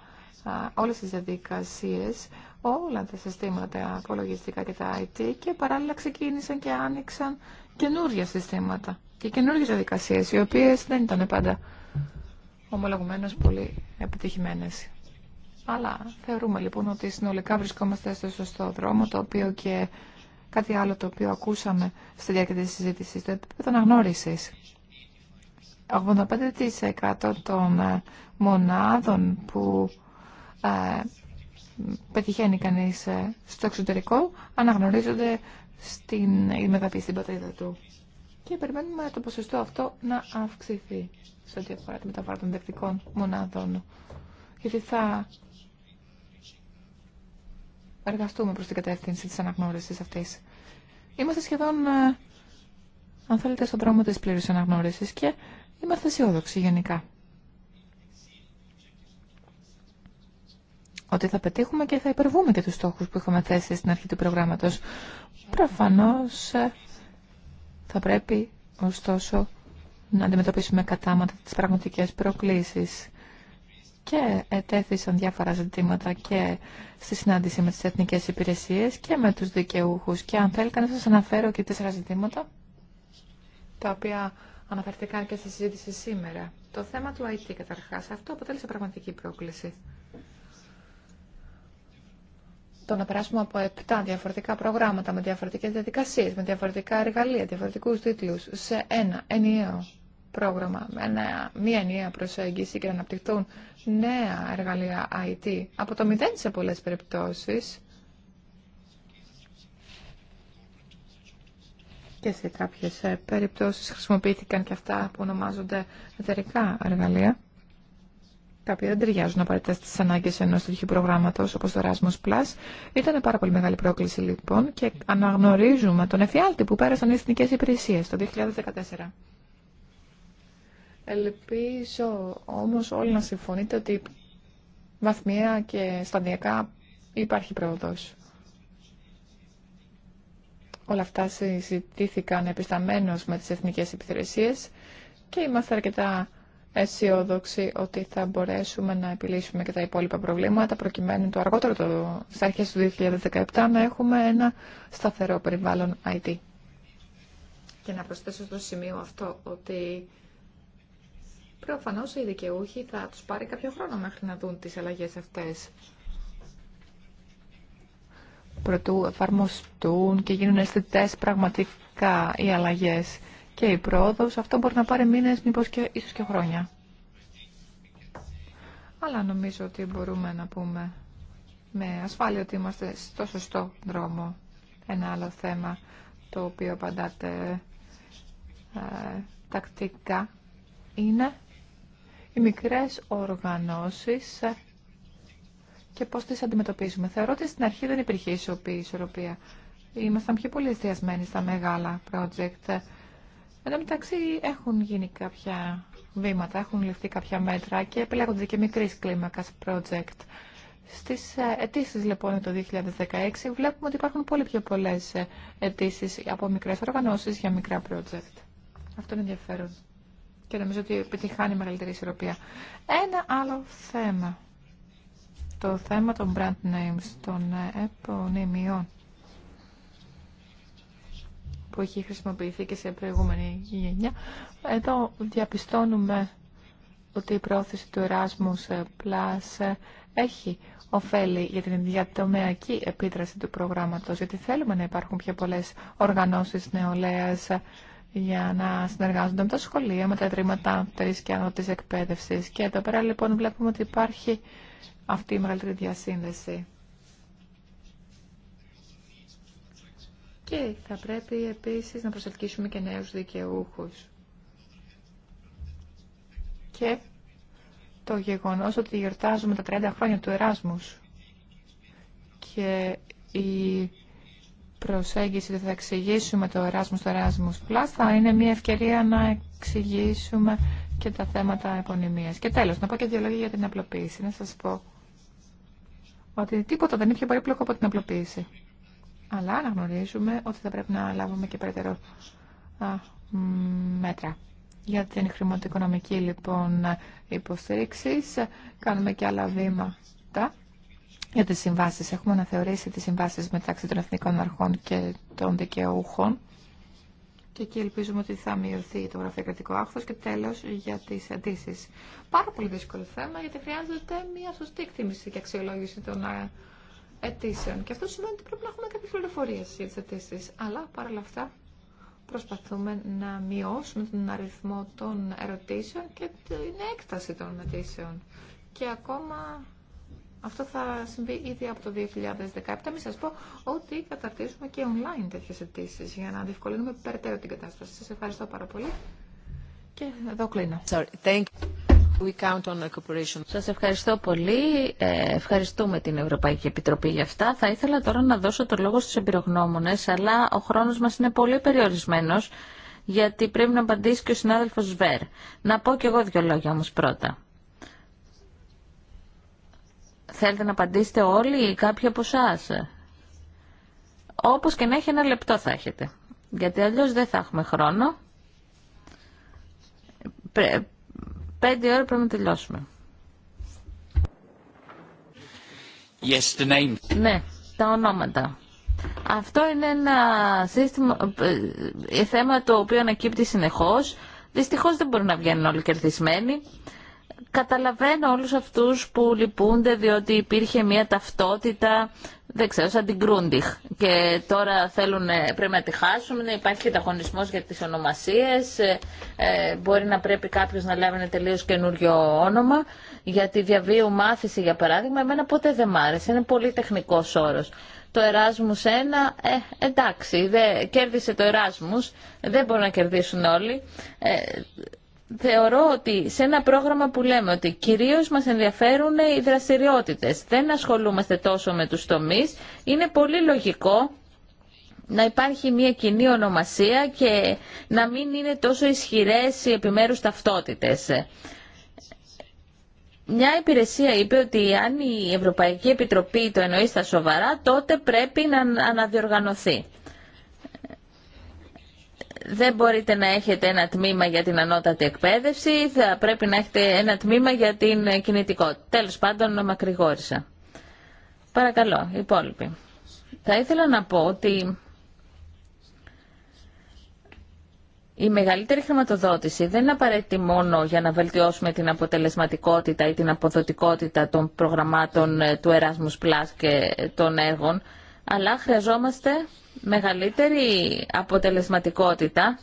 όλες τις διαδικασίες, όλα τα συστήματα τα απολογιστικά και τα IT και παράλληλα ξεκίνησαν και άνοιξαν καινούργια συστήματα και καινούργιες διαδικασίες, οι οποίες δεν ήταν πάντα ομολογουμένω πολύ επιτυχημένε. Αλλά θεωρούμε λοιπόν ότι συνολικά βρισκόμαστε στο σωστό δρόμο, το οποίο και κάτι άλλο το οποίο ακούσαμε στη διάρκεια της συζήτηση το επίπεδο αναγνώρισης. 85% των ε, μονάδων που ε, πετυχαίνει κανείς ε, στο εξωτερικό αναγνωρίζονται στην μεταπή στην πατρίδα του. Και περιμένουμε το ποσοστό αυτό να αυξηθεί σε ό,τι αφορά τη μεταφορά των δεκτικών μονάδων. Γιατί θα εργαστούμε προς την κατεύθυνση της αναγνώρισης αυτής. Είμαστε σχεδόν, ε, αν θέλετε, στον δρόμο της πλήρους αναγνώρισης και είμαστε αισιόδοξοι γενικά. Ότι θα πετύχουμε και θα υπερβούμε και τους στόχους που είχαμε θέσει στην αρχή του προγράμματος. Προφανώς ε, θα πρέπει, ωστόσο, να αντιμετωπίσουμε κατάματα τις πραγματικές προκλήσεις. Και ετέθησαν διάφορα ζητήματα και στη συνάντηση με τις εθνικές υπηρεσίες και με τους δικαιούχους. Και αν θέλετε να σας αναφέρω και τέσσερα ζητήματα, τα οποία αναφερθήκαν και στη συζήτηση σήμερα. Το θέμα του IT καταρχάς, αυτό αποτέλεσε πραγματική πρόκληση. Το να περάσουμε από 7 διαφορετικά προγράμματα με διαφορετικές διαδικασίες, με διαφορετικά εργαλεία, διαφορετικούς τίτλους, σε ένα ενιαίο πρόγραμμα, με ένα, μία ενιαία προσέγγιση και να αναπτυχθούν νέα εργαλεία IT από το μηδέν σε πολλές περιπτώσεις και σε κάποιες ε, περιπτώσεις χρησιμοποιήθηκαν και αυτά που ονομάζονται εταιρικά εργαλεία. Κάποιοι δεν ταιριάζουν απαραίτητα στι ανάγκε ενό τέτοιου προγράμματο όπω το Erasmus Plus. Ήταν πάρα πολύ μεγάλη πρόκληση λοιπόν και αναγνωρίζουμε τον εφιάλτη που πέρασαν οι εθνικέ υπηρεσίε το 2014. Ελπίζω όμως όλοι να συμφωνείτε ότι βαθμιαία και σταδιακά υπάρχει πρόοδος. Όλα αυτά συζητήθηκαν επισταμένως με τις εθνικές υπηρεσίες και είμαστε αρκετά αισιόδοξοι ότι θα μπορέσουμε να επιλύσουμε και τα υπόλοιπα προβλήματα προκειμένου το αργότερο το, στα αρχές του 2017 να έχουμε ένα σταθερό περιβάλλον IT. Και να προσθέσω στο σημείο αυτό ότι προφανώς οι δικαιούχοι θα τους πάρει κάποιο χρόνο μέχρι να δουν τις αλλαγές αυτές. Προτού εφαρμοστούν και γίνουν αισθητέ πραγματικά οι αλλαγές και η πρόοδος, αυτό μπορεί να πάρει μήνες, μήπως και ίσως και χρόνια. Αλλά νομίζω ότι μπορούμε να πούμε με ασφάλεια ότι είμαστε στο σωστό δρόμο. Ένα άλλο θέμα το οποίο απαντάτε ε, τακτικά είναι οι μικρές οργανώσεις και πώς τις αντιμετωπίζουμε. Θεωρώ ότι στην αρχή δεν υπήρχε ισορροπία. Ήμασταν πιο πολύ εστιασμένοι στα μεγάλα project. Εν τω μεταξύ έχουν γίνει κάποια βήματα, έχουν ληφθεί κάποια μέτρα και επιλέγονται και μικρή κλίμακα project. Στι ε, αιτήσει λοιπόν το 2016 βλέπουμε ότι υπάρχουν πολύ πιο πολλέ ε, αιτήσει από μικρέ οργανώσει για μικρά project. Αυτό είναι ενδιαφέρον και νομίζω ότι επιτυχάνει μεγαλύτερη ισορροπία. Ένα άλλο θέμα. Το θέμα των brand names, των ε, επωνυμιών που έχει χρησιμοποιηθεί και σε προηγούμενη γενιά. Εδώ διαπιστώνουμε ότι η πρόθεση του Erasmus Plus έχει ωφέλη για την διατομεακή επίδραση του προγράμματος, γιατί θέλουμε να υπάρχουν πιο πολλές οργανώσεις νεολαίας για να συνεργάζονται με τα σχολεία, με τα ιδρύματα της και άνω της Και εδώ πέρα λοιπόν βλέπουμε ότι υπάρχει αυτή η μεγαλύτερη διασύνδεση. Και θα πρέπει επίσης να προσελκύσουμε και νέους δικαιούχους. Και το γεγονός ότι γιορτάζουμε τα 30 χρόνια του Εράσμους και η προσέγγιση ότι θα εξηγήσουμε το Erasmus στο Erasmus Plus θα είναι μια ευκαιρία να εξηγήσουμε και τα θέματα επωνυμίας. Και τέλος, να πω και δύο λόγια για την απλοποίηση. Να σας πω ότι τίποτα δεν είναι πιο περίπλοκο από την απλοποίηση. Αλλά να γνωρίζουμε ότι θα πρέπει να λάβουμε και περαιτέρω μέτρα. Για την χρηματοοικονομική λοιπόν υποστήριξη κάνουμε και άλλα βήματα για τις συμβάσεις. Έχουμε αναθεωρήσει τις συμβάσεις μεταξύ των εθνικών αρχών και των δικαιούχων και εκεί ελπίζουμε ότι θα μειωθεί το γραφειοκρατικό άχθο και τέλο για τι αιτήσει. Πάρα πολύ δύσκολο θέμα γιατί χρειάζεται μια σωστή εκτίμηση και αξιολόγηση των ε, αιτήσεων. Και αυτό σημαίνει ότι πρέπει να έχουμε κάποιε πληροφορίε για τι αιτήσει. Αλλά παρ' όλα αυτά προσπαθούμε να μειώσουμε τον αριθμό των ερωτήσεων και την έκταση των αιτήσεων. Και ακόμα αυτό θα συμβεί ήδη από το 2017. Μην σα πω ότι καταρτίζουμε και online τέτοιε αιτήσει για να διευκολύνουμε περαιτέρω την κατάσταση. Σα ευχαριστώ πάρα πολύ και εδώ κλείνω. Sorry. Σας ευχαριστώ πολύ. Ε, ευχαριστούμε την Ευρωπαϊκή Επιτροπή για αυτά. Θα ήθελα τώρα να δώσω το λόγο στους εμπειρογνώμονες, αλλά ο χρόνος μας είναι πολύ περιορισμένος, γιατί πρέπει να απαντήσει και ο συνάδελφος Βέρ. Να πω κι εγώ δύο λόγια όμω πρώτα. Θέλετε να απαντήσετε όλοι ή κάποιοι από εσά. Όπως και να έχει ένα λεπτό θα έχετε. Γιατί αλλιώς δεν θα έχουμε χρόνο. Πέντε ώρα πρέπει να τελειώσουμε. Yes, the name. Ναι, τα ονόματα. Αυτό είναι ένα σύστημα, ε, ε, θέμα το οποίο ανακύπτει συνεχώς. Δυστυχώς δεν μπορεί να βγαίνουν όλοι κερδισμένοι. Καταλαβαίνω όλους αυτούς που λυπούνται διότι υπήρχε μια ταυτότητα, δεν ξέρω, σαν την Κρούντιχ. Και τώρα θέλουν, ε, πρέπει να τη χάσουν, υπάρχει και για τις ονομασίες, ε, ε, μπορεί να πρέπει κάποιος να λάβει ένα τελείως καινούριο όνομα. Για τη διαβίου μάθηση, για παράδειγμα, εμένα ποτέ δεν μ' άρεσε, είναι πολύ τεχνικός όρος. Το Εράσμους 1, ε, εντάξει, κέρδισε το Εράσμους, δεν μπορούν να κερδίσουν όλοι. Ε, θεωρώ ότι σε ένα πρόγραμμα που λέμε ότι κυρίως μας ενδιαφέρουν οι δραστηριότητες, δεν ασχολούμαστε τόσο με τους τομείς, είναι πολύ λογικό να υπάρχει μια κοινή ονομασία και να μην είναι τόσο ισχυρές οι επιμέρους ταυτότητες. Μια υπηρεσία είπε ότι αν η Ευρωπαϊκή Επιτροπή το εννοεί στα σοβαρά, τότε πρέπει να αναδιοργανωθεί δεν μπορείτε να έχετε ένα τμήμα για την ανώτατη εκπαίδευση, θα πρέπει να έχετε ένα τμήμα για την κινητικότητα. Τέλος πάντων, μακρηγόρησα. Παρακαλώ, υπόλοιποι. Θα ήθελα να πω ότι η μεγαλύτερη χρηματοδότηση δεν είναι απαραίτητη μόνο για να βελτιώσουμε την αποτελεσματικότητα ή την αποδοτικότητα των προγραμμάτων ε, του Erasmus Plus και των έργων, αλλά χρειαζόμαστε μεγαλύτερη αποτελεσματικότητα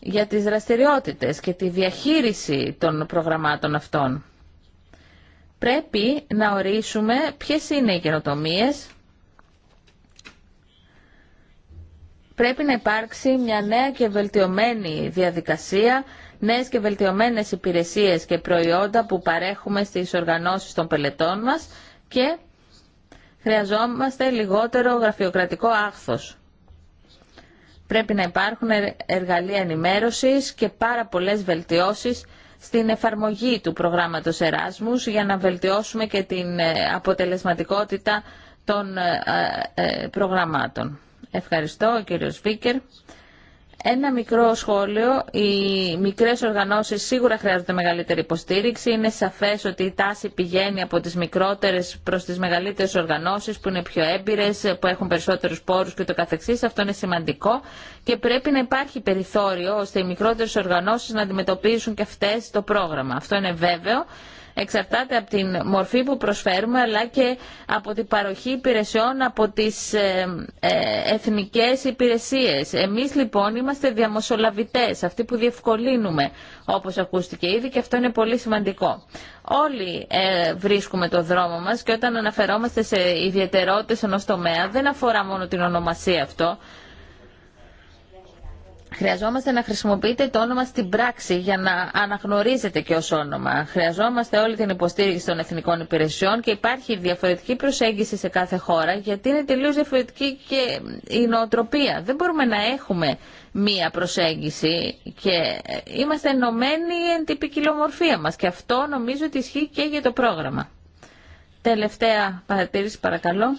για τις δραστηριότητες και τη διαχείριση των προγραμμάτων αυτών. Πρέπει να ορίσουμε ποιες είναι οι καινοτομίε. Πρέπει να υπάρξει μια νέα και βελτιωμένη διαδικασία, νέες και βελτιωμένες υπηρεσίες και προϊόντα που παρέχουμε στις οργανώσεις των πελετών μας και χρειαζόμαστε λιγότερο γραφειοκρατικό άχθος. Πρέπει να υπάρχουν εργαλεία ενημέρωσης και πάρα πολλές βελτιώσεις στην εφαρμογή του προγράμματος Εράσμους για να βελτιώσουμε και την ε, αποτελεσματικότητα των ε, ε, προγραμμάτων. Ευχαριστώ, κύριο κύριος ένα μικρό σχόλιο. Οι μικρέ οργανώσει σίγουρα χρειάζονται μεγαλύτερη υποστήριξη. Είναι σαφέ ότι η τάση πηγαίνει από τι μικρότερε προ τι μεγαλύτερε οργανώσει που είναι πιο έμπειρε, που έχουν περισσότερου πόρου κ.ο.κ. Αυτό είναι σημαντικό και πρέπει να υπάρχει περιθώριο ώστε οι μικρότερε οργανώσει να αντιμετωπίσουν και αυτέ το πρόγραμμα. Αυτό είναι βέβαιο εξαρτάται από την μορφή που προσφέρουμε αλλά και από την παροχή υπηρεσιών από τις ε, ε, εθνικές υπηρεσίες. Εμείς λοιπόν είμαστε διαμοσολαβητές, αυτοί που διευκολύνουμε όπως ακούστηκε ήδη και αυτό είναι πολύ σημαντικό. Όλοι ε, βρίσκουμε το δρόμο μας και όταν αναφερόμαστε σε ιδιαιτερότητες ενός τομέα δεν αφορά μόνο την ονομασία αυτό Χρειαζόμαστε να χρησιμοποιείτε το όνομα στην πράξη για να αναγνωρίζετε και ως όνομα. Χρειαζόμαστε όλη την υποστήριξη των εθνικών υπηρεσιών και υπάρχει διαφορετική προσέγγιση σε κάθε χώρα γιατί είναι τελείως διαφορετική και η νοοτροπία. Δεν μπορούμε να έχουμε μία προσέγγιση και είμαστε ενωμένοι εν την ποικιλομορφία μας και αυτό νομίζω ότι ισχύει και για το πρόγραμμα. Τελευταία παρατήρηση παρακαλώ.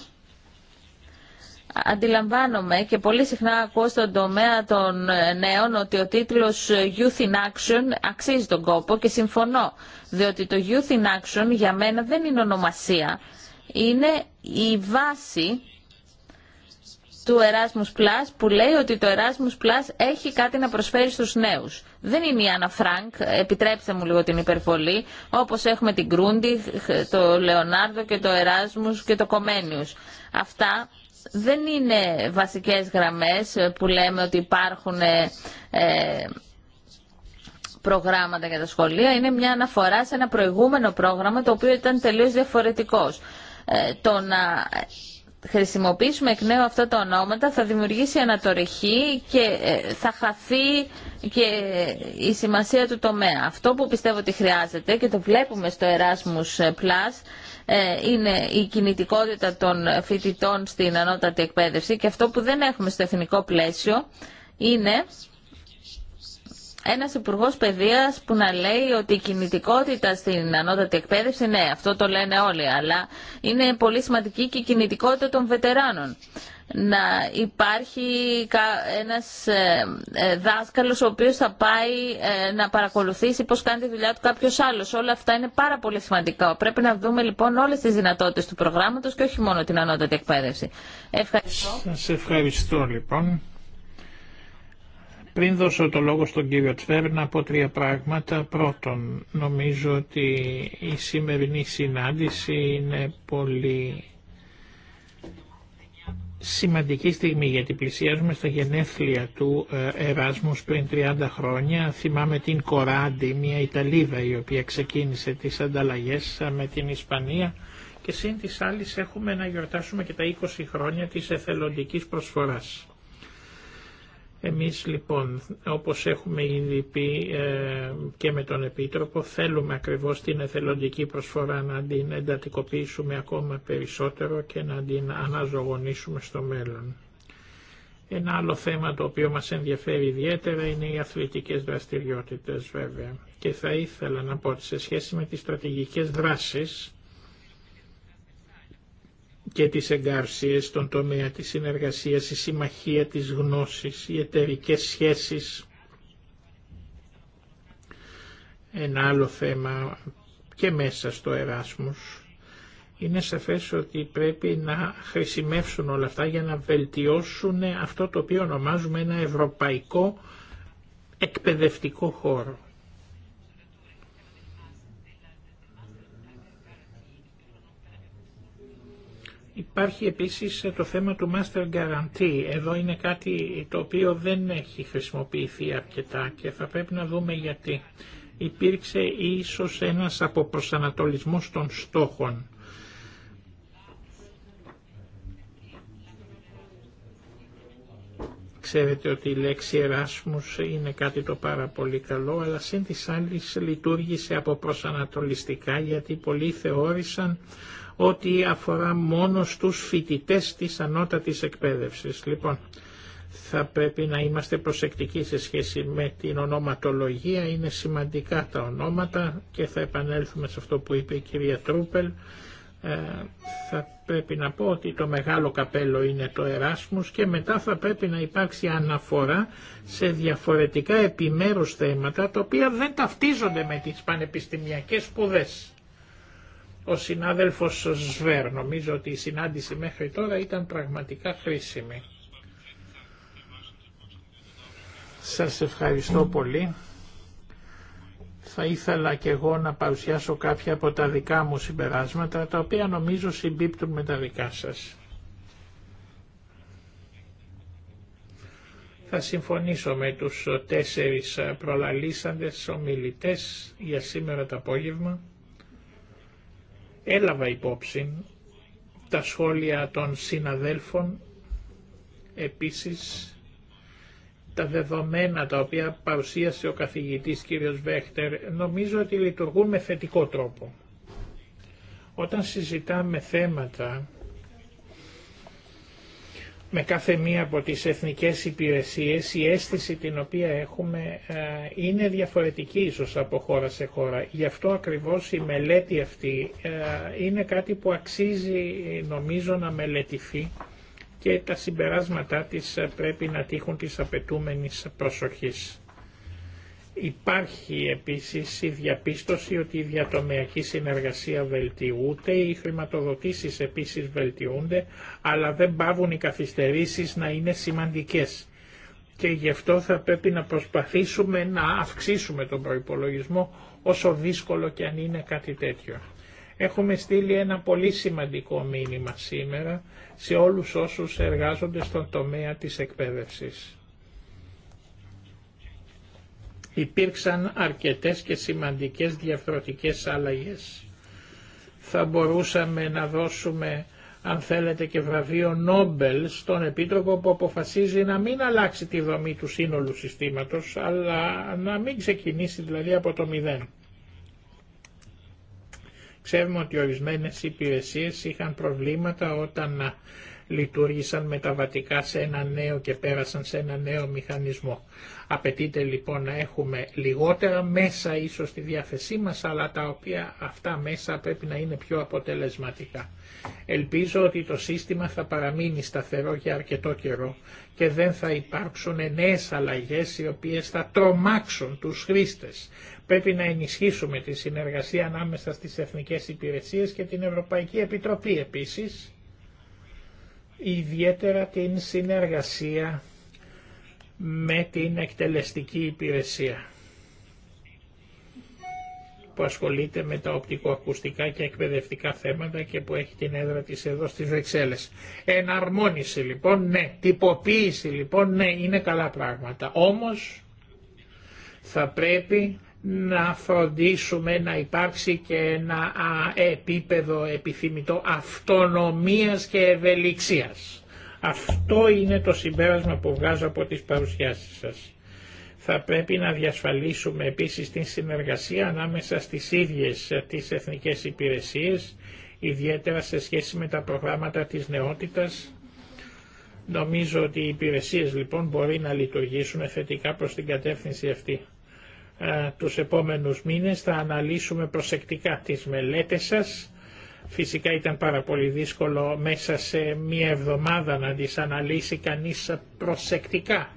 Αντιλαμβάνομαι και πολύ συχνά ακούω στον τομέα των νέων ότι ο τίτλος Youth in Action αξίζει τον κόπο και συμφωνώ, διότι το Youth in Action για μένα δεν είναι ονομασία, είναι η βάση του Erasmus Plus που λέει ότι το Erasmus Plus έχει κάτι να προσφέρει στους νέους. Δεν είναι η Άννα Φρανκ, επιτρέψτε μου λίγο την υπερβολή, όπως έχουμε την Γκρούντι, το Λεωνάρδο και το Erasmus και το Κομένιους. Αυτά δεν είναι βασικές γραμμές που λέμε ότι υπάρχουν ε, ε, προγράμματα για τα σχολεία. Είναι μια αναφορά σε ένα προηγούμενο πρόγραμμα το οποίο ήταν τελείως διαφορετικός. Ε, το να χρησιμοποιήσουμε εκ νέου αυτά τα ονόματα θα δημιουργήσει ανατορυχή και θα χαθεί και η σημασία του τομέα. Αυτό που πιστεύω ότι χρειάζεται και το βλέπουμε στο Erasmus Plus ε, είναι η κινητικότητα των φοιτητών στην ανώτατη εκπαίδευση και αυτό που δεν έχουμε στο εθνικό πλαίσιο είναι ένας υπουργό παιδείας που να λέει ότι η κινητικότητα στην ανώτατη εκπαίδευση, ναι, αυτό το λένε όλοι, αλλά είναι πολύ σημαντική και η κινητικότητα των βετεράνων να υπάρχει ένας ε, ε, δάσκαλος ο οποίος θα πάει ε, να παρακολουθήσει πώς κάνει τη δουλειά του κάποιος άλλος. Όλα αυτά είναι πάρα πολύ σημαντικά. Πρέπει να δούμε λοιπόν όλες τις δυνατότητες του προγράμματος και όχι μόνο την ανώτατη εκπαίδευση. Ευχαριστώ. Σας ευχαριστώ λοιπόν. Πριν δώσω το λόγο στον κύριο Τσφέρ να πω τρία πράγματα. Πρώτον, νομίζω ότι η σημερινή συνάντηση είναι πολύ σημαντική στιγμή γιατί πλησιάζουμε στα γενέθλια του ε, Εράσμους πριν 30 χρόνια. Θυμάμαι την Κοράντι, μια Ιταλίδα η οποία ξεκίνησε τις ανταλλαγές ε, με την Ισπανία και σύν της άλλης έχουμε να γιορτάσουμε και τα 20 χρόνια της εθελοντικής προσφοράς. Εμείς λοιπόν, όπως έχουμε ήδη πει ε, και με τον Επίτροπο, θέλουμε ακριβώς την εθελοντική προσφορά να την εντατικοποιήσουμε ακόμα περισσότερο και να την αναζωογονήσουμε στο μέλλον. Ένα άλλο θέμα το οποίο μας ενδιαφέρει ιδιαίτερα είναι οι αθλητικές δραστηριότητες βέβαια. Και θα ήθελα να πω ότι σε σχέση με τις στρατηγικές δράσεις, και τις εγκάρσιες στον τομέα της συνεργασίας, η συμμαχία της γνώσης, οι εταιρικέ σχέσεις. Ένα άλλο θέμα και μέσα στο Εράσμους. Είναι σαφές ότι πρέπει να χρησιμεύσουν όλα αυτά για να βελτιώσουν αυτό το οποίο ονομάζουμε ένα ευρωπαϊκό εκπαιδευτικό χώρο. Υπάρχει επίσης ε, το θέμα του Master Guarantee. Εδώ είναι κάτι το οποίο δεν έχει χρησιμοποιηθεί αρκετά και θα πρέπει να δούμε γιατί. Υπήρξε ίσως ένας αποπροσανατολισμός των στόχων Ξέρετε ότι η λέξη Εράσμους είναι κάτι το πάρα πολύ καλό, αλλά σύν της άλλης λειτουργήσε από προσανατολιστικά, γιατί πολλοί θεώρησαν ότι αφορά μόνο στους φοιτητές της ανώτατης εκπαίδευσης. Λοιπόν, θα πρέπει να είμαστε προσεκτικοί σε σχέση με την ονοματολογία, είναι σημαντικά τα ονόματα και θα επανέλθουμε σε αυτό που είπε η κυρία Τρούπελ ε, θα πρέπει να πω ότι το μεγάλο καπέλο είναι το Εράσμους και μετά θα πρέπει να υπάρξει αναφορά σε διαφορετικά επιμέρους θέματα τα οποία δεν ταυτίζονται με τις πανεπιστημιακές σπουδέ. Ο συνάδελφος Σβέρ, νομίζω ότι η συνάντηση μέχρι τώρα ήταν πραγματικά χρήσιμη. Σας ευχαριστώ πολύ θα ήθελα και εγώ να παρουσιάσω κάποια από τα δικά μου συμπεράσματα, τα οποία νομίζω συμπίπτουν με τα δικά σας. Θα συμφωνήσω με τους τέσσερις προλαλήσαντες ομιλητές για σήμερα το απόγευμα. Έλαβα υπόψη τα σχόλια των συναδέλφων, επίσης τα δεδομένα τα οποία παρουσίασε ο καθηγητής κ. Βέχτερ νομίζω ότι λειτουργούν με θετικό τρόπο. Όταν συζητάμε θέματα με κάθε μία από τις εθνικές υπηρεσίες η αίσθηση την οποία έχουμε ε, είναι διαφορετική ίσως από χώρα σε χώρα. Γι' αυτό ακριβώς η μελέτη αυτή ε, είναι κάτι που αξίζει νομίζω να μελετηθεί και τα συμπεράσματά της ε, πρέπει να τύχουν της απαιτούμενης προσοχής. Υπάρχει επίσης η διαπίστωση ότι η διατομιακή συνεργασία βελτιούται, οι χρηματοδοτήσεις επίσης βελτιούνται, αλλά δεν πάβουν οι καθυστερήσεις να είναι σημαντικές. Και γι' αυτό θα πρέπει να προσπαθήσουμε να αυξήσουμε τον προϋπολογισμό όσο δύσκολο και αν είναι κάτι τέτοιο. Έχουμε στείλει ένα πολύ σημαντικό μήνυμα σήμερα σε όλους όσους εργάζονται στον τομέα της εκπαίδευσης. Υπήρξαν αρκετές και σημαντικές διαφορετικές άλλαγες. Θα μπορούσαμε να δώσουμε αν θέλετε και βραβείο Νόμπελ στον Επίτροπο που αποφασίζει να μην αλλάξει τη δομή του σύνολου συστήματος αλλά να μην ξεκινήσει δηλαδή από το μηδέν. Ξέρουμε ότι ορισμένες υπηρεσίες είχαν προβλήματα όταν ε, λειτουργήσαν μεταβατικά σε ένα νέο και πέρασαν σε ένα νέο μηχανισμό. Απαιτείται λοιπόν να έχουμε λιγότερα μέσα ίσως στη διάθεσή μας, αλλά τα οποία αυτά μέσα πρέπει να είναι πιο αποτελεσματικά. Ελπίζω ότι το σύστημα θα παραμείνει σταθερό για αρκετό καιρό και δεν θα υπάρξουν νέες αλλαγές οι οποίες θα τρομάξουν τους χρήστες. Πρέπει να ενισχύσουμε τη συνεργασία ανάμεσα στις εθνικές υπηρεσίες και την Ευρωπαϊκή Επιτροπή επίσης, ιδιαίτερα την συνεργασία με την εκτελεστική υπηρεσία που ασχολείται με τα οπτικοακουστικά και εκπαιδευτικά θέματα και που έχει την έδρα της εδώ στις Βρυξέλλες. Εναρμόνιση λοιπόν, ναι, τυποποίηση λοιπόν, ναι, είναι καλά πράγματα. Όμως θα πρέπει να φροντίσουμε να υπάρξει και ένα επίπεδο επιθυμητό αυτονομίας και ευελιξίας. Αυτό είναι το συμπέρασμα που βγάζω από τις παρουσιάσεις σας. Θα πρέπει να διασφαλίσουμε επίσης την συνεργασία ανάμεσα στις ίδιες τις εθνικές υπηρεσίες, ιδιαίτερα σε σχέση με τα προγράμματα της νεότητας. Νομίζω ότι οι υπηρεσίες λοιπόν μπορεί να λειτουργήσουν θετικά προς την κατεύθυνση αυτή τους επόμενους μήνες θα αναλύσουμε προσεκτικά τις μελέτες σας. Φυσικά ήταν πάρα πολύ δύσκολο μέσα σε μία εβδομάδα να τις αναλύσει κανείς προσεκτικά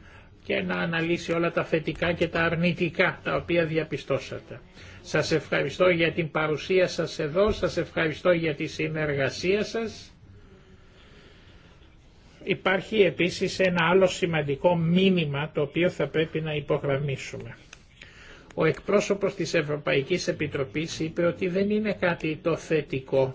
και να αναλύσει όλα τα θετικά και τα αρνητικά τα οποία διαπιστώσατε. Σας ευχαριστώ για την παρουσία σας εδώ, σας ευχαριστώ για τη συνεργασία σας. Υπάρχει επίσης ένα άλλο σημαντικό μήνυμα το οποίο θα πρέπει να υπογραμμίσουμε. Ο εκπρόσωπος της Ευρωπαϊκής Επιτροπής είπε ότι δεν είναι κάτι το θετικό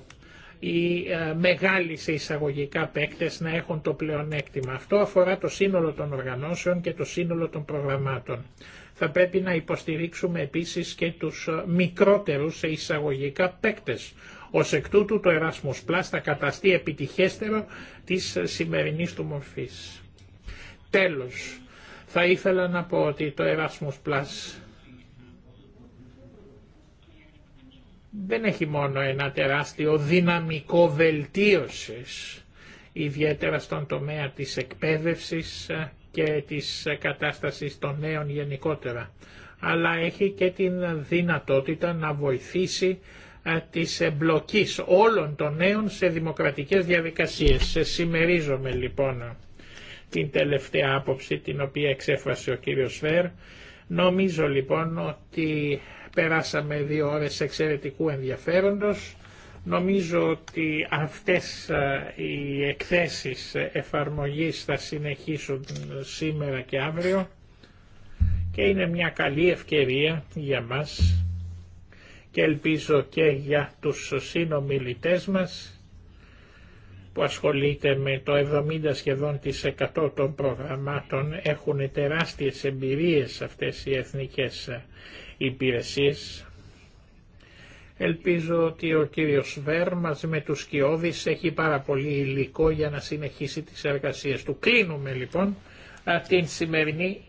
οι ε, μεγάλοι σε εισαγωγικά παίκτες να έχουν το πλεονέκτημα. Αυτό αφορά το σύνολο των οργανώσεων και το σύνολο των προγραμμάτων. Θα πρέπει να υποστηρίξουμε επίσης και τους ε, μικρότερους σε εισαγωγικά παίκτες. Ως εκ τούτου το Erasmus Plus θα καταστεί επιτυχέστερο της ε, σημερινής του μορφής. Τέλος, θα ήθελα να πω ότι το Erasmus Plus δεν έχει μόνο ένα τεράστιο δυναμικό βελτίωσης, ιδιαίτερα στον τομέα της εκπαίδευσης και της κατάστασης των νέων γενικότερα, αλλά έχει και την δυνατότητα να βοηθήσει ε, της εμπλοκής όλων των νέων σε δημοκρατικές διαδικασίες. Σημερίζομαι λοιπόν την τελευταία άποψη την οποία εξέφρασε ο κύριος Φέρ. Νομίζω λοιπόν ότι Περάσαμε δύο ώρες εξαιρετικού ενδιαφέροντος. Νομίζω ότι αυτές οι εκθέσεις εφαρμογής θα συνεχίσουν σήμερα και αύριο και είναι μια καλή ευκαιρία για μας και ελπίζω και για τους συνομιλητές μας που ασχολείται με το 70 σχεδόν της 100 των προγραμμάτων έχουν τεράστιες εμπειρίες αυτές οι εθνικές υπηρεσίες. Ελπίζω ότι ο κύριος Βέρ μαζί με τους Σκιώδης έχει πάρα πολύ υλικό για να συνεχίσει τις εργασίες του. Κλείνουμε λοιπόν την σημερινή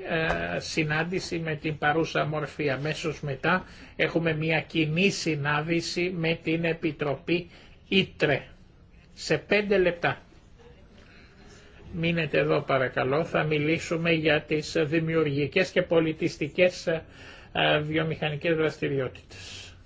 συνάντηση με την παρούσα μορφή. Αμέσω μετά έχουμε μια κοινή συνάντηση με την Επιτροπή Ήτρε. Σε πέντε λεπτά. Μείνετε εδώ παρακαλώ, θα μιλήσουμε για τις δημιουργικές και πολιτιστικές ε, βιομηχανικές δραστηριότητες.